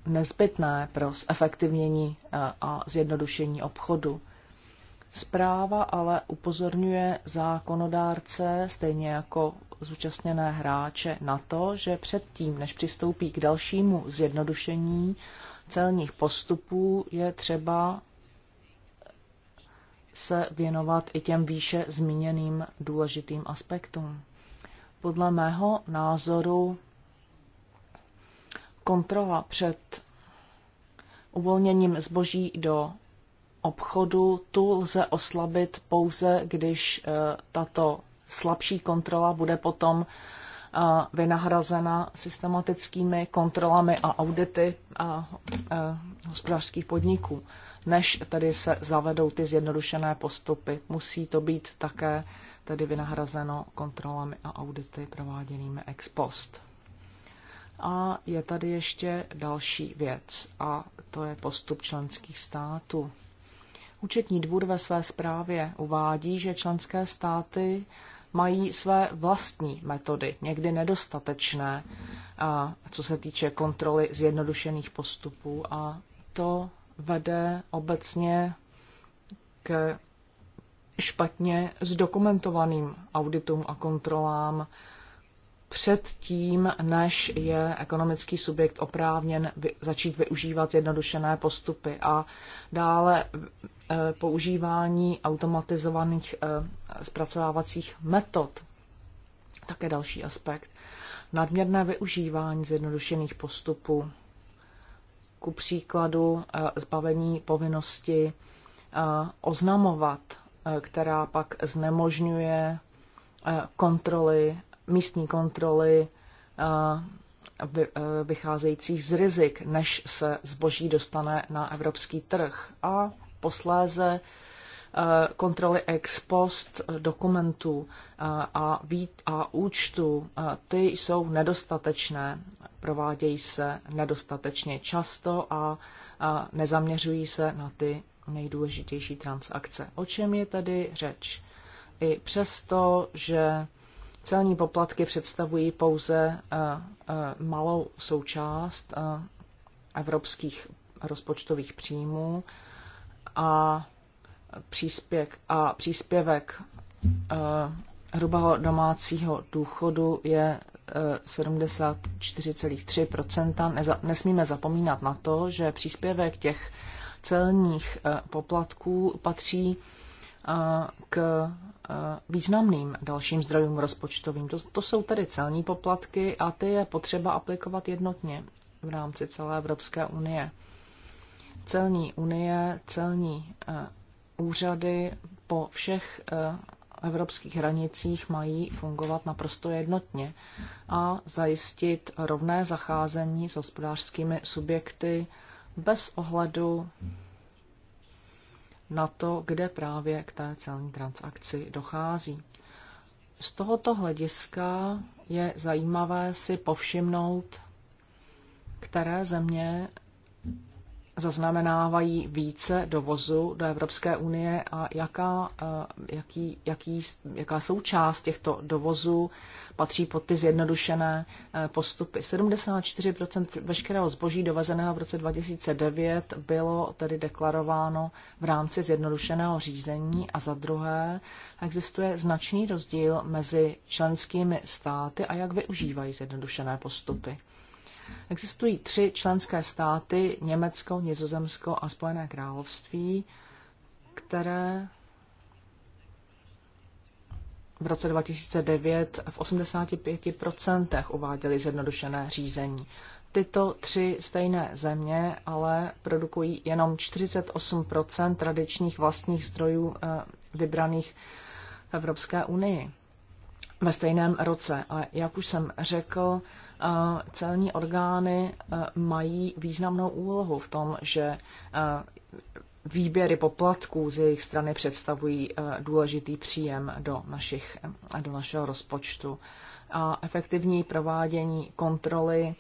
nezbytné pro zefektivnění eh, a zjednodušení obchodu. Zpráva ale upozorňuje zákonodárce, stejně jako zúčastněné hráče, na to, že předtím, než přistoupí k dalšímu zjednodušení celních postupů, je třeba se věnovat i těm výše zmíněným důležitým aspektům. Podle mého názoru kontrola před uvolněním zboží do obchodu tu lze oslabit pouze, když eh, tato slabší kontrola bude potom eh, vynahrazena systematickými kontrolami a audity a eh, hospodářských podniků než tedy se zavedou ty zjednodušené postupy. Musí to být také tedy vynahrazeno kontrolami a audity prováděnými ex post. A je tady ještě další věc, a to je postup členských států. Účetní dvůr ve své zprávě uvádí, že členské státy mají své vlastní metody, někdy nedostatečné, a co se týče kontroly zjednodušených postupů, a to vede obecně k špatně zdokumentovaným auditům a kontrolám předtím, než je ekonomický subjekt oprávněn začít využívat zjednodušené postupy a dále e, používání automatizovaných e, zpracovávacích metod. Také další aspekt. Nadměrné využívání zjednodušených postupů ku příkladu eh, zbavení povinnosti eh, oznamovat, eh, která pak znemožňuje kontroly, místní kontroly vycházejících z rizik, než se zboží dostane na evropský trh. A posléze Eh, kontroly ex post dokumentů eh, a, a účtu, eh, ty jsou nedostatečné, provádějí se nedostatečně často a nezaměřují se na ty nejdůležitější transakce. O čem je tedy řeč? I přesto, že celní poplatky představují pouze malou součást evropských rozpočtových příjmů a příspěvek a příspěvek eh, hrubého domácího důchodu je 74,3 eh, Neza, Nesmíme zapomínat na to, že příspěvek těch celních eh, poplatků patří k významným dalším zdrojům rozpočtovým. To, to jsou tedy celní poplatky a ty je potřeba aplikovat jednotně v rámci celé Evropské unie. Celní unie, celní úřady po všech eh, evropských hranicích mají fungovat naprosto jednotně a zajistit rovné zacházení s hospodářskými subjekty bez ohledu na to, kde právě k té celní transakci dochází. Z tohoto hlediska je zajímavé si povšimnout, které země zaznamenávají více dovozu do Evropské unie a jaká, eh, jaký, jaký, jaká součást těchto dovozů patří pod ty zjednodušené eh, postupy. 74% veškerého zboží dovezeného v roce 2009 bylo tedy deklarováno v rámci zjednodušeného řízení a za druhé existuje značný rozdíl mezi členskými státy a jak využívají zjednodušené postupy. Existují tři členské státy, Německo, Nizozemsko a Spojené království, které v roce 2009 v 85% uváděly zjednodušené řízení. Tyto tři stejné země ale produkují jenom 48 tradičních vlastních zdrojů eh, vybraných v Evropské unii ve stejném roce. A jak už jsem řekl, Eh, celní orgány eh, mají významnou úlohu v tom, že eh, výběry poplatků z jejich strany představují důležitý příjem do, našich, do našeho rozpočtu. A efektivní provádění kontroly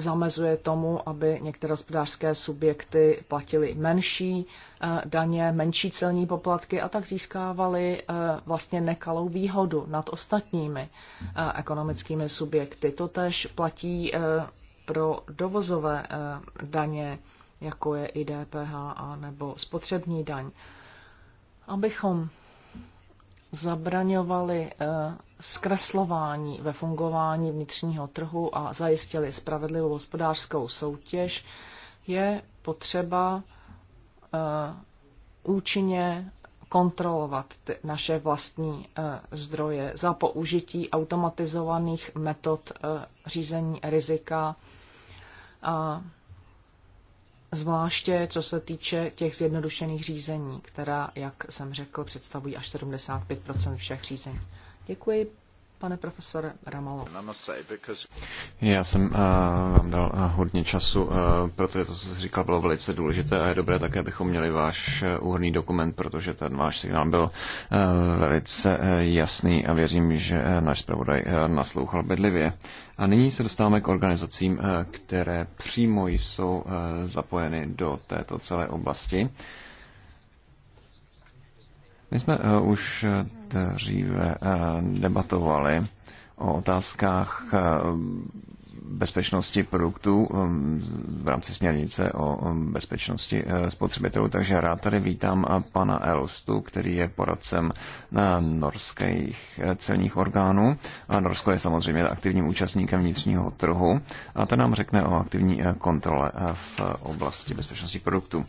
zamezuje tomu, aby některé hospodářské subjekty platily menší eh, daně, menší celní poplatky a tak získávaly eh, vlastně nekalou výhodu nad ostatními eh, ekonomickými subjekty. To tež platí pro dovozové daně, jako je i DPH a nebo spotřební daň. Abychom zabraňovali eh, zkreslování ve fungování vnitřního trhu a zajistili spravedlivou hospodářskou soutěž, je potřeba eh, účinně kontrolovat ty naše vlastní eh, zdroje za použití automatizovaných metod řízení rizika a zvláště co se týče těch zjednodušených řízení, která, jak jsem řekl, představují až 75 všech řízení. Děkuji, pane profesore Ramalo. Já jsem uh, vám dal uh, hodně času, uh, protože to, co jsi říkal, bylo velice důležité a je dobré také, abychom měli váš úhrný dokument, protože ten váš signál byl uh, velice uh, jasný a věřím, že uh, náš zpravodaj uh, naslouchal bedlivě. A nyní se dostáváme k organizacím, uh, které přímo jsou uh, zapojeny do této celé oblasti. My jsme uh, už dříve eh, debatovali o otázkách eh, bezpečnosti produktů eh, v rámci směrnice o bezpečnosti spotřebitelů. Takže rád tady vítám pana Elstu, který je poradcem na norských celních orgánů. A Norsko je samozřejmě aktivním účastníkem vnitřního trhu a ten nám řekne o aktivní kontrole v oblasti bezpečnosti produktů.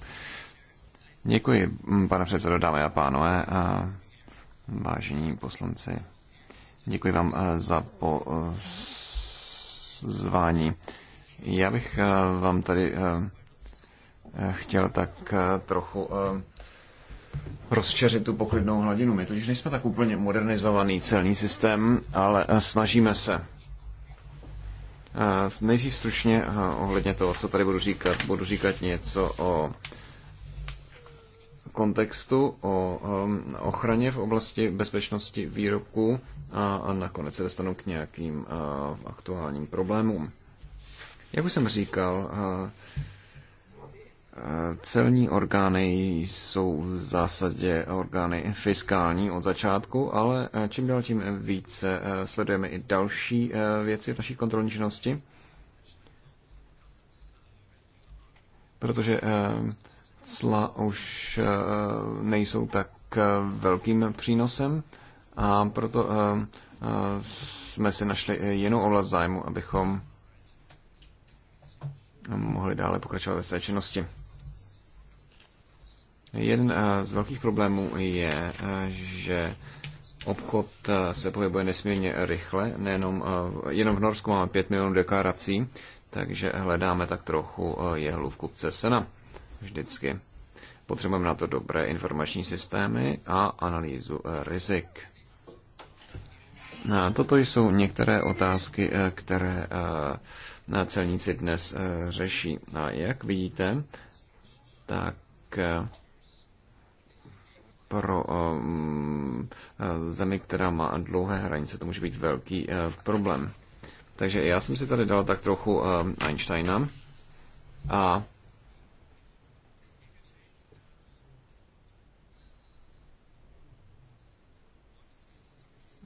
Děkuji, mm, pane předsedo, dámy a pánové. A vážení poslanci. Děkuji vám eh, za pozvání. Eh, Já bych eh, vám tady chtěl tak trochu rozčeřit tu poklidnou hladinu. My totiž nejsme tak úplně modernizovaný celní systém, ale snažíme se. Nejdřív stručně ohledně toho, co tady budu říkat. Budu říkat něco o kontextu o um, ochraně v oblasti bezpečnosti výrobků a nakonec se dostanou k nějakým uh, aktuálním problémům. Jak už jsem říkal, uh, uh, celní orgány jsou v zásadě orgány fiskální od začátku, ale čím dál tím více sledujeme i další věci v naší kontrolní činnosti. Protože cla už eh, nejsou tak eh, velkým přínosem a proto eh, jsme si našli jinou oblast zájmu, abychom mohli dále pokračovat ve své činnosti. Jeden z velkých problémů je, že obchod se pohybuje nesmírně rychle, nejenom, jenom v Norsku máme 5 milionů deklarací, takže hledáme tak trochu jehlu v kupce sena vždycky. Potřebujeme na to dobré informační systémy a analýzu eh, rizik. Eh, toto jsou některé otázky, eh, které celníci dnes řeší. A jak vidíte, tak pro zemi, která má dlouhé hranice, to může být velký problém. Takže já jsem si tady dal tak trochu Einsteina a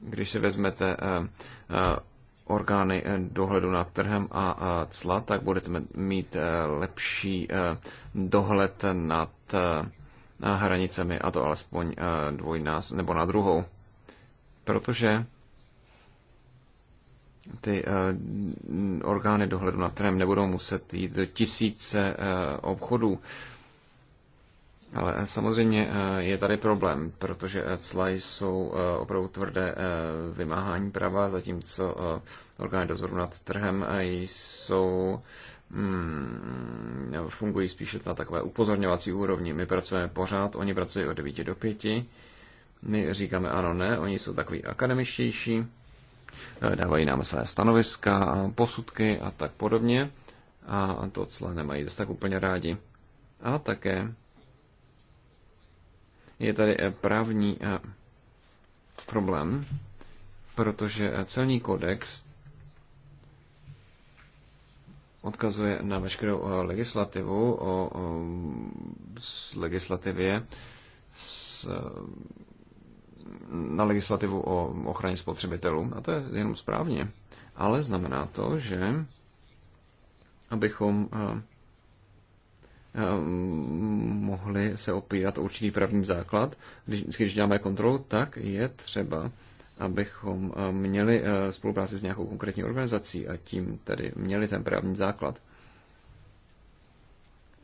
když si vezmete eh, eh, orgány eh, dohledu nad trhem a cla, tak budete mít lepší dohled nad hranicemi, a to alespoň dvojnás nebo na druhou. Protože ty orgány dohledu nad trhem nebudou muset jít do tisíce obchodů. Ale eh, samozřejmě eh, je tady problém, protože eh, cla jsou opravdu tvrdé vymáhání práva, zatímco orgány dozoru nad trhem jsou mm, fungují spíše na takové upozorňovací úrovni. My pracujeme pořád, oni pracují od 9 do 5. My říkáme ano, ne, oni jsou takový akademičtější, dávají nám své stanoviska, posudky a tak podobně. A to cla nemají dost tak úplně rádi. A také je tady eh, právní eh, problém, protože eh, celní kodex odkazuje na veškerou legislativu o, o s legislativě s, na legislativu o ochraně spotřebitelů. A to je jenom správně. Ale znamená to, že abychom Eh, mohli se opírat o určitý právní základ. Když, když děláme kontrolu, tak je třeba, abychom eh, měli eh, spolupráci s nějakou konkrétní organizací a tím tedy měli ten právní základ.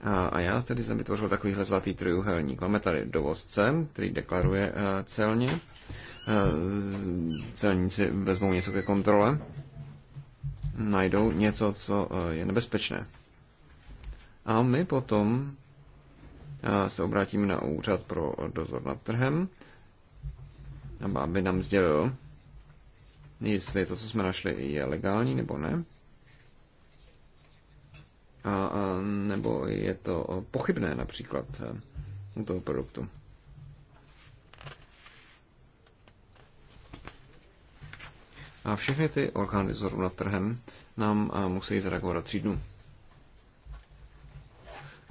A, a já tedy jsem vytvořil takovýhle zlatý trojuhelník. Máme tady dovozce, který deklaruje celně. Celníci vezmou něco ke kontrole, najdou něco, co je nebezpečné a my potom eh, se obrátíme na úřad pro dozor nad trhem, aby nám sdělil, jestli to, co jsme našli, je legální nebo ne. A, a nebo je to eh, pochybné například eh, u toho produktu. A všechny ty orgány dozoru nad trhem nám musí zareagovat tři dnů.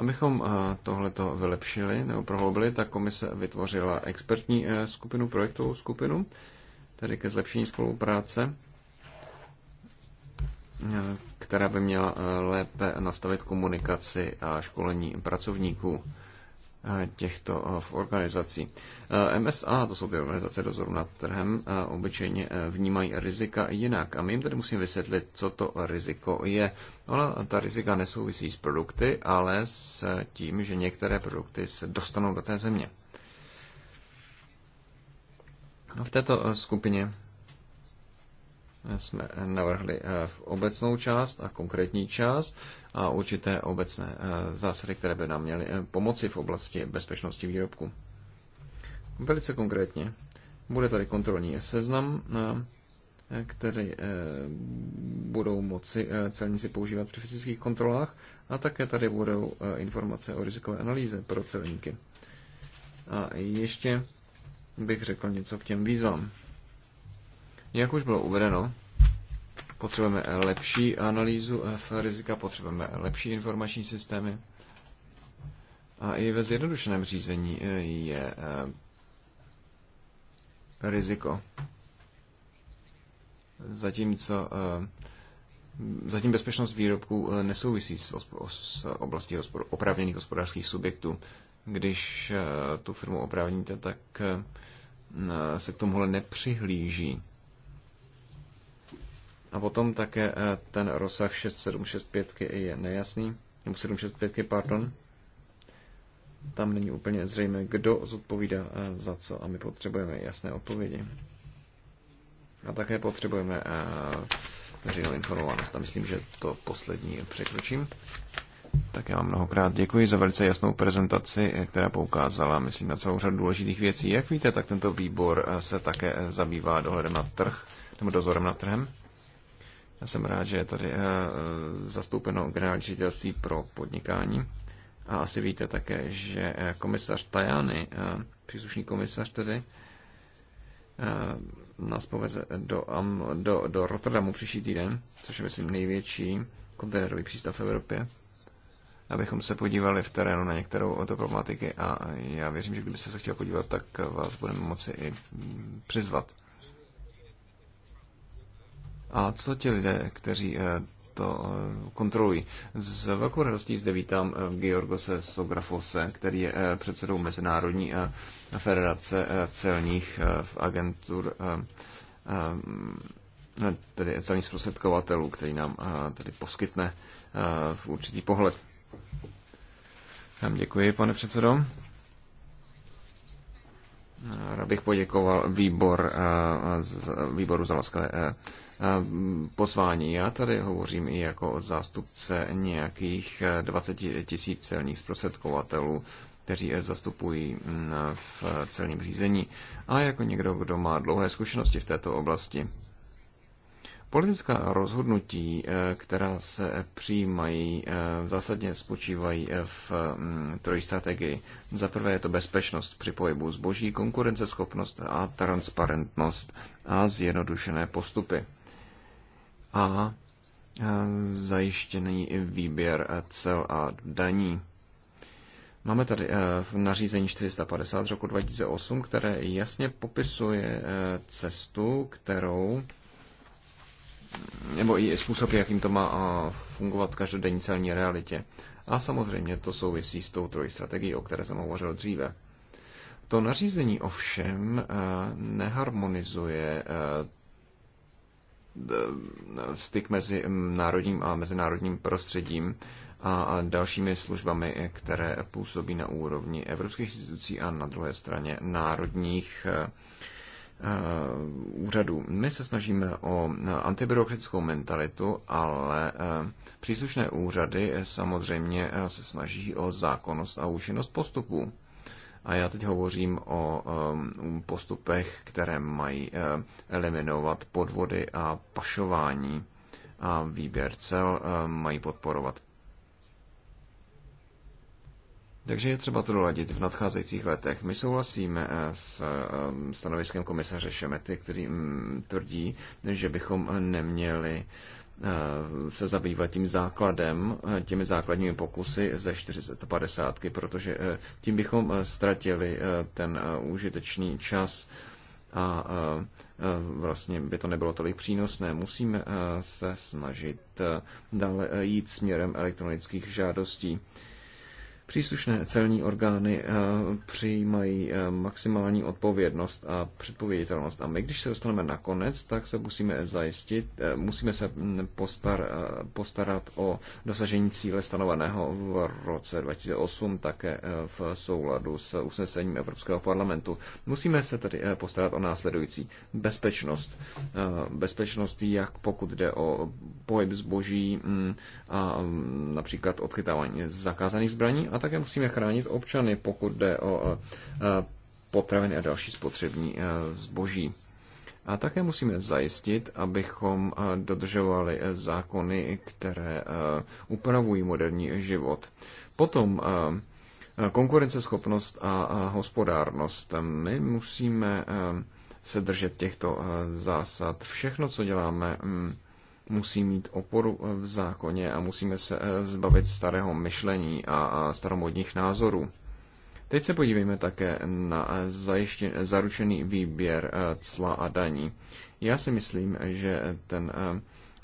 Abychom eh, tohleto vylepšili nebo prohloubili, tak komise vytvořila expertní eh, skupinu, projektovou skupinu, tedy ke zlepšení spolupráce, eh, která by měla lépe nastavit komunikaci a školení pracovníků těchto organizací. MSA, to jsou ty organizace dozoru nad trhem, obyčejně vnímají rizika jinak. A my jim tedy musíme vysvětlit, co to riziko je. Ona ta rizika nesouvisí s produkty, ale s tím, že některé produkty se dostanou do té země. No, v této eh, skupině jsme eh, navrhli eh, v obecnou část a konkrétní část a určité obecné zásady, které by nám měly pomoci v oblasti bezpečnosti výrobku. Velice konkrétně. Bude tady kontrolní seznam které eh, budou moci eh, celníci používat při fyzických kontrolách a také tady budou eh, informace o rizikové analýze pro celníky. A ještě bych řekl něco k těm výzvám. Jak už bylo uvedeno, potřebujeme lepší analýzu F rizika, potřebujeme lepší informační systémy. A i ve zjednodušeném řízení je riziko zatímco eh, Zatím bezpečnost výrobků eh, nesouvisí s, oblastí opravněných hospodářských subjektů. Když eh, tu firmu oprávníte, tak se k tomuhle nepřihlíží. A potom také ten rozsah 6765 je nejasný, 765, pardon. Tam není úplně zřejmé, kdo zodpovídá za co a my potřebujeme jasné odpovědi. A také potřebujeme eh, veřejnou informovanost. A myslím, že to poslední překročím. Tak já vám mnohokrát děkuji za velice jasnou prezentaci, eh, která poukázala, myslím, na celou řadu důležitých věcí. Jak víte, tak tento výbor eh, se také zabývá dohledem na trh, nebo dozorem na trhem. Já jsem rád, že je tady zastoupeno generální ředitelství pro podnikání. A asi víte také, že komisař Tajany, příslušný komisař tedy, Eh, nás poveze do, do, do Rotterdamu příští týden, což je, myslím, největší kontejnerový přístav v Evropě, abychom se podívali v terénu na některou od problematiky a já věřím, že kdybyste se chtěl podívat, tak vás budeme moci i přizvat. A co ti lidé, kteří eh, to eh, kontrolují. S velkou radostí zde vítám eh, Georgose Sografose, který je eh, předsedou Mezinárodní federace celních agentur tedy celní zprostředkovatelů, který nám tady poskytne v určitý pohled. děkuji, pane předsedo. Rád bych poděkoval výbor, výboru za laskavé Mm, pozvání. Já tady hovořím i jako zástupce nějakých 20 e, tisíc celních zprostředkovatelů, kteří e, zastupují mm, v celním řízení a jako někdo, kdo má dlouhé zkušenosti v této oblasti. Politická rozhodnutí, e, která se přijímají, zásadně spočívají v mm, trojstrategii. Za prvé je to bezpečnost při pohybu zboží, konkurenceschopnost a transparentnost a zjednodušené postupy a e, zajištěný výběr e, cel a daní. Máme tady e, v nařízení 450 z roku 2008, které jasně popisuje cestu, kterou nebo i způsob, jakým to má fungovat v každodenní celní realitě. A samozřejmě to souvisí s tou trojí strategií, o které jsem hovořil dříve. To nařízení ovšem neharmonizuje Eh, styk mezi národním a mezinárodním prostředím a dalšími službami, které působí na úrovni evropských institucí a na druhé straně národních eh, eh, úřadů. My se snažíme o antibyrokratickou mentalitu, ale příslušné úřady samozřejmě se snaží o zákonnost a účinnost postupů. A já teď hovořím o um, postupech, které mají eh, eliminovat podvody a pašování a výběr cel eh, mají podporovat. Takže je třeba to doladit v nadcházejících letech. My souhlasíme eh, s stanoviskem komisaře Šemety, který mm, tvrdí, že bychom neměli Eh, se zabývat tím základem, eh, těmi základními pokusy ze 450, protože eh, tím bychom ztratili ten užitečný čas a vlastně by to nebylo tolik přínosné. Musíme se snažit dále jít směrem elektronických žádostí. Příslušné celní orgány eh, přijímají eh, maximální odpovědnost a předpověditelnost. A my, když se dostaneme na konec, tak se musíme zajistit, eh, musíme se mm, postar, postarat o dosažení cíle stanoveného v roce 2008 také v souladu s usnesením Evropského parlamentu. Musíme se tedy postarat o následující bezpečnost. Bezpečnost, jak pokud jde o pohyb zboží mm, a mm, například odchytávání zakázaných zbraní a také musíme chránit občany, pokud jde o eh, potraviny a další spotřební eh, zboží. A také musíme zajistit, abychom eh, dodržovali zákony, které upravují moderní život. Potom konkurenceschopnost a hospodárnost. My musíme se držet těchto zásad. Všechno, co děláme, mm, musí mít oporu v zákoně a musíme se eh, zbavit starého myšlení a staromodních názorů. Teď se podívejme také na eh, zajištěn, zaručený výběr eh, cla a daní. Já si myslím, že ten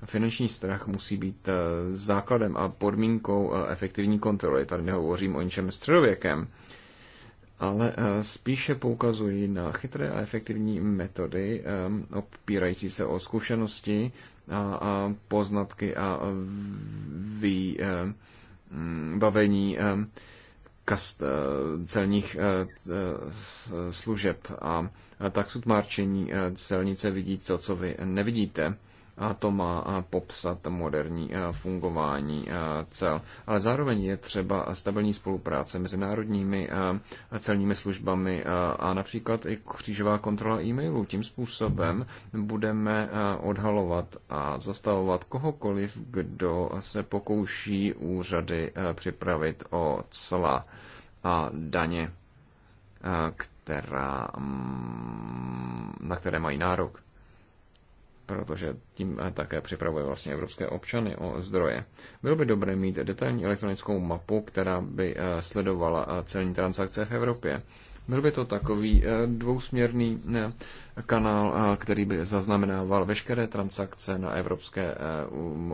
finanční strach musí být základem a podmínkou efektivní kontroly. Tady nehovořím o ničem středověkem, ale spíše poukazují na chytré a efektivní metody opírající se o zkušenosti, a poznatky a vybavení eh, mm, eh, kast, eh, celních služeb a tak sudmárčení celnice vidí to, co vy nevidíte a to má popsat moderní fungování cel. Ale zároveň je třeba stabilní spolupráce mezi národními celními službami a například i křížová kontrola e-mailů. Tím způsobem budeme odhalovat a zastavovat kohokoliv, kdo se pokouší úřady připravit o cla a daně, která, na které mají nárok protože tím také připravuje vlastně evropské občany o zdroje. Bylo by dobré mít detailní elektronickou mapu, která by eh, sledovala eh, celní transakce v Evropě. Byl by to takový eh, dvousměrný kanál, který by zaznamenával veškeré transakce na evropské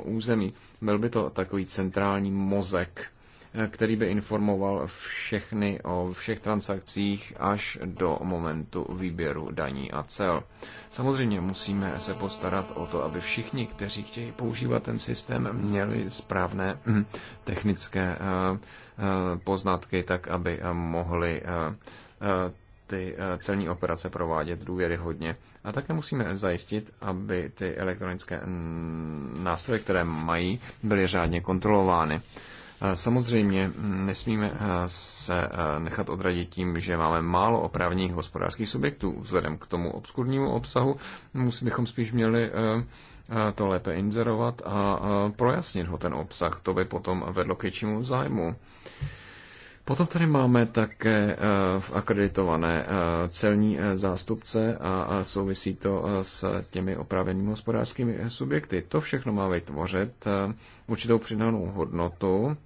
území. Byl by to takový centrální mozek který by informoval všechny o všech transakcích až do momentu výběru daní a cel. Samozřejmě musíme se postarat o to, aby všichni, kteří chtějí používat ten systém, měli správné hm, technické eh, eh, poznatky, tak aby eh, mohli ty celní operace provádět důvěryhodně. A také musíme zajistit, aby ty elektronické nástroje, které mají, byly řádně kontrolovány. Samozřejmě mm, nesmíme eh, se eh, nechat odradit tím, že máme málo opravních hospodářských subjektů. Vzhledem k tomu obskurnímu obsahu bychom spíš měli eh, to lépe inzerovat a projasnit ho ten obsah. To by potom vedlo k většímu zájmu. Potom tady máme také v akreditované celní zástupce a souvisí to s těmi opravenými hospodářskými subjekty. To všechno má vytvořit určitou přidanou hodnotu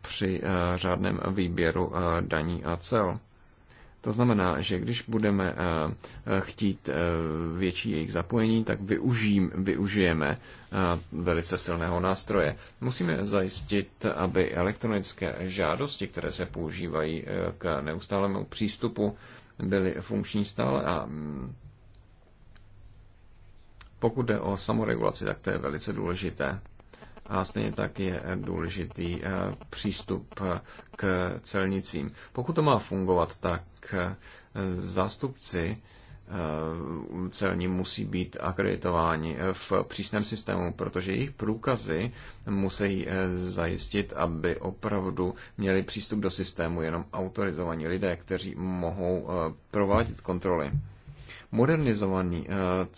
při eh, řádném výběru eh, daní a cel. To znamená, že když budeme eh, chtít větší jejich zapojení, tak využijím, využijeme velice silného nástroje. Musíme zajistit, aby elektronické žádosti, které se používají k neustálému přístupu, byly funkční stále a mm, pokud jde o samoregulaci, tak to je velice důležité a stejně tak je důležitý eh, přístup eh, k celnicím. Pokud to má fungovat, tak eh, zástupci celní musí být akreditováni v přísném systému, protože jejich průkazy musí zajistit, aby opravdu měli přístup do systému jenom autorizovaní lidé, kteří mohou provádět kontroly modernizovaný eh,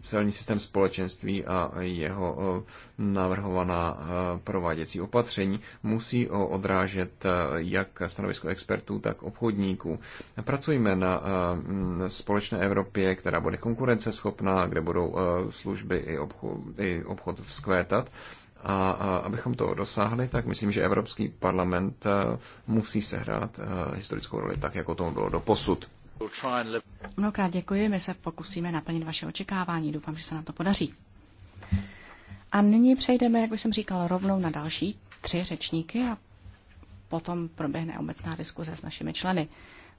celní systém společenství a jeho eh, navrhovaná eh, prováděcí opatření musí odrážet jak stanovisko expertů, tak obchodníků. Pracujeme na společné Evropě, která bude konkurenceschopná, kde budou služby i obchod, i obchod vzkvétat. A abychom to dosáhli, tak myslím, že Evropský parlament musí sehrát historickou roli tak, jako tomu bylo do posud. Mnohokrát děkuji, my se pokusíme naplnit vaše očekávání, doufám, že se nám to podaří. A nyní přejdeme, jak už jsem říkal, rovnou na další tři řečníky a potom proběhne obecná diskuze s našimi členy,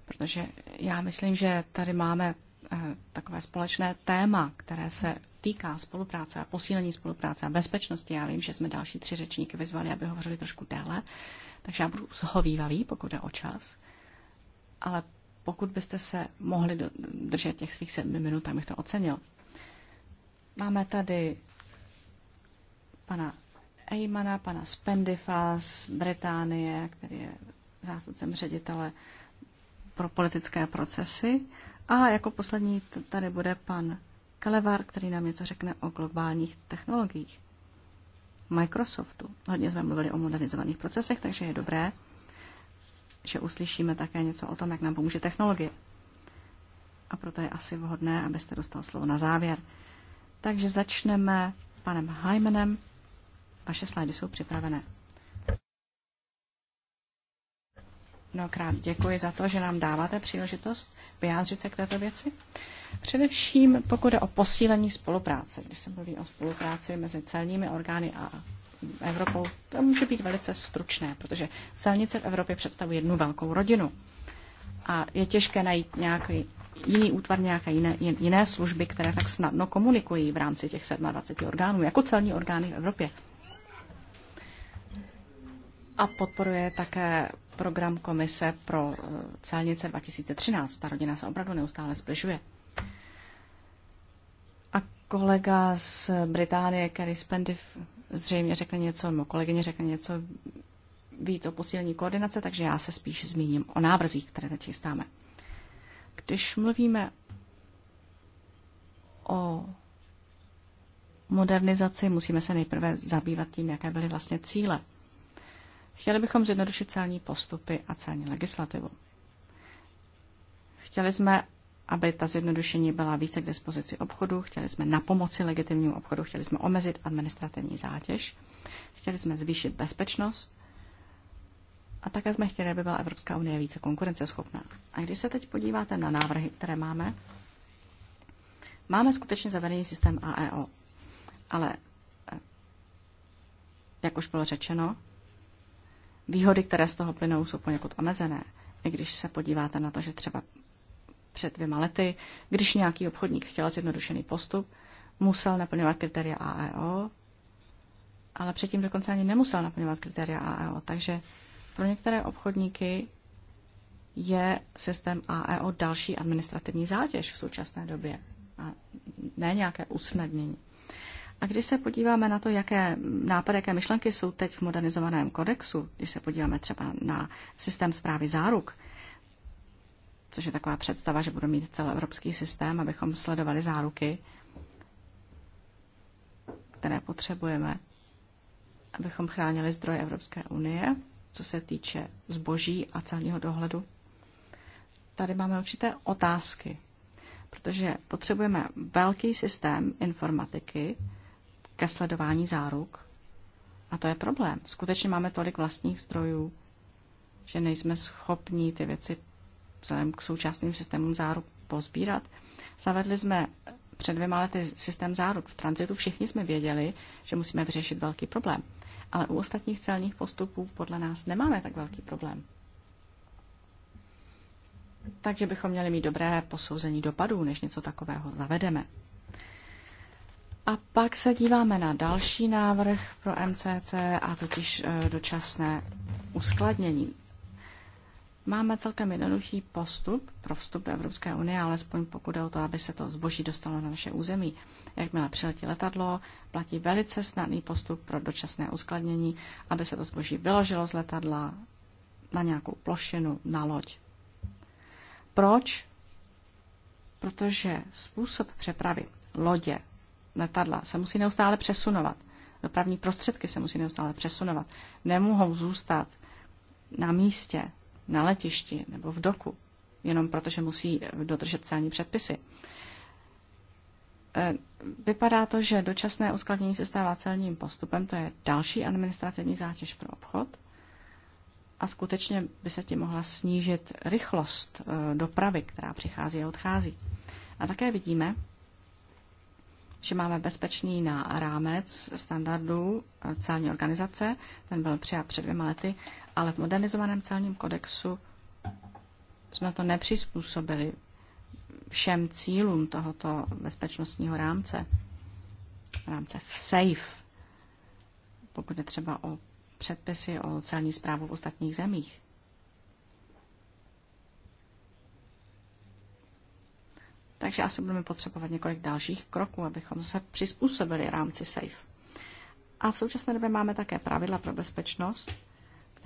protože já myslím, že tady máme eh, takové společné téma, které se týká spolupráce a posílení spolupráce a bezpečnosti. Já vím, že jsme další tři řečníky vyzvali, aby hovořili trošku déle, takže já budu zhovývavý, pokud jde o čas. Ale pokud byste se mohli držet těch svých sedmi minut, tam bych to ocenil. Máme tady pana Eymana, pana Spendifa z Británie, který je zástupcem ředitele pro politické procesy. A jako poslední tady bude pan Kalevar, který nám něco řekne o globálních technologiích. Microsoftu. Hodně jsme mluvili o modernizovaných procesech, takže je dobré, že uslyšíme také něco o tom, jak nám pomůže technologie. A proto je asi vhodné, abyste dostal slovo na závěr. Takže začneme panem Hymanem. Vaše slajdy jsou připravené. Mnohokrát děkuji za to, že nám dáváte příležitost vyjádřit se k této věci. Především pokud je o posílení spolupráce. Když se mluví o spolupráci mezi celními orgány a Evropou, to může být velice stručné, protože silnice v Evropě představují jednu velkou rodinu. A je těžké najít nějaký jiný útvar, nějaké jiné, jiné služby, které tak snadno komunikují v rámci těch 27 orgánů, jako celní orgány v Evropě. A podporuje také program Komise pro eh, celnice 2013. Ta rodina se opravdu neustále zbližuje. A kolega z Británie, Kerry Spendiff, zřejmě řekne něco, nebo kolegyně řekne něco víc o posílení koordinace, takže já se spíš zmíním o návrzích, které teď chystáme. Když mluvíme o modernizaci, musíme se nejprve zabývat tím, jaké byly vlastně cíle. Chtěli bychom zjednodušit celní postupy a celní legislativu. Chtěli jsme, aby ta zjednodušení byla více k dispozici obchodu. Chtěli jsme na pomoci legitimnímu obchodu, chtěli jsme omezit administrativní zátěž, chtěli jsme zvýšit bezpečnost a také jsme chtěli, aby byla Evropská unie více konkurenceschopná. A když se teď podíváte na návrhy, které máme, máme skutečně zavedený systém AEO, ale eh, jak už bylo řečeno, výhody, které z toho plynou, jsou poněkud omezené. I když se podíváte na to, že třeba před dvěma lety, když nějaký obchodník chtěl zjednodušený postup, musel naplňovat kritéria AEO, ale předtím dokonce ani nemusel naplňovat kritéria AEO. Takže pro některé obchodníky je systém AEO další administrativní zátěž v současné době a ne nějaké usnadnění. A když se podíváme na to, jaké nápady, jaké myšlenky jsou teď v modernizovaném kodexu, když se podíváme třeba na systém zprávy záruk, což je taková představa, že budeme mít celoevropský systém, abychom sledovali záruky, které potřebujeme, abychom chránili zdroje Evropské unie, co se týče zboží a celního dohledu. Tady máme určité otázky, protože potřebujeme velký systém informatiky ke sledování záruk. A to je problém. Skutečně máme tolik vlastních zdrojů, že nejsme schopní ty věci vzhledem k současným systémům záruk pozbírat. Zavedli jsme před dvěma lety systém záruk v tranzitu. Všichni jsme věděli, že musíme vyřešit velký problém. Ale u ostatních celních postupů podle nás nemáme tak velký problém. Takže bychom měli mít dobré posouzení dopadů, než něco takového zavedeme. A pak se díváme na další návrh pro MCC a totiž eh, dočasné uskladnění. Máme celkem jednoduchý postup pro vstup do Evropské unie, alespoň pokud je o to, aby se to zboží dostalo na naše území. Jakmile přiletí letadlo, platí velice snadný postup pro dočasné uskladnění, aby se to zboží vyložilo z letadla na nějakou plošinu, na loď. Proč? Protože způsob přepravy lodě, letadla se musí neustále přesunovat. Dopravní prostředky se musí neustále přesunovat. Nemohou zůstat na místě na letišti nebo v doku, jenom protože musí dodržet celní předpisy. E, vypadá to, že dočasné uskladnění se stává celním postupem, to je další administrativní zátěž pro obchod a skutečně by se tím mohla snížit rychlost e, dopravy, která přichází a odchází. A také vidíme, že máme bezpečný na rámec standardů e, celní organizace, ten byl přijat před dvěma lety ale v modernizovaném celním kodexu jsme to nepřizpůsobili všem cílům tohoto bezpečnostního rámce, rámce SAFE, pokud je třeba o předpisy o celní zprávu v ostatních zemích. Takže asi budeme potřebovat několik dalších kroků, abychom se přizpůsobili rámci SAFE. A v současné době máme také pravidla pro bezpečnost,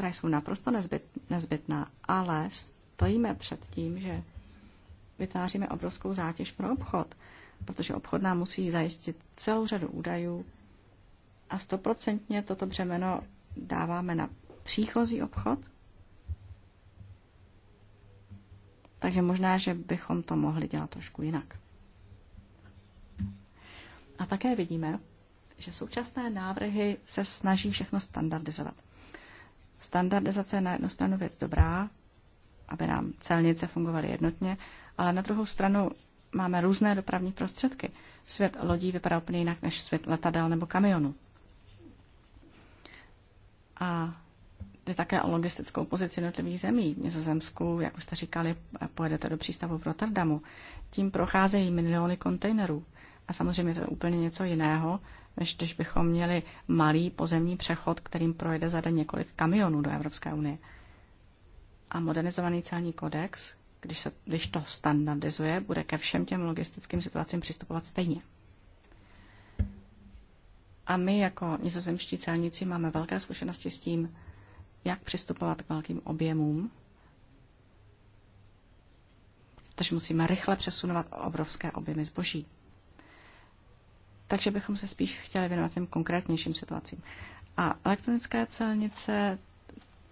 které jsou naprosto nezbyt, nezbytná, ale stojíme před tím, že vytváříme obrovskou zátěž pro obchod, protože obchod nám musí zajistit celou řadu údajů a stoprocentně toto břemeno dáváme na příchozí obchod. Takže možná, že bychom to mohli dělat trošku jinak. A také vidíme, že současné návrhy se snaží všechno standardizovat. Standardizace je na jednu stranu věc dobrá, aby nám celnice fungovaly jednotně, ale na druhou stranu máme různé dopravní prostředky. Svět lodí vypadá úplně jinak než svět letadel nebo kamionů. A jde také o logistickou pozici jednotlivých zemí. V Nizozemsku, jak už jste říkali, pojedete do přístavu v Rotterdamu. Tím procházejí miliony kontejnerů. A samozřejmě to je úplně něco jiného, než když bychom měli malý pozemní přechod, kterým projde za den několik kamionů do Evropské unie. A modernizovaný celní kodex, když, se, když to standardizuje, bude ke všem těm logistickým situacím přistupovat stejně. A my jako nizozemští celníci máme velké zkušenosti s tím, jak přistupovat k velkým objemům, protože musíme rychle přesunovat obrovské objemy zboží. Takže bychom se spíš chtěli věnovat těm konkrétnějším situacím. A elektronické celnice,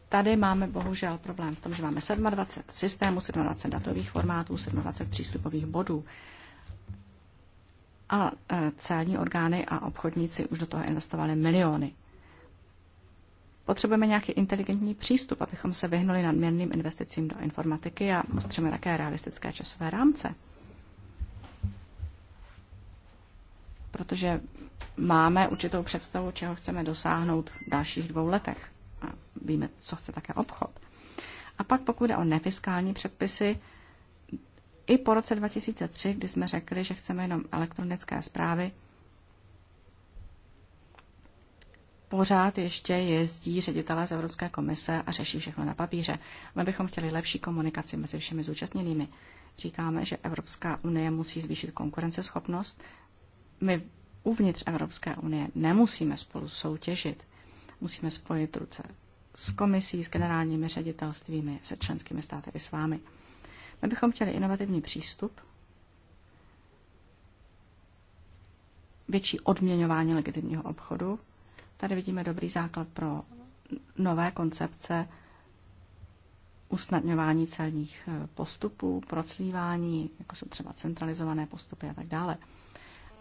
tady máme bohužel problém v tom, že máme 27 systémů, 27 datových formátů, 27 přístupových bodů. A e, celní orgány a obchodníci už do toho investovali miliony. Potřebujeme nějaký inteligentní přístup, abychom se vyhnuli nadměrným investicím do informatiky a potřebujeme také realistické časové rámce. protože máme určitou představu, čeho chceme dosáhnout v dalších dvou letech. A víme, co chce také obchod. A pak pokud jde o nefiskální předpisy, i po roce 2003, kdy jsme řekli, že chceme jenom elektronické zprávy, pořád ještě jezdí ředitelé z Evropské komise a řeší všechno na papíře. My bychom chtěli lepší komunikaci mezi všemi zúčastněnými. Říkáme, že Evropská unie musí zvýšit konkurenceschopnost my uvnitř Evropské unie nemusíme spolu soutěžit. Musíme spojit ruce s komisí, s generálními ředitelstvími, se členskými státy i s vámi. My bychom chtěli inovativní přístup, větší odměňování legitimního obchodu. Tady vidíme dobrý základ pro nové koncepce usnadňování celních eh, postupů, proclívání, jako jsou třeba centralizované postupy a tak dále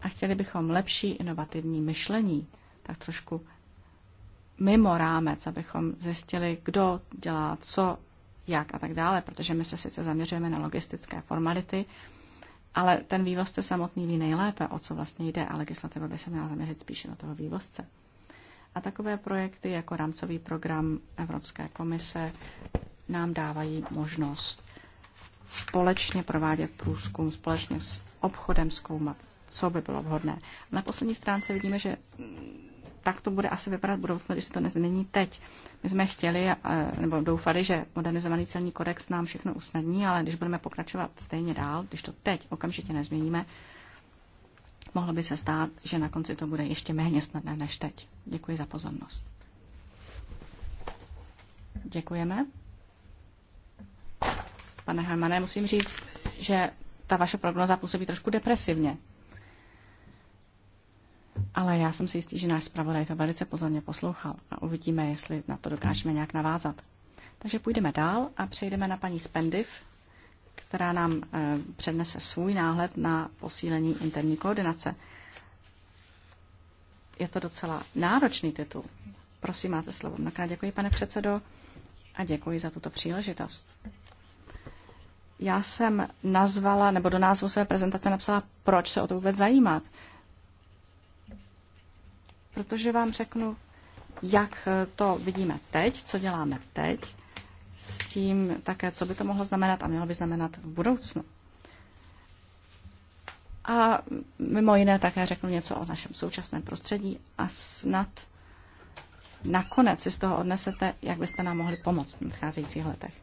a chtěli bychom lepší inovativní myšlení, tak trošku mimo rámec, abychom zjistili, kdo dělá co, jak a tak dále, protože my se sice zaměřujeme na logistické formality, ale ten vývozce samotný ví nejlépe, o co vlastně jde a legislativa by se měla zaměřit spíše na toho vývozce. A takové projekty jako rámcový program Evropské komise nám dávají možnost společně provádět průzkum, společně s obchodem zkoumat co by bylo vhodné. Na poslední stránce vidíme, že tak to bude asi vypadat budoucnost, když se to nezmění teď. My jsme chtěli, eh, nebo doufali, že modernizovaný celní kodex nám všechno usnadní, ale když budeme pokračovat stejně dál, když to teď okamžitě nezměníme, mohlo by se stát, že na konci to bude ještě méně snadné než teď. Děkuji za pozornost. Děkujeme. Pane Hermane, musím říct, že ta vaše prognoza působí trošku depresivně ale já jsem si jistý, že náš zpravodaj to velice pozorně poslouchal a uvidíme, jestli na to dokážeme nějak navázat. Takže půjdeme dál a přejdeme na paní Spendiv, která nám eh, přednese svůj náhled na posílení interní koordinace. Je to docela náročný titul. Prosím, máte slovo. Mnohokrát děkuji, pane předsedo, a děkuji za tuto příležitost. Já jsem nazvala, nebo do názvu své prezentace napsala, proč se o to vůbec zajímat protože vám řeknu, jak eh, to vidíme teď, co děláme teď, s tím také, co by to mohlo znamenat a mělo by znamenat v budoucnu. A mimo jiné také řeknu něco o našem současném prostředí a snad nakonec si z toho odnesete, jak byste nám mohli pomoct v nadcházejících letech.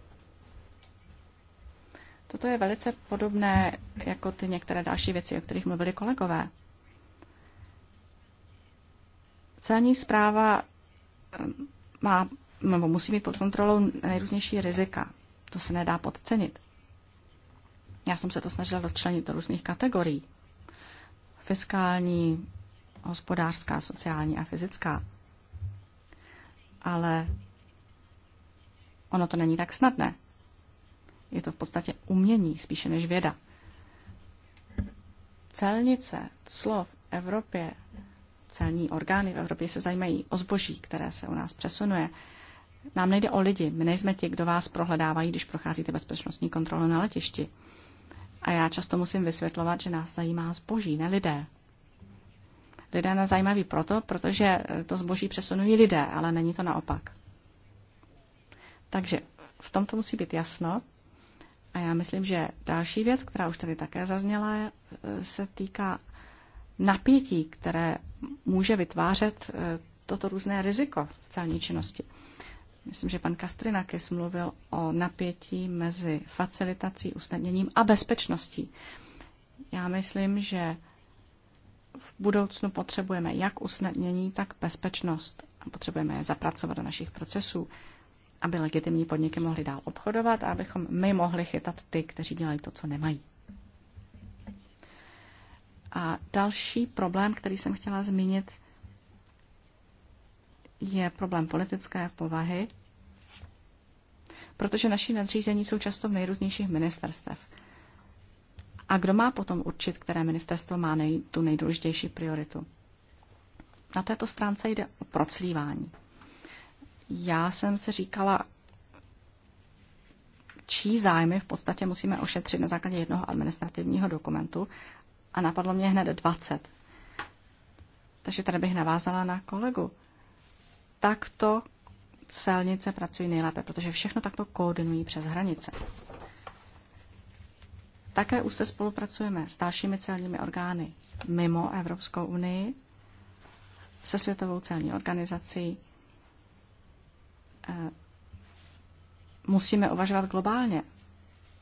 Toto je velice podobné jako ty některé další věci, o kterých mluvili kolegové. Celní zpráva eh, má, nebo musí mít pod kontrolou nejrůznější rizika. To se nedá podcenit. Já jsem se to snažila rozčlenit do různých kategorií. Fiskální, hospodářská, sociální a fyzická. Ale ono to není tak snadné. Je to v podstatě umění spíše než věda. Celnice, slov, v Evropě Celní orgány v Evropě se zajímají o zboží, které se u nás přesunuje. Nám nejde o lidi, my nejsme ti, kdo vás prohledávají, když procházíte bezpečnostní kontrolu na letišti. A já často musím vysvětlovat, že nás zajímá zboží, ne lidé. Lidé nás zajímaví proto, protože eh, to zboží přesunují lidé, ale není to naopak. Takže v tomto musí být jasno. A já myslím, že další věc, která už tady také zazněla, eh, se týká napětí, které může vytvářet eh, toto různé riziko v celní činnosti. Myslím, že pan Kastrinakis mluvil o napětí mezi facilitací, usnadněním a bezpečností. Já myslím, že v budoucnu potřebujeme jak usnadnění, tak bezpečnost. A potřebujeme je zapracovat do našich procesů, aby legitimní podniky mohly dál obchodovat a abychom my mohli chytat ty, kteří dělají to, co nemají. A další problém, který jsem chtěla zmínit, je problém politické povahy, protože naši nadřízení jsou často v nejrůznějších ministerstev. A kdo má potom určit, které ministerstvo má nej, tu nejdůležitější prioritu? Na této stránce jde o proclívání. Já jsem se říkala, čí zájmy v podstatě musíme ošetřit na základě jednoho administrativního dokumentu a napadlo mě hned 20. Takže tady bych navázala na kolegu. Takto celnice pracují nejlépe, protože všechno takto koordinují přes hranice. Také už se spolupracujeme s dalšími celními orgány mimo Evropskou unii, se Světovou celní organizací. Eh, musíme uvažovat globálně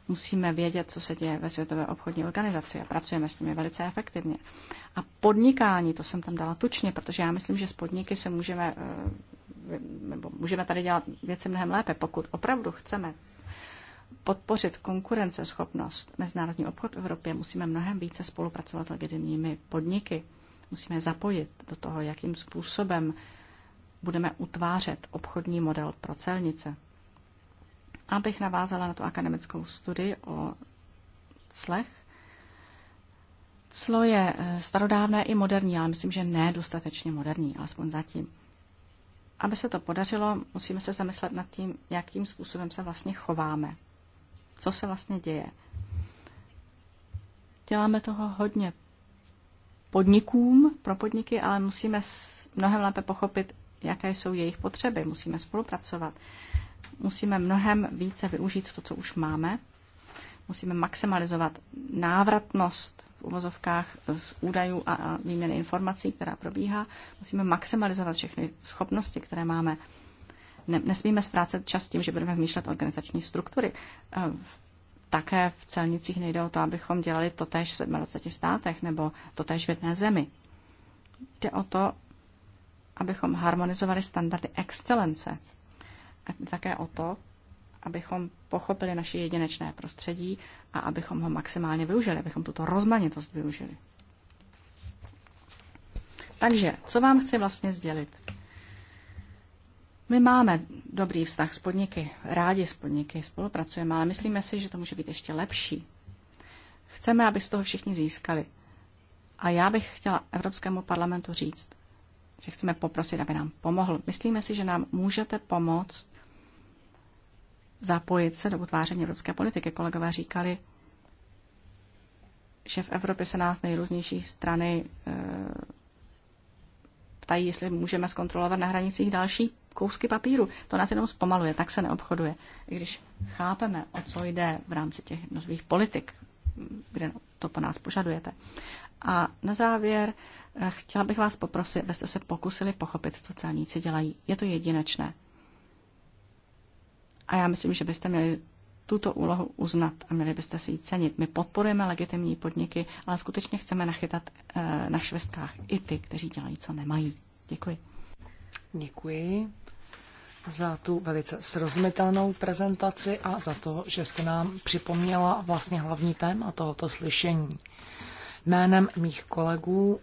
musíme vědět, co se děje ve Světové obchodní organizaci a pracujeme s nimi velice efektivně. A podnikání, to jsem tam dala tučně, protože já myslím, že s podniky se můžeme, eh, nebo můžeme tady dělat věci mnohem lépe, pokud opravdu chceme podpořit konkurenceschopnost mezinárodní obchod v Evropě, musíme mnohem více spolupracovat s legitimními podniky. Musíme zapojit do toho, jakým způsobem budeme utvářet obchodní model pro celnice. Abych navázala na tu akademickou studii o clech. Clo je eh, starodávné i moderní, ale myslím, že ne dostatečně moderní, alespoň zatím. Aby se to podařilo, musíme se zamyslet nad tím, jakým způsobem se vlastně chováme. Co se vlastně děje. Děláme toho hodně podnikům, pro podniky, ale musíme mnohem lépe pochopit, jaké jsou jejich potřeby. Musíme spolupracovat. Musíme mnohem více využít to, co už máme. Musíme maximalizovat návratnost v uvozovkách z údajů a výměny informací, která probíhá. Musíme maximalizovat všechny schopnosti, které máme. nesmíme ztrácet čas tím, že budeme vymýšlet organizační struktury. E, také v celnicích nejde o to, abychom dělali totéž v 27 státech nebo totéž v jedné zemi. Jde o to, abychom harmonizovali standardy excelence a také o to, abychom pochopili naše jedinečné prostředí a abychom ho maximálně využili, abychom tuto rozmanitost využili. Takže, co vám chci vlastně sdělit? My máme dobrý vztah s podniky, rádi s podniky spolupracujeme, ale myslíme si, že to může být ještě lepší. Chceme, aby z toho všichni získali. A já bych chtěla Evropskému parlamentu říct, že chceme poprosit, aby nám pomohl. Myslíme si, že nám můžete pomoct zapojit se do utváření evropské politiky. Kolegové říkali, že v Evropě se nás nejrůznější strany eh, ptají, jestli můžeme zkontrolovat na hranicích další kousky papíru. To nás jenom zpomaluje, tak se neobchoduje. I když chápeme, o co jde v rámci těch jednotlivých politik, kde to po nás požadujete. A na závěr eh, chtěla bych vás poprosit, abyste se pokusili pochopit, co celníci dělají. Je to jedinečné. A já myslím, že byste měli tuto úlohu uznat a měli byste si ji cenit. My podporujeme legitimní podniky, ale skutečně chceme nachytat eh, na švestkách i ty, kteří dělají, co nemají. Děkuji. Děkuji za tu velice srozumitelnou prezentaci a za to, že jste nám připomněla vlastně hlavní téma tohoto slyšení. Jménem mých kolegů,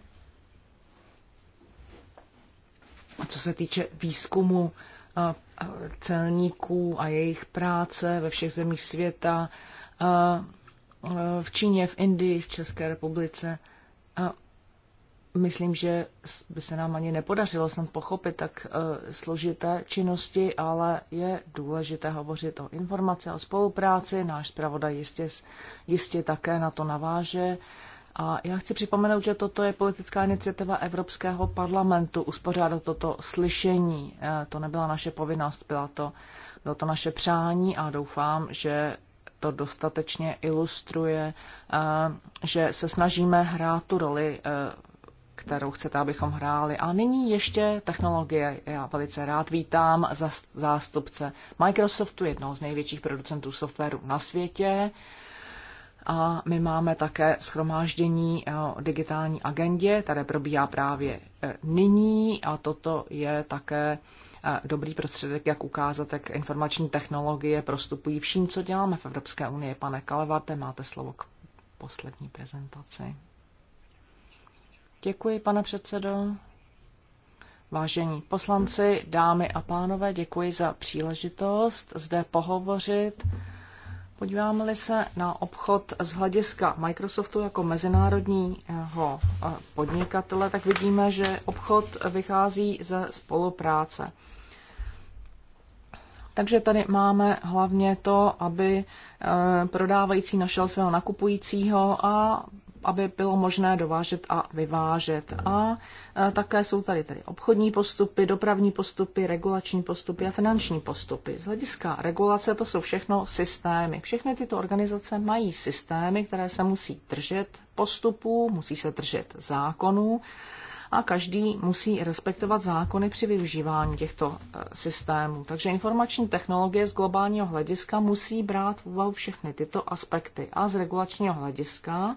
co se týče výzkumu eh, celníků a jejich práce ve všech zemích světa, v Číně, v Indii, v České republice. A myslím, že by se nám ani nepodařilo snad pochopit tak e, složité činnosti, ale je důležité hovořit o informaci a spolupráci. Náš zpravodaj jistě, jistě také na to naváže. A já chci připomenout, že toto je politická iniciativa Evropského parlamentu uspořádat toto slyšení. Eh, to nebyla naše povinnost, byla to, bylo to naše přání a doufám, že to dostatečně ilustruje, eh, že se snažíme hrát tu roli, eh, kterou chcete, abychom hráli. A nyní ještě technologie. Já velice rád vítám zástupce Microsoftu, jednoho z největších producentů softwaru na světě a my máme také schromáždění eh, o digitální agendě, které probíhá právě eh, nyní a toto je také eh, dobrý prostředek, jak ukázat, jak informační technologie prostupují vším, co děláme v Evropské unii. Pane Kalevarte, máte slovo k poslední prezentaci. Děkuji, pane předsedo. Vážení poslanci, dámy a pánové, děkuji za příležitost zde pohovořit Podíváme-li se na obchod z hlediska Microsoftu jako mezinárodního eh, podnikatele, tak vidíme, že obchod vychází ze spolupráce. Takže tady máme hlavně to, aby eh, prodávající našel svého nakupujícího a aby bylo možné dovážet a vyvážet. A e, také jsou tady tedy obchodní postupy, dopravní postupy, regulační postupy a finanční postupy. Z hlediska regulace to jsou všechno systémy. Všechny tyto organizace mají systémy, které se musí držet postupů, musí se držet zákonů a každý musí respektovat zákony při využívání těchto e, systémů. Takže informační technologie z globálního hlediska musí brát v úvahu všechny tyto aspekty a z regulačního hlediska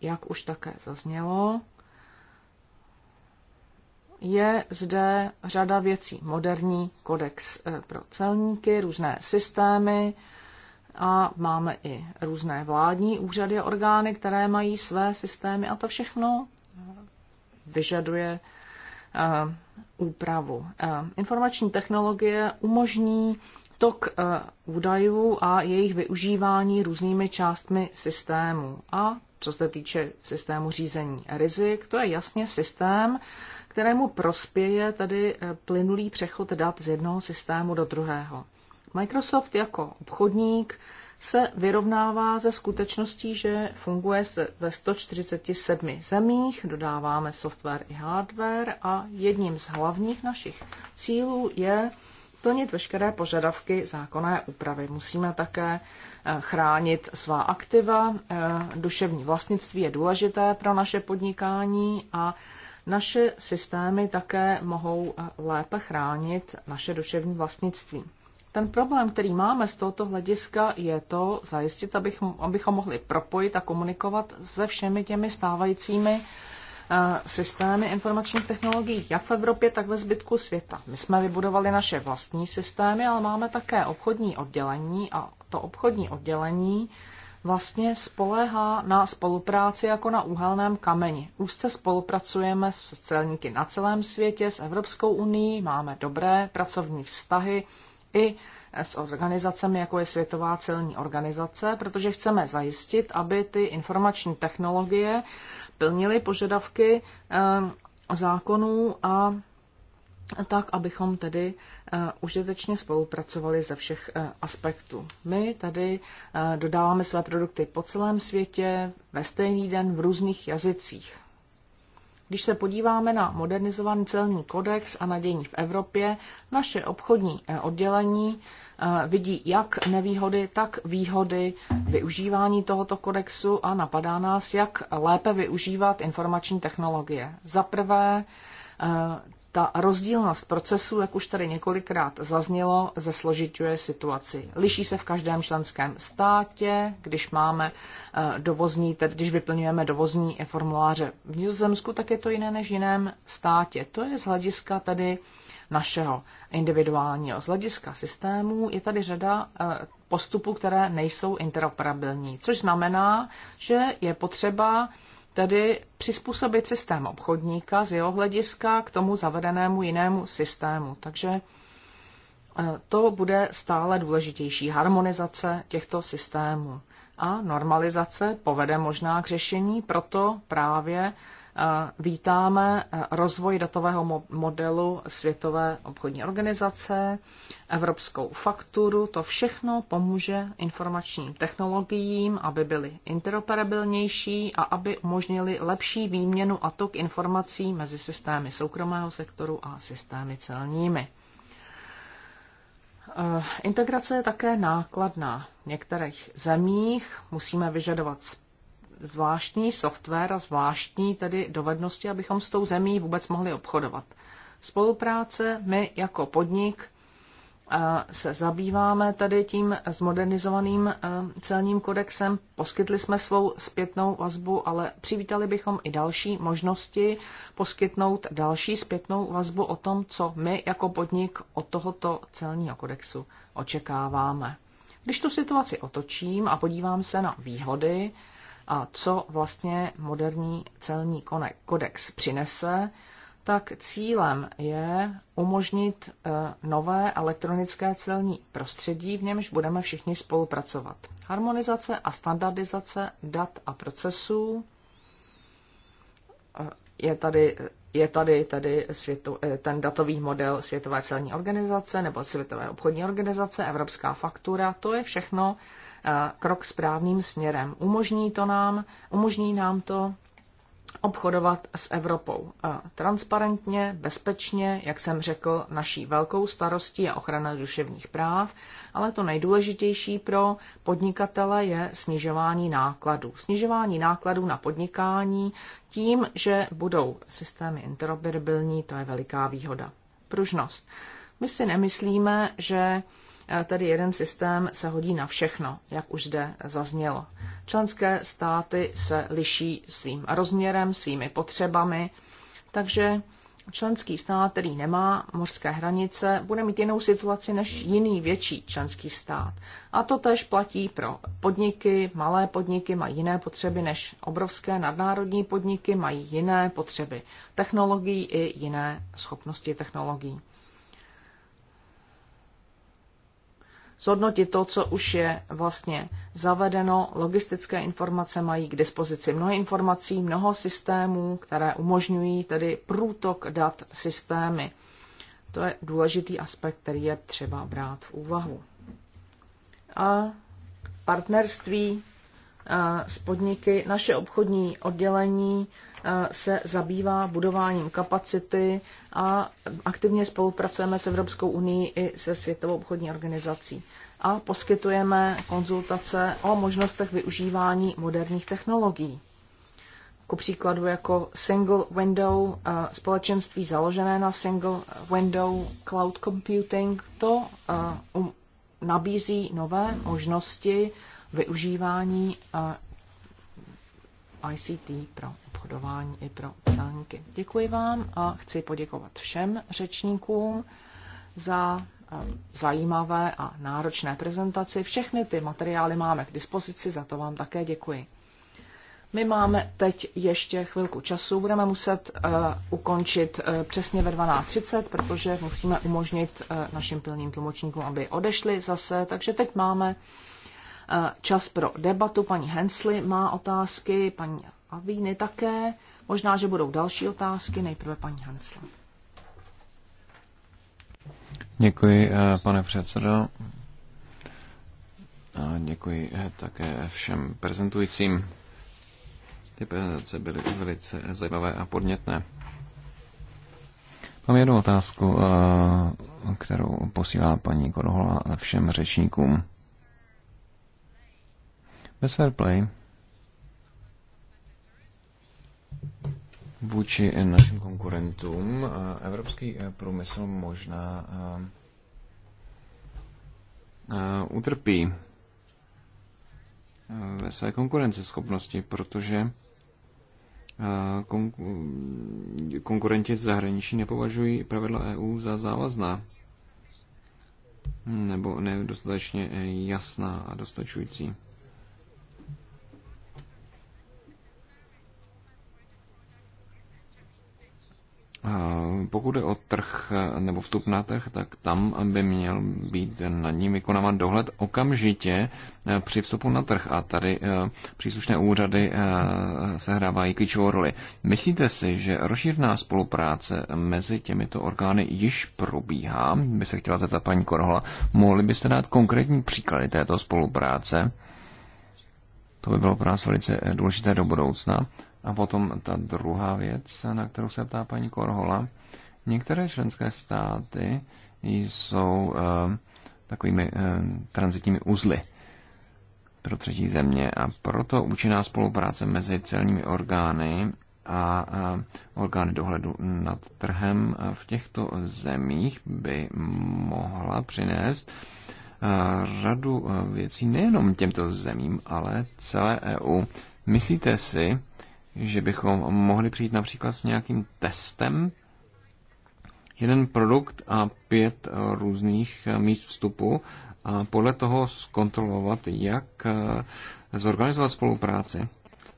jak už také zaznělo, je zde řada věcí. Moderní kodex eh, pro celníky, různé systémy a máme i různé vládní úřady a orgány, které mají své systémy a to všechno vyžaduje eh, úpravu. Eh, informační technologie umožní tok údajů a jejich využívání různými částmi systému. A co se týče systému řízení rizik. To je jasně systém, kterému prospěje tady eh, plynulý přechod dat z jednoho systému do druhého. Microsoft jako obchodník se vyrovnává ze skutečností, že funguje ve 147 zemích, dodáváme software i hardware a jedním z hlavních našich cílů je plnit veškeré požadavky zákonné úpravy. Musíme také eh, chránit svá aktiva. Eh, duševní vlastnictví je důležité pro naše podnikání a naše systémy také mohou eh, lépe chránit naše duševní vlastnictví. Ten problém, který máme z tohoto hlediska, je to zajistit, abychom, abychom mohli propojit a komunikovat se všemi těmi stávajícími systémy informačních technologií jak v Evropě, tak ve zbytku světa. My jsme vybudovali naše vlastní systémy, ale máme také obchodní oddělení a to obchodní oddělení vlastně spoléhá na spolupráci jako na úhelném kameni. Úzce spolupracujeme s celníky na celém světě, s Evropskou unii, máme dobré pracovní vztahy i s organizacemi, jako je Světová celní organizace, protože chceme zajistit, aby ty informační technologie splnili požadavky eh, zákonů a tak, abychom tedy eh, užitečně spolupracovali ze všech eh, aspektů. My tady dodáváme své produkty po celém světě ve stejný den v různých jazycích. Když se podíváme na modernizovaný celní kodex a na dění v Evropě, naše obchodní oddělení vidí jak nevýhody, tak výhody využívání tohoto kodexu a napadá nás, jak lépe využívat informační technologie. Za prvé, eh, ta rozdílnost procesu, jak už tady několikrát zaznělo, zesložituje situaci. Liší se v každém členském státě, když máme eh, dovozní, tedy když vyplňujeme dovozní formuláře v Nizozemsku, tak je to jiné než v jiném státě. To je z hlediska tedy našeho individuálního. Z hlediska systému je tady řada eh, postupů, které nejsou interoperabilní, což znamená, že je potřeba tedy přizpůsobit systém obchodníka z jeho hlediska k tomu zavedenému jinému systému. Takže e, to bude stále důležitější harmonizace těchto systémů. A normalizace povede možná k řešení, proto právě Vítáme eh, rozvoj datového modelu Světové obchodní organizace, evropskou fakturu. To všechno pomůže informačním technologiím, aby byly interoperabilnější a aby umožnili lepší výměnu a tok informací mezi systémy soukromého sektoru a systémy celními. Eh, integrace je také nákladná. V některých zemích musíme vyžadovat zvláštní software a zvláštní tedy dovednosti, abychom s tou zemí vůbec mohli obchodovat. Spolupráce my jako podnik eh, se zabýváme tady tím zmodernizovaným eh, celním kodexem. Poskytli jsme svou zpětnou vazbu, ale přivítali bychom i další možnosti poskytnout další zpětnou vazbu o tom, co my jako podnik od tohoto celního kodexu očekáváme. Když tu situaci otočím a podívám se na výhody, a co vlastně moderní celní kodex přinese, tak cílem je umožnit e, nové elektronické celní prostředí, v němž budeme všichni spolupracovat. Harmonizace a standardizace dat a procesů e, je tady, je tady, tady světu, e, ten datový model Světové celní organizace nebo Světové obchodní organizace, Evropská faktura, to je všechno Eh, krok správným směrem. Umožní, to nám, umožní nám to obchodovat s Evropou eh, transparentně, bezpečně, jak jsem řekl, naší velkou starostí je ochrana duševních práv, ale to nejdůležitější pro podnikatele je snižování nákladů. Snižování nákladů na podnikání tím, že budou systémy interoperabilní, to je veliká výhoda. Pružnost. My si nemyslíme, že tedy jeden systém se hodí na všechno, jak už zde zaznělo. Členské státy se liší svým rozměrem, svými potřebami, takže členský stát, který nemá mořské hranice, bude mít jinou situaci než jiný větší členský stát. A to tež platí pro podniky. Malé podniky mají jiné potřeby než obrovské nadnárodní podniky, mají jiné potřeby technologií i jiné schopnosti technologií. zhodnotit to, co už je vlastně zavedeno. Logistické informace mají k dispozici mnoho informací, mnoho systémů, které umožňují tedy průtok dat systémy. To je důležitý aspekt, který je třeba brát v úvahu. A partnerství eh, s podniky, naše obchodní oddělení se zabývá budováním kapacity a aktivně spolupracujeme s Evropskou unii i se Světovou obchodní organizací. A poskytujeme konzultace o možnostech využívání moderních technologií. Ku příkladu jako single window, eh, společenství založené na single window cloud computing, to eh, um, nabízí nové možnosti využívání eh, ICT pro obchodování i pro psáníky. Děkuji vám a chci poděkovat všem řečníkům za eh, zajímavé a náročné prezentaci. Všechny ty materiály máme k dispozici, za to vám také děkuji. My máme teď ještě chvilku času, budeme muset uh, ukončit uh, přesně ve 12.30, protože musíme umožnit uh, našim pilným tlumočníkům, aby odešli zase. Takže teď máme uh, čas pro debatu. Paní Hensley má otázky, paní a víny také. Možná, že budou další otázky. Nejprve paní Hansla. Děkuji, eh, pane předsedo. A děkuji eh, také všem prezentujícím. Ty prezentace byly velice zajímavé a podnětné. Mám jednu otázku, eh, kterou posílá paní Korhola všem řečníkům. Bez fair play vůči našim konkurentům. Evropský eh, průmysl možná eh, eh, utrpí ve své konkurenceschopnosti, protože konkurenti z zahraničí nepovažují pravidla EU za závazná nebo nedostatečně jasná a dostačující. Pokud je o trh nebo vstup na trh, tak tam by měl být nad ním vykonávat dohled okamžitě eh, při vstupu na trh a tady eh, příslušné úřady eh, sehrávají klíčovou roli. Myslíte si, že rozšířená spolupráce mezi těmito orgány již probíhá? By se chtěla zeptat paní Korhola. Mohli byste dát konkrétní příklady této spolupráce? To by bylo pro nás velice důležité do budoucna. A potom ta druhá věc, na kterou se ptá paní Korhola. Některé členské státy jsou eh, takovými eh, transitními uzly pro třetí země a proto účinná spolupráce mezi celními orgány a eh, orgány dohledu nad trhem v těchto zemích by mohla přinést řadu věcí nejenom těmto zemím, ale celé EU. Myslíte si, že bychom mohli přijít například s nějakým testem, jeden produkt a pět eh, různých eh, míst vstupu a podle toho zkontrolovat, jak eh, zorganizovat spolupráci.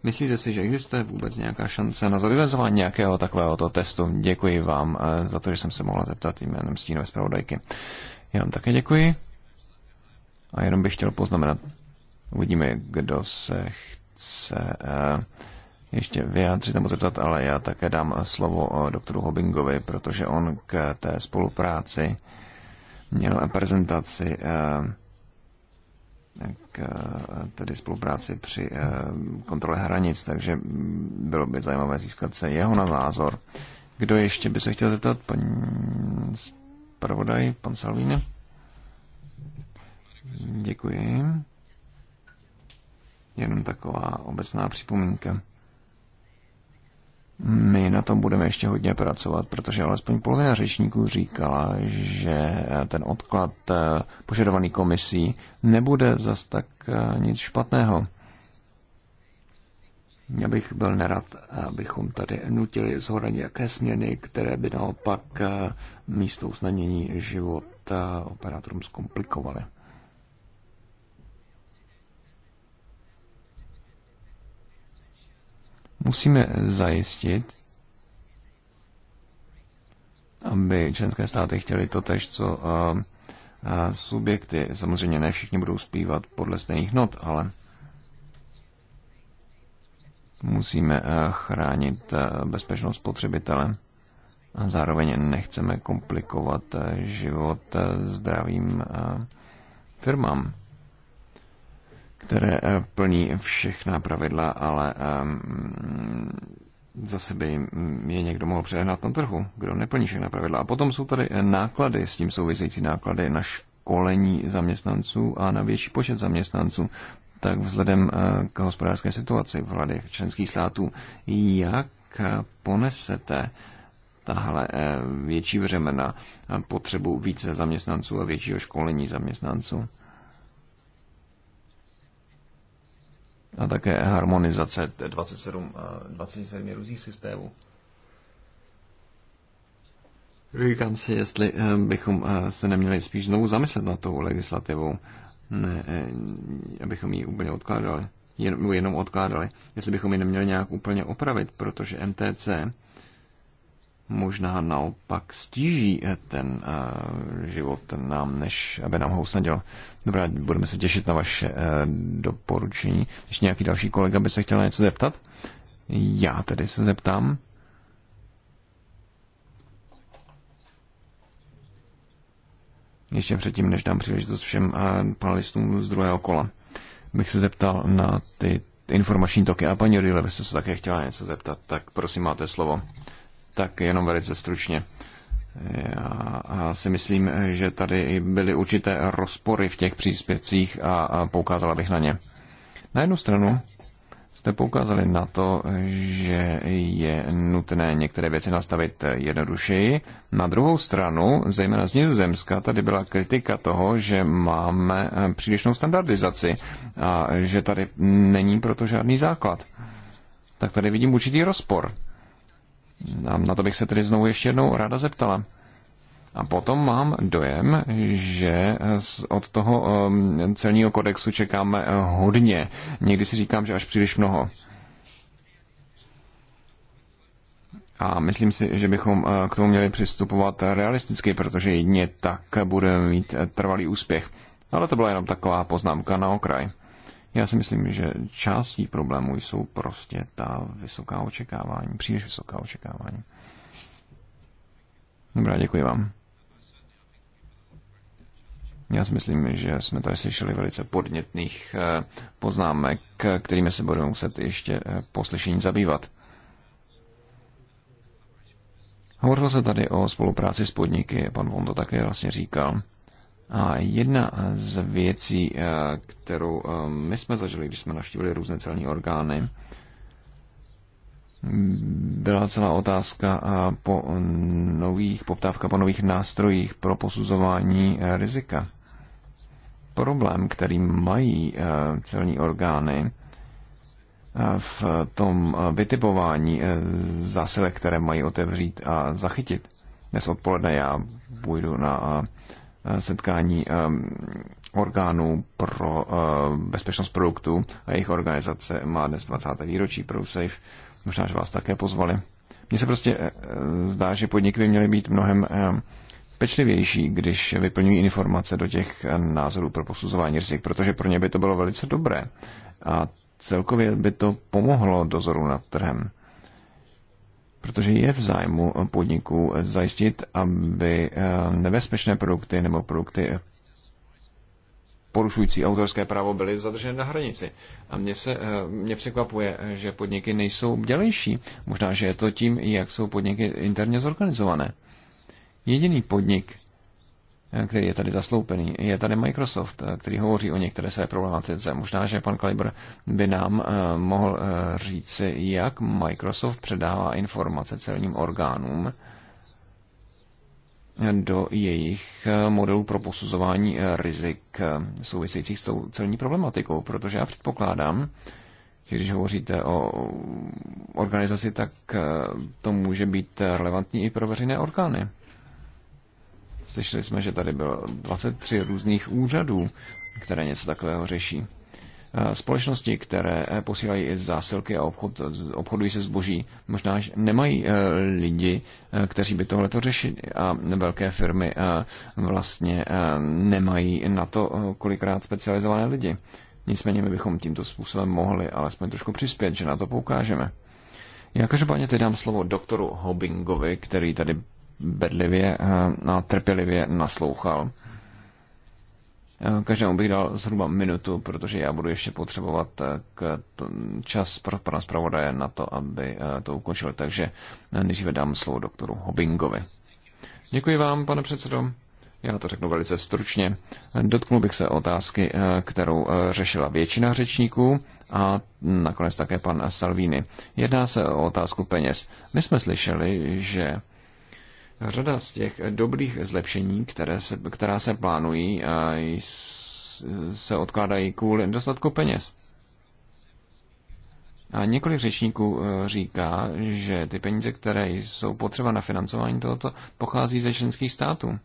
Myslíte si, že existuje vůbec nějaká šance na zorganizování nějakého takového testu? Děkuji vám za to, že jsem se mohla zeptat jménem stínové zpravodajky. Já vám také děkuji. A jenom bych chtěl poznamenat, uvidíme, kdo se chce uh, ještě vyjádřit nebo zeptat, ale já také dám slovo eh, doktoru Hobingovi, protože on k té spolupráci měl prezentaci eh, k eh, tedy spolupráci při kontrole hranic, takže bylo by zajímavé získat se jeho na názor. Kdo ještě by se chtěl zeptat? Pan Spravodaj, pan Salvini? Děkuji. Jenom taková obecná připomínka. My na tom budeme ještě hodně pracovat, protože alespoň polovina řečníků říkala, že eh, ten odklad eh, požadovaný komisí nebude zas tak eh, nic špatného. Já bych byl nerad, abychom tady nutili zhora nějaké směny, které by naopak místo usnadnění život operátorům zkomplikovaly. Musíme zajistit, aby členské státy chtěli to tež, co eh, eh, subjekty. Samozřejmě ne všichni budou zpívat podle stejných not, ale musíme eh, chránit bezpečnost spotřebitele a zároveň nechceme komplikovat život zdravým firmám které eh, plní všechna pravidla, ale ehm, zase by je někdo mohl přehnat na trhu, kdo neplní všechna pravidla. A potom jsou tady eh, náklady, s tím související náklady na školení zaměstnanců a na větší počet zaměstnanců. Tak vzhledem eh, k hospodářské situaci v hladech členských států, jak ponesete tahle větší břemena, potřebu více zaměstnanců a většího školení zaměstnanců? a také harmonizace 27, 27 eh, různých systémů. Říkám si, jestli eh, bychom eh, se neměli spíš znovu zamyslet na tou legislativou, ne, abychom ji úplně odkládali, jen, jenom odkládali, jestli bychom ji neměli nějak úplně opravit, protože MTC možná naopak stíží eh, ten eh, život nám, než aby nám ho usnadil. Dobrá, budeme se těšit na vaše eh, doporučení. Ještě nějaký další kolega by se chtěl na něco zeptat? Já tedy se zeptám. Ještě předtím, než dám příležitost všem panelistům z druhého kola, bych se zeptal na ty informační toky. A paní Odile, byste se také chtěla něco zeptat, tak prosím, máte slovo. Tak jenom velice stručně. Já si myslím, že tady byly určité rozpory v těch příspěvcích a poukázala bych na ně. Na jednu stranu jste poukázali na to, že je nutné některé věci nastavit jednodušeji. Na druhou stranu, zejména z Nizozemska, tady byla kritika toho, že máme přílišnou standardizaci a že tady není proto žádný základ. Tak tady vidím určitý rozpor na to bych se tedy znovu ještě jednou ráda zeptala. A potom mám dojem, že od toho um, celního kodexu čekáme eh, hodně. Někdy si říkám, že až příliš mnoho. A myslím si, že bychom eh, k tomu měli přistupovat realisticky, protože jedině tak budeme mít eh, trvalý úspěch. Ale to byla jenom taková poznámka na okraj. Já si myslím, že částí problémů jsou prostě ta vysoká očekávání, příliš vysoká očekávání. Dobrá, děkuji vám. Já si myslím, že jsme tady slyšeli velice podnětných eh, poznámek, kterými se budeme muset ještě eh, poslyšení zabývat. Hovořilo se tady o spolupráci s podniky, pan Vondo také vlastně říkal. A jedna z věcí, eh, kterou eh, my jsme zažili, když jsme navštívili různé celní orgány, byla celá otázka eh, po nových, poptávka po nových nástrojích pro posuzování rizika. Problém, který mají celní orgány v tom vytipování zásilek, které mají otevřít a zachytit. Dnes odpoledne já půjdu na Eh, setkání eh, orgánů pro eh, bezpečnost produktů a jejich organizace má dnes 20. výročí ProSafe. Možná, že vás také pozvali. Mně se prostě zdá, že podniky by měly být mnohem pečlivější, když vyplňují informace do těch názorů pro posuzování rizik, protože pro ně by to bylo velice dobré a celkově by to pomohlo dozoru nad trhem protože je v zájmu podniků zajistit, aby eh, nebezpečné produkty nebo produkty porušující autorské právo byly zadrženy na hranici. A mě, se, eh, mě překvapuje, že podniky nejsou bdělejší. Možná, že je to tím, jak jsou podniky interně zorganizované. Jediný podnik, Eh, který je tady zasloupený. Je tady Microsoft, eh, který hovoří o některé své problematice. Možná, že pan Kalibr by nám eh, mohl říci, jak Microsoft předává informace celním orgánům do jejich modelů pro posuzování rizik souvisejících s tou celní problematikou, protože já předpokládám, když hovoříte o organizaci, tak to může být relevantní i pro veřejné orgány. Slyšeli jsme, že tady bylo 23 různých úřadů, které něco takového řeší. Eh, společnosti, které eh, posílají i zásilky a obchod, obchodují se zboží, možná nemají eh, lidi, kteří by tohle to řešili a velké firmy vlastně nemají na to kolikrát specializované lidi. Nicméně my bychom tímto způsobem mohli alespoň trošku přispět, že na to poukážeme. Já každopádně teď dám slovo doktoru Hobbingovi, který tady bedlivě eh, a trpělivě naslouchal. Eh, každému bych dal zhruba minutu, protože já budu ještě potřebovat eh, k čas pro pana zpravodaje na to, aby to ukončil. Takže nejdříve dám slovo doktoru Hobingovi. Děkuji vám, pane předsedo. Já to řeknu velice stručně. Dotknul bych se otázky, kterou řešila většina řečníků a nakonec také pan Salvini. Jedná se o otázku peněz. My jsme slyšeli, že Řada z těch dobrých zlepšení, které se, která se plánují, se odkládají kvůli nedostatku peněz. A několik řečníků e, říká, že ty peníze, které jsou potřeba na financování tohoto, pochází ze členských států.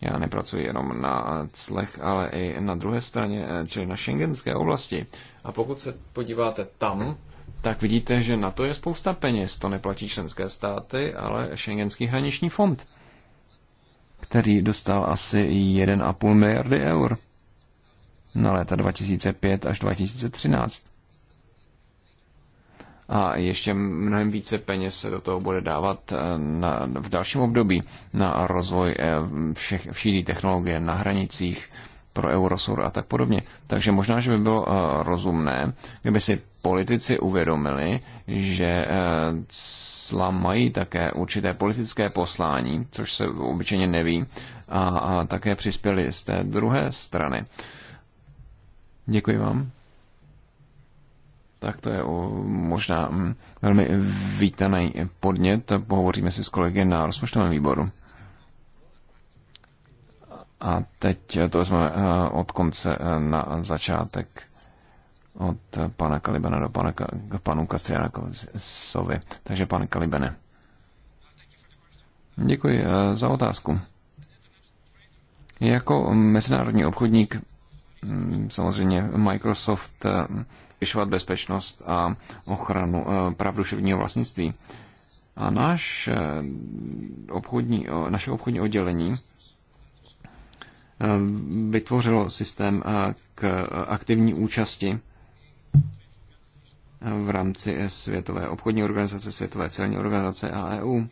Já nepracuji jenom na clech, ale i na druhé straně, e, čili na šengenské oblasti. A pokud se podíváte tam, tak vidíte, že na to je spousta peněz. To neplatí členské státy, ale Schengenský hraniční fond, který dostal asi 1,5 miliardy eur na léta 2005 až 2013. A ještě mnohem více peněz se do toho bude dávat eh, na, v dalším období na rozvoj eh, všech, vší technologie na hranicích pro Eurosur a tak podobně. Takže možná, že by bylo eh, rozumné, kdyby si politici uvědomili, že eh, cla mají také určité politické poslání, což se obyčejně neví, a, a také přispěli z té druhé strany. Děkuji vám. Tak to je možná hm, velmi vítaný podnět. Pohovoříme si s kolegy na rozpočtovém výboru. A teď to vezmeme eh, od konce eh, na začátek od pana Kalibana do pana, k panu Kastriákovi. Takže pan Kalibene. Děkuji eh, za otázku. Jako mezinárodní obchodník mm, samozřejmě Microsoft eh, vyšovat bezpečnost a ochranu eh, práv duševního vlastnictví. A náš obchodní, naše obchodní oddělení vytvořilo systém k aktivní účasti v rámci Světové obchodní organizace, Světové celní organizace a EU.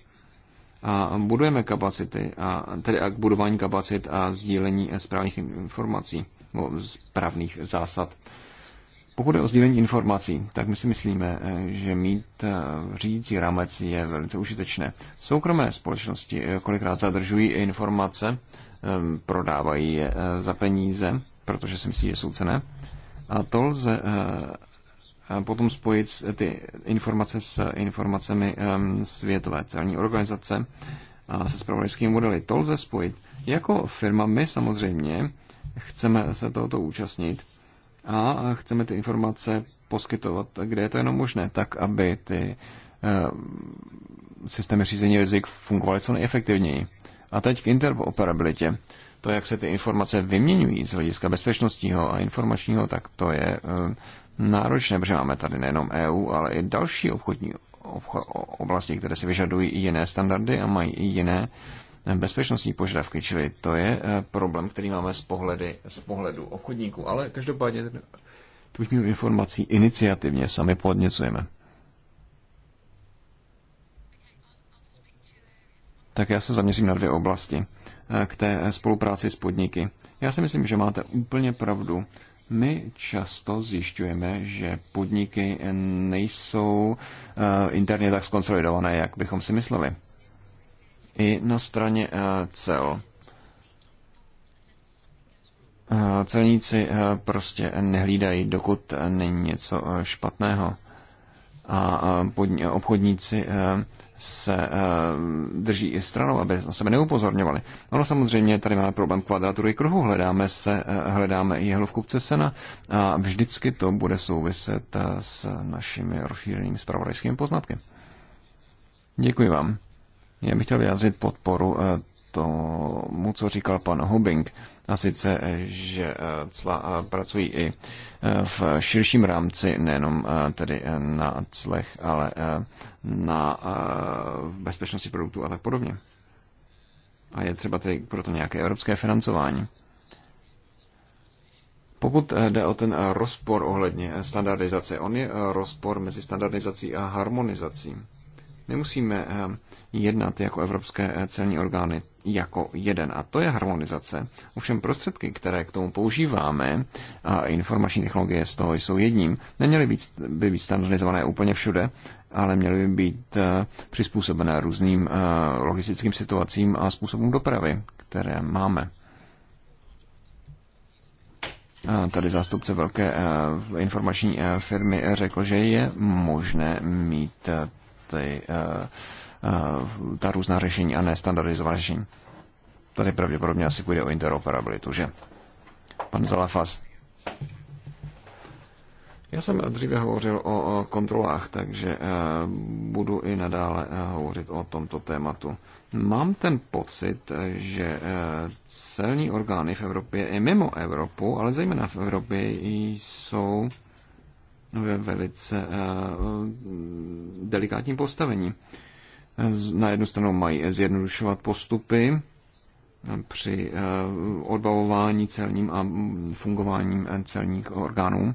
A budujeme kapacity, a, tedy a k budování kapacit a sdílení správných informací, nebo správných zásad. Pokud je o sdílení informací, tak my si myslíme, že mít eh, řídící rámec je velice užitečné. Soukromé společnosti eh, kolikrát zadržují informace, ehm, prodávají je eh, za peníze, protože si myslí, že jsou cené. A to lze potom spojit ty informace s informacemi Světové celní organizace a se spravodajskými modely. To lze spojit. Jako firma my samozřejmě chceme se tohoto účastnit a chceme ty informace poskytovat, kde je to jenom možné, tak aby ty systémy řízení rizik fungovaly co nejefektivněji. A teď k interoperabilitě. To, jak se ty informace vyměňují z hlediska bezpečnostního a informačního, tak to je náročné, protože máme tady nejenom EU, ale i další obchodní oblasti, které si vyžadují i jiné standardy a mají i jiné bezpečnostní požadavky, čili to je eh, problém, který máme z, pohledy, z pohledu obchodníků, ale každopádně tu výměnu informací iniciativně sami podněcujeme. Tak já se zaměřím na dvě oblasti eh, k té eh, spolupráci s podniky. Já si myslím, že máte úplně pravdu my často zjišťujeme, že podniky nejsou eh, interně tak skonsolidované, jak bychom si mysleli. I na straně eh, cel. Eh, celníci prostě nehlídají, dokud není něco špatného. A obchodníci se eh, drží i stranou, aby na sebe neupozorňovali. Ono samozřejmě tady máme problém kvadratury kruhu, hledáme, se, eh, hledáme i jehlu v kupce sena a vždycky to bude souviset eh, s našimi rozšířenými spravodajskými poznatky. Děkuji vám. Já bych chtěl vyjádřit podporu tomu, co říkal pan Hobbing, a sice, že eh, cla eh, pracují i eh, v širším rámci, nejenom tedy na clech, ale na bezpečnosti produktů a tak podobně. A je třeba tedy proto nějaké evropské financování. Pokud jde o ten rozpor ohledně standardizace, on je rozpor mezi standardizací a harmonizací. My musíme jednat jako evropské eh, celní orgány jako jeden. A to je harmonizace. Ovšem prostředky, které k tomu používáme, a informační technologie z toho jsou jedním, neměly být, by být standardizované úplně všude, ale měly by být eh, přizpůsobené různým eh, logistickým situacím a způsobům dopravy, které máme. Tady zástupce velké informační firmy řekl, že je možné mít ty Eh, ta různá řešení a ne standardizovaná řešení. Tady pravděpodobně asi půjde o interoperabilitu, že? Pan Zalafas. Já jsem dříve hovořil o kontrolách, takže eh, budu i nadále eh, hovořit o tomto tématu. Mám ten pocit, že celní orgány v Evropě i mimo Evropu, ale zejména v Evropě, jsou ve velice delikátním postavení. Na jednu stranu mají zjednodušovat postupy eh, při eh, odbavování celním a mm, fungováním eh, celních orgánů.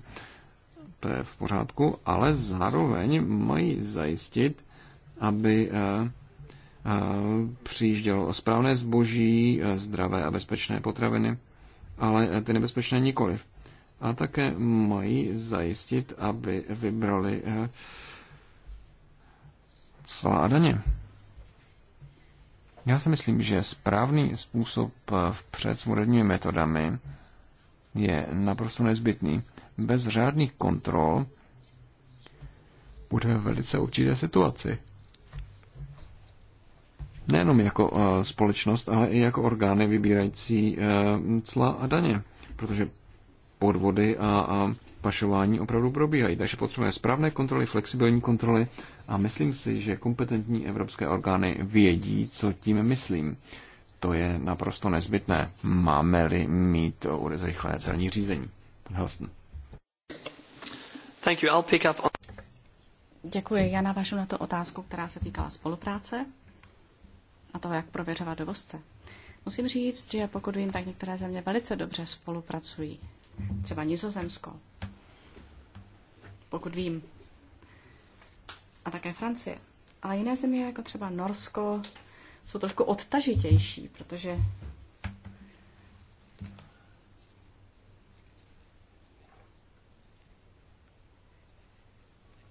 To je v pořádku, ale zároveň mají zajistit, aby přijíždělo správné zboží, zdravé a bezpečné potraviny, ale ty nebezpečné nikoliv. A také mají zajistit, aby vybrali celá daně. Já si myslím, že správný způsob eh, vpřed s moderními metodami je naprosto nezbytný. Bez řádných kontrol budeme velice určité situaci. Nejenom jako eh, společnost, ale i jako orgány vybírající eh, cla a daně, protože podvody a, a pašování opravdu probíhají. Takže potřebujeme správné kontroly, flexibilní kontroly a myslím si, že kompetentní evropské orgány vědí, co tím myslím. To je naprosto nezbytné. Máme-li mít zrychlené celní řízení. Hosten. Thank you. I'll pick up on... Děkuji. Já navážu na to otázku, která se týkala spolupráce a toho, jak prověřovat dovozce. Musím říct, že pokud vím, tak některé země velice dobře spolupracují. Třeba Nizozemsko pokud vím. A také Francie. Ale jiné země, jako třeba Norsko, jsou trošku odtažitější, protože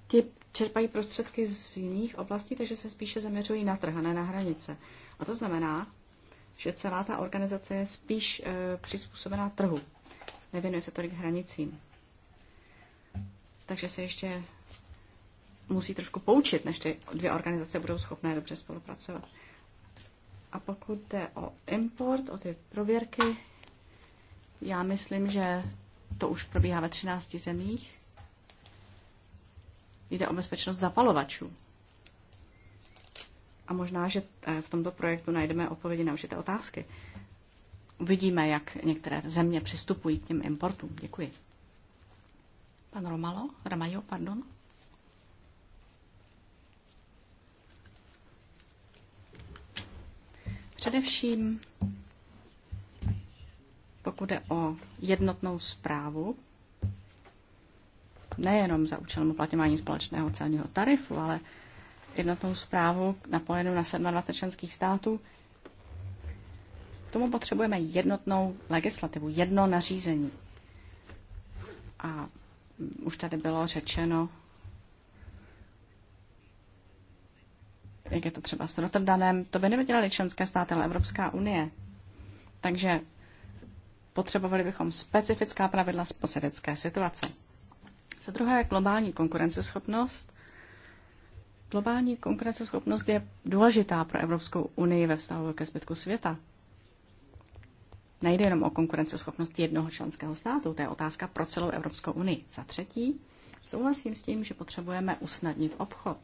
ti čerpají prostředky z jiných oblastí, takže se spíše zaměřují na trh ne na hranice. A to znamená, že celá ta organizace je spíš e, přizpůsobená trhu. Nevěnuje se tolik hranicím takže se ještě musí trošku poučit, než ty dvě organizace budou schopné dobře spolupracovat. A pokud jde o import, o ty prověrky, já myslím, že to už probíhá ve 13 zemích. Jde o bezpečnost zapalovačů. A možná, že eh, v tomto projektu najdeme odpovědi na určité otázky. Uvidíme, jak některé země přistupují k těm importům. Děkuji. Pan Romalo, Ramajo, pardon. Především, pokud je o jednotnou zprávu, nejenom za účelem uplatňování společného celního tarifu, ale jednotnou zprávu napojenou na 27 členských států, k tomu potřebujeme jednotnou legislativu, jedno nařízení. A už tady bylo řečeno, jak je to třeba s Rotterdamem, to by nevydělali členské státy, ale Evropská unie. Takže potřebovali bychom specifická pravidla specifické situace. Za druhé, globální konkurenceschopnost. Globální konkurenceschopnost je důležitá pro Evropskou unii ve vztahu ke zbytku světa nejde jenom o konkurenceschopnost jednoho členského státu, to je otázka pro celou Evropskou unii. Za třetí, souhlasím s tím, že potřebujeme usnadnit obchod.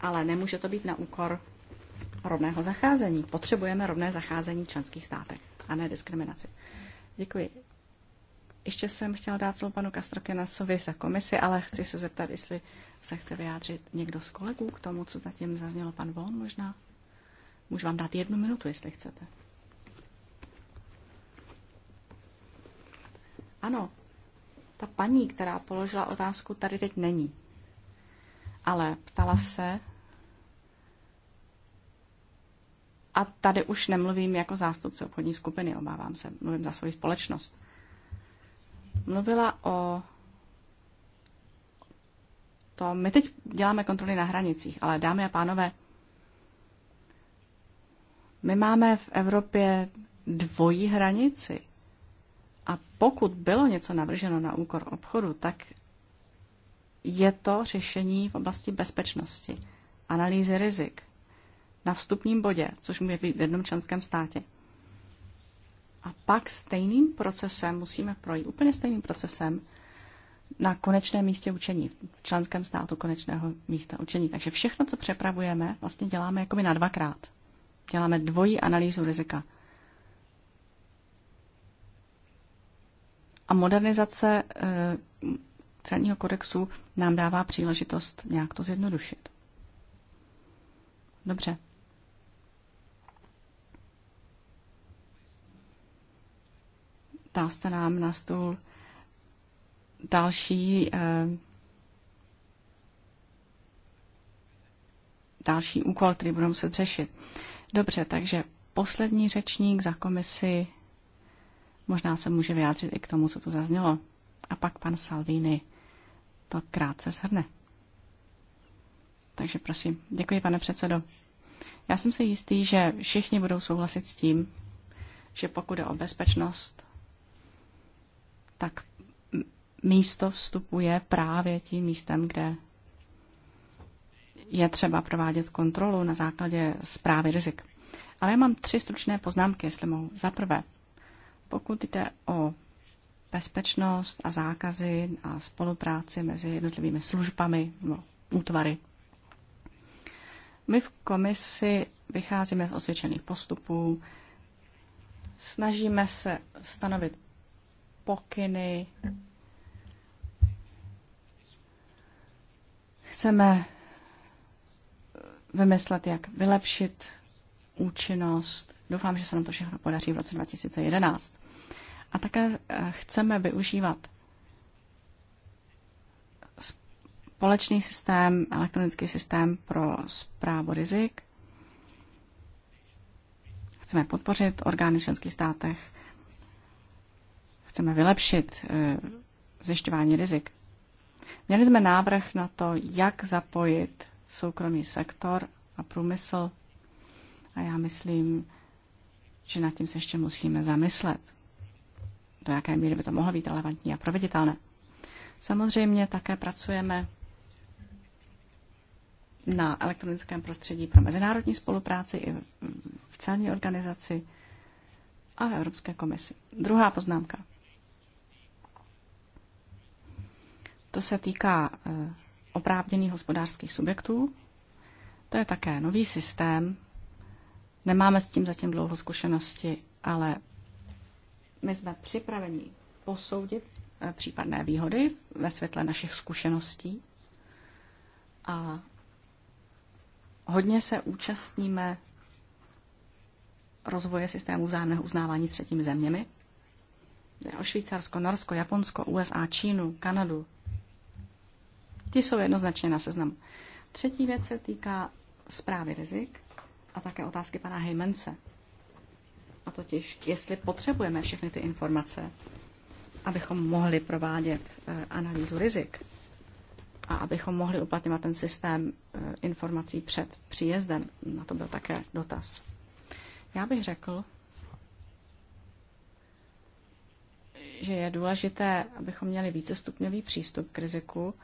Ale nemůže to být na úkor rovného zacházení. Potřebujeme rovné zacházení v členských státech a ne diskriminaci. Děkuji. Ještě jsem chtěla dát slovo panu Kastrokinasovi za komisi, ale chci se zeptat, jestli se chce vyjádřit někdo z kolegů k tomu, co zatím zaznělo pan Von možná. Můžu vám dát jednu minutu, jestli chcete. Ano, ta paní, která položila otázku, tady teď není. Ale ptala se, a tady už nemluvím jako zástupce obchodní skupiny, obávám se, mluvím za svoji společnost. Mluvila o to, my teď děláme kontroly na hranicích, ale dámy a pánové, my máme v Evropě dvojí hranici. A pokud bylo něco navrženo na úkor obchodu, tak je to řešení v oblasti bezpečnosti, analýzy rizik na vstupním bodě, což může být v jednom členském státě. A pak stejným procesem musíme projít, úplně stejným procesem na konečné místě učení, v členském státu konečného místa učení. Takže všechno, co přepravujeme, vlastně děláme jako by na dvakrát. Děláme dvojí analýzu rizika – A modernizace eh, celního kodexu nám dává příležitost nějak to zjednodušit. Dobře. Dáste nám na stůl další eh, další úkol, který budeme muset řešit. Dobře, takže poslední řečník za komisi Možná se může vyjádřit i k tomu, co tu zaznělo. A pak pan Salvini to krátce shrne. Takže prosím, děkuji, pane předsedo. Já jsem si jistý, že všichni budou souhlasit s tím, že pokud jde o bezpečnost, tak místo vstupuje právě tím místem, kde je třeba provádět kontrolu na základě zprávy rizik. Ale já mám tři stručné poznámky, jestli mohu. Za prvé, pokud jde o bezpečnost a zákazy a spolupráci mezi jednotlivými službami nebo útvary, my v komisi vycházíme z osvědčených postupů, snažíme se stanovit pokyny, chceme vymyslet, jak vylepšit účinnost. Doufám, že se nám to všechno podaří v roce 2011. A také eh, chceme využívat společný systém, elektronický systém pro zprávu rizik. Chceme podpořit orgány v členských státech. Chceme vylepšit eh, zjišťování rizik. Měli jsme návrh na to, jak zapojit soukromý sektor a průmysl a já myslím, že nad tím se ještě musíme zamyslet do jaké míry by to mohlo být relevantní a proveditelné. Samozřejmě také pracujeme na elektronickém prostředí pro mezinárodní spolupráci i v celní organizaci a v Evropské komisi. Druhá poznámka. To se týká eh, oprávněných hospodářských subjektů. To je také nový systém. Nemáme s tím zatím dlouho zkušenosti, ale my jsme připraveni posoudit eh, případné výhody ve světle našich zkušeností a hodně se účastníme rozvoje systému vzájemného uznávání s třetími zeměmi. Jde o Švýcarsko, Norsko, Japonsko, USA, Čínu, Kanadu. Ty jsou jednoznačně na seznamu. Třetí věc se týká zprávy rizik a také otázky pana Hejmence. A totiž, jestli potřebujeme všechny ty informace, abychom mohli provádět eh, analýzu rizik a abychom mohli uplatňovat ten systém eh, informací před příjezdem. Na to byl také dotaz. Já bych řekl, že je důležité, abychom měli vícestupňový přístup k riziku,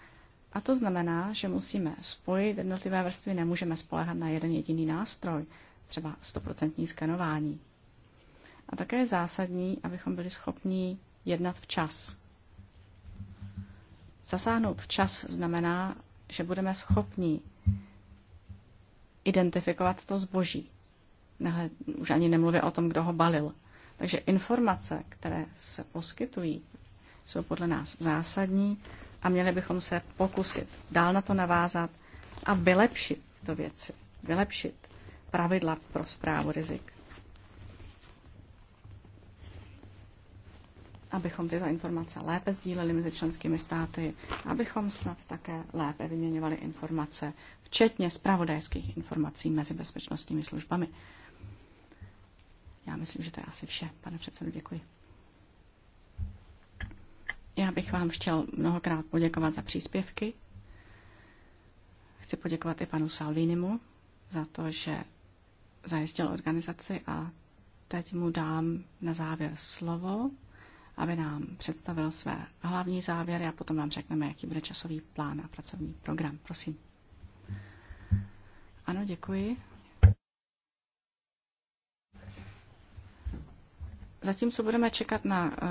a to znamená, že musíme spojit jednotlivé vrstvy, nemůžeme spolehat na jeden jediný nástroj, třeba stoprocentní skenování. A také je zásadní, abychom byli schopni jednat včas. Zasáhnout včas znamená, že budeme schopni identifikovat to zboží. Ne, už ani nemluvě o tom, kdo ho balil. Takže informace, které se poskytují, jsou podle nás zásadní a měli bychom se pokusit dál na to navázat a vylepšit to věci, vylepšit pravidla pro zprávu rizik. abychom tyto informace lépe sdíleli mezi členskými státy, abychom snad také lépe vyměňovali informace, včetně zpravodajských informací mezi bezpečnostními službami. Já myslím, že to je asi vše. Pane předsedu, děkuji. Já bych vám chtěl mnohokrát poděkovat za příspěvky. Chci poděkovat i panu Salvinimu za to, že zajistil organizaci a teď mu dám na závěr slovo aby nám představil své hlavní závěry a potom nám řekneme, jaký bude časový plán a pracovní program. Prosím. Ano, děkuji. Zatímco budeme čekat na eh,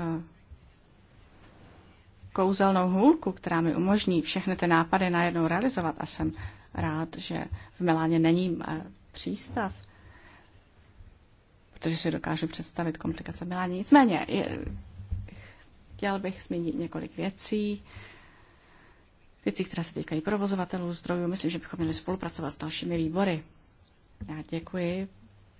kouzelnou hůlku, která mi umožní všechny ty nápady najednou realizovat a jsem rád, že v Miláně není eh, přístav, protože si dokážu představit komplikace Miláně. Nicméně, je, Chtěl bych zmínit několik věcí, věcí, které se týkají provozovatelů zdrojů. Myslím, že bychom měli spolupracovat s dalšími výbory. Já děkuji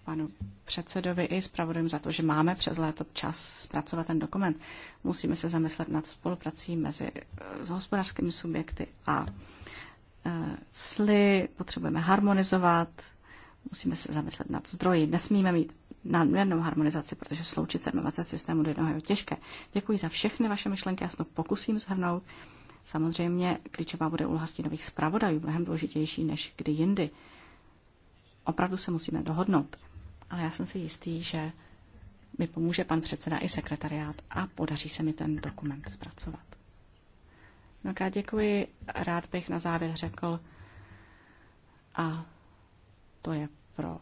panu předsedovi i zpravodajům za to, že máme přes léto čas zpracovat ten dokument. Musíme se zamyslet nad spoluprací mezi eh, s hospodářskými subjekty a eh, sly. Potřebujeme harmonizovat, musíme se zamyslet nad zdroji. Nesmíme mít nadměrnou harmonizaci, protože sloučit 27 systémů do jednoho je těžké. Děkuji za všechny vaše myšlenky, já se to pokusím zhrnout. Samozřejmě klíčová bude úloha stínových zpravodajů, mnohem důležitější než kdy jindy. Opravdu se musíme dohodnout, ale já jsem si jistý, že mi pomůže pan předseda i sekretariát a podaří se mi ten dokument zpracovat. Mnohokrát děkuji. Rád bych na závěr řekl, a to je pro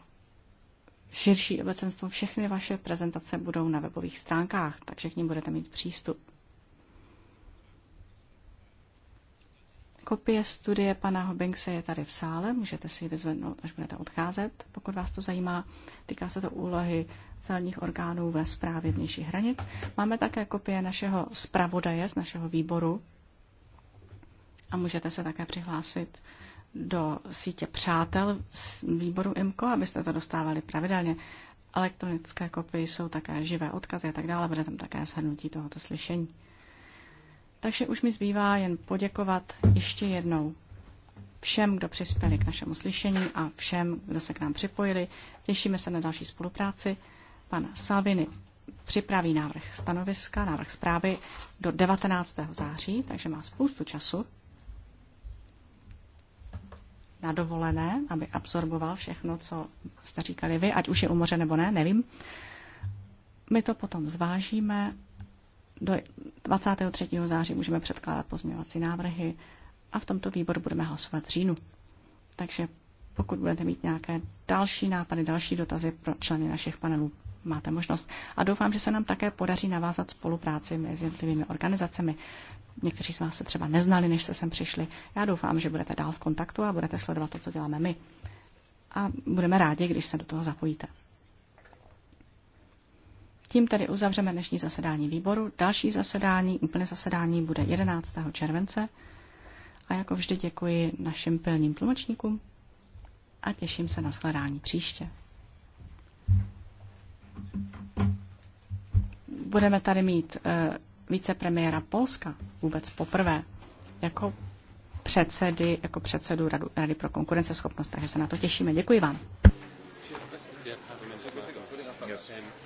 širší obecenstvo. Všechny vaše prezentace budou na webových stránkách, takže k ním budete mít přístup. Kopie studie pana Hobbingse je tady v sále, můžete si ji vyzvednout, až budete odcházet, pokud vás to zajímá. Týká se to úlohy celních orgánů ve správě vnějších hranic. Máme také kopie našeho zpravodaje z našeho výboru a můžete se také přihlásit do sítě přátel z výboru IMCO, abyste to dostávali pravidelně. Elektronické kopie jsou také živé odkazy a tak dále. Bude tam také shrnutí tohoto slyšení. Takže už mi zbývá jen poděkovat ještě jednou všem, kdo přispěli k našemu slyšení a všem, kdo se k nám připojili. Těšíme se na další spolupráci. Pan Salvini připraví návrh stanoviska, návrh zprávy do 19. září, takže má spoustu času na dovolené, aby absorboval všechno, co jste říkali vy, ať už je u moře nebo ne, nevím. My to potom zvážíme. Do 23. září můžeme předkládat pozměňovací návrhy a v tomto výboru budeme hlasovat v říjnu. Takže pokud budete mít nějaké další nápady, další dotazy pro členy našich panelů, máte možnost. A doufám, že se nám také podaří navázat spolupráci mezi jednotlivými organizacemi. Někteří z vás se třeba neznali, než se sem přišli. Já doufám, že budete dál v kontaktu a budete sledovat to, co děláme my. A budeme rádi, když se do toho zapojíte. Tím tedy uzavřeme dnešní zasedání výboru. Další zasedání, úplně zasedání, bude 11. července. A jako vždy děkuji našim pilným tlumočníkům a těším se na shledání příště. Budeme tady mít eh, vicepremiéra Polska vůbec poprvé jako předsedy, jako předsedu Radu, Rady pro konkurenceschopnost, takže se na to těšíme. Děkuji vám. Yes.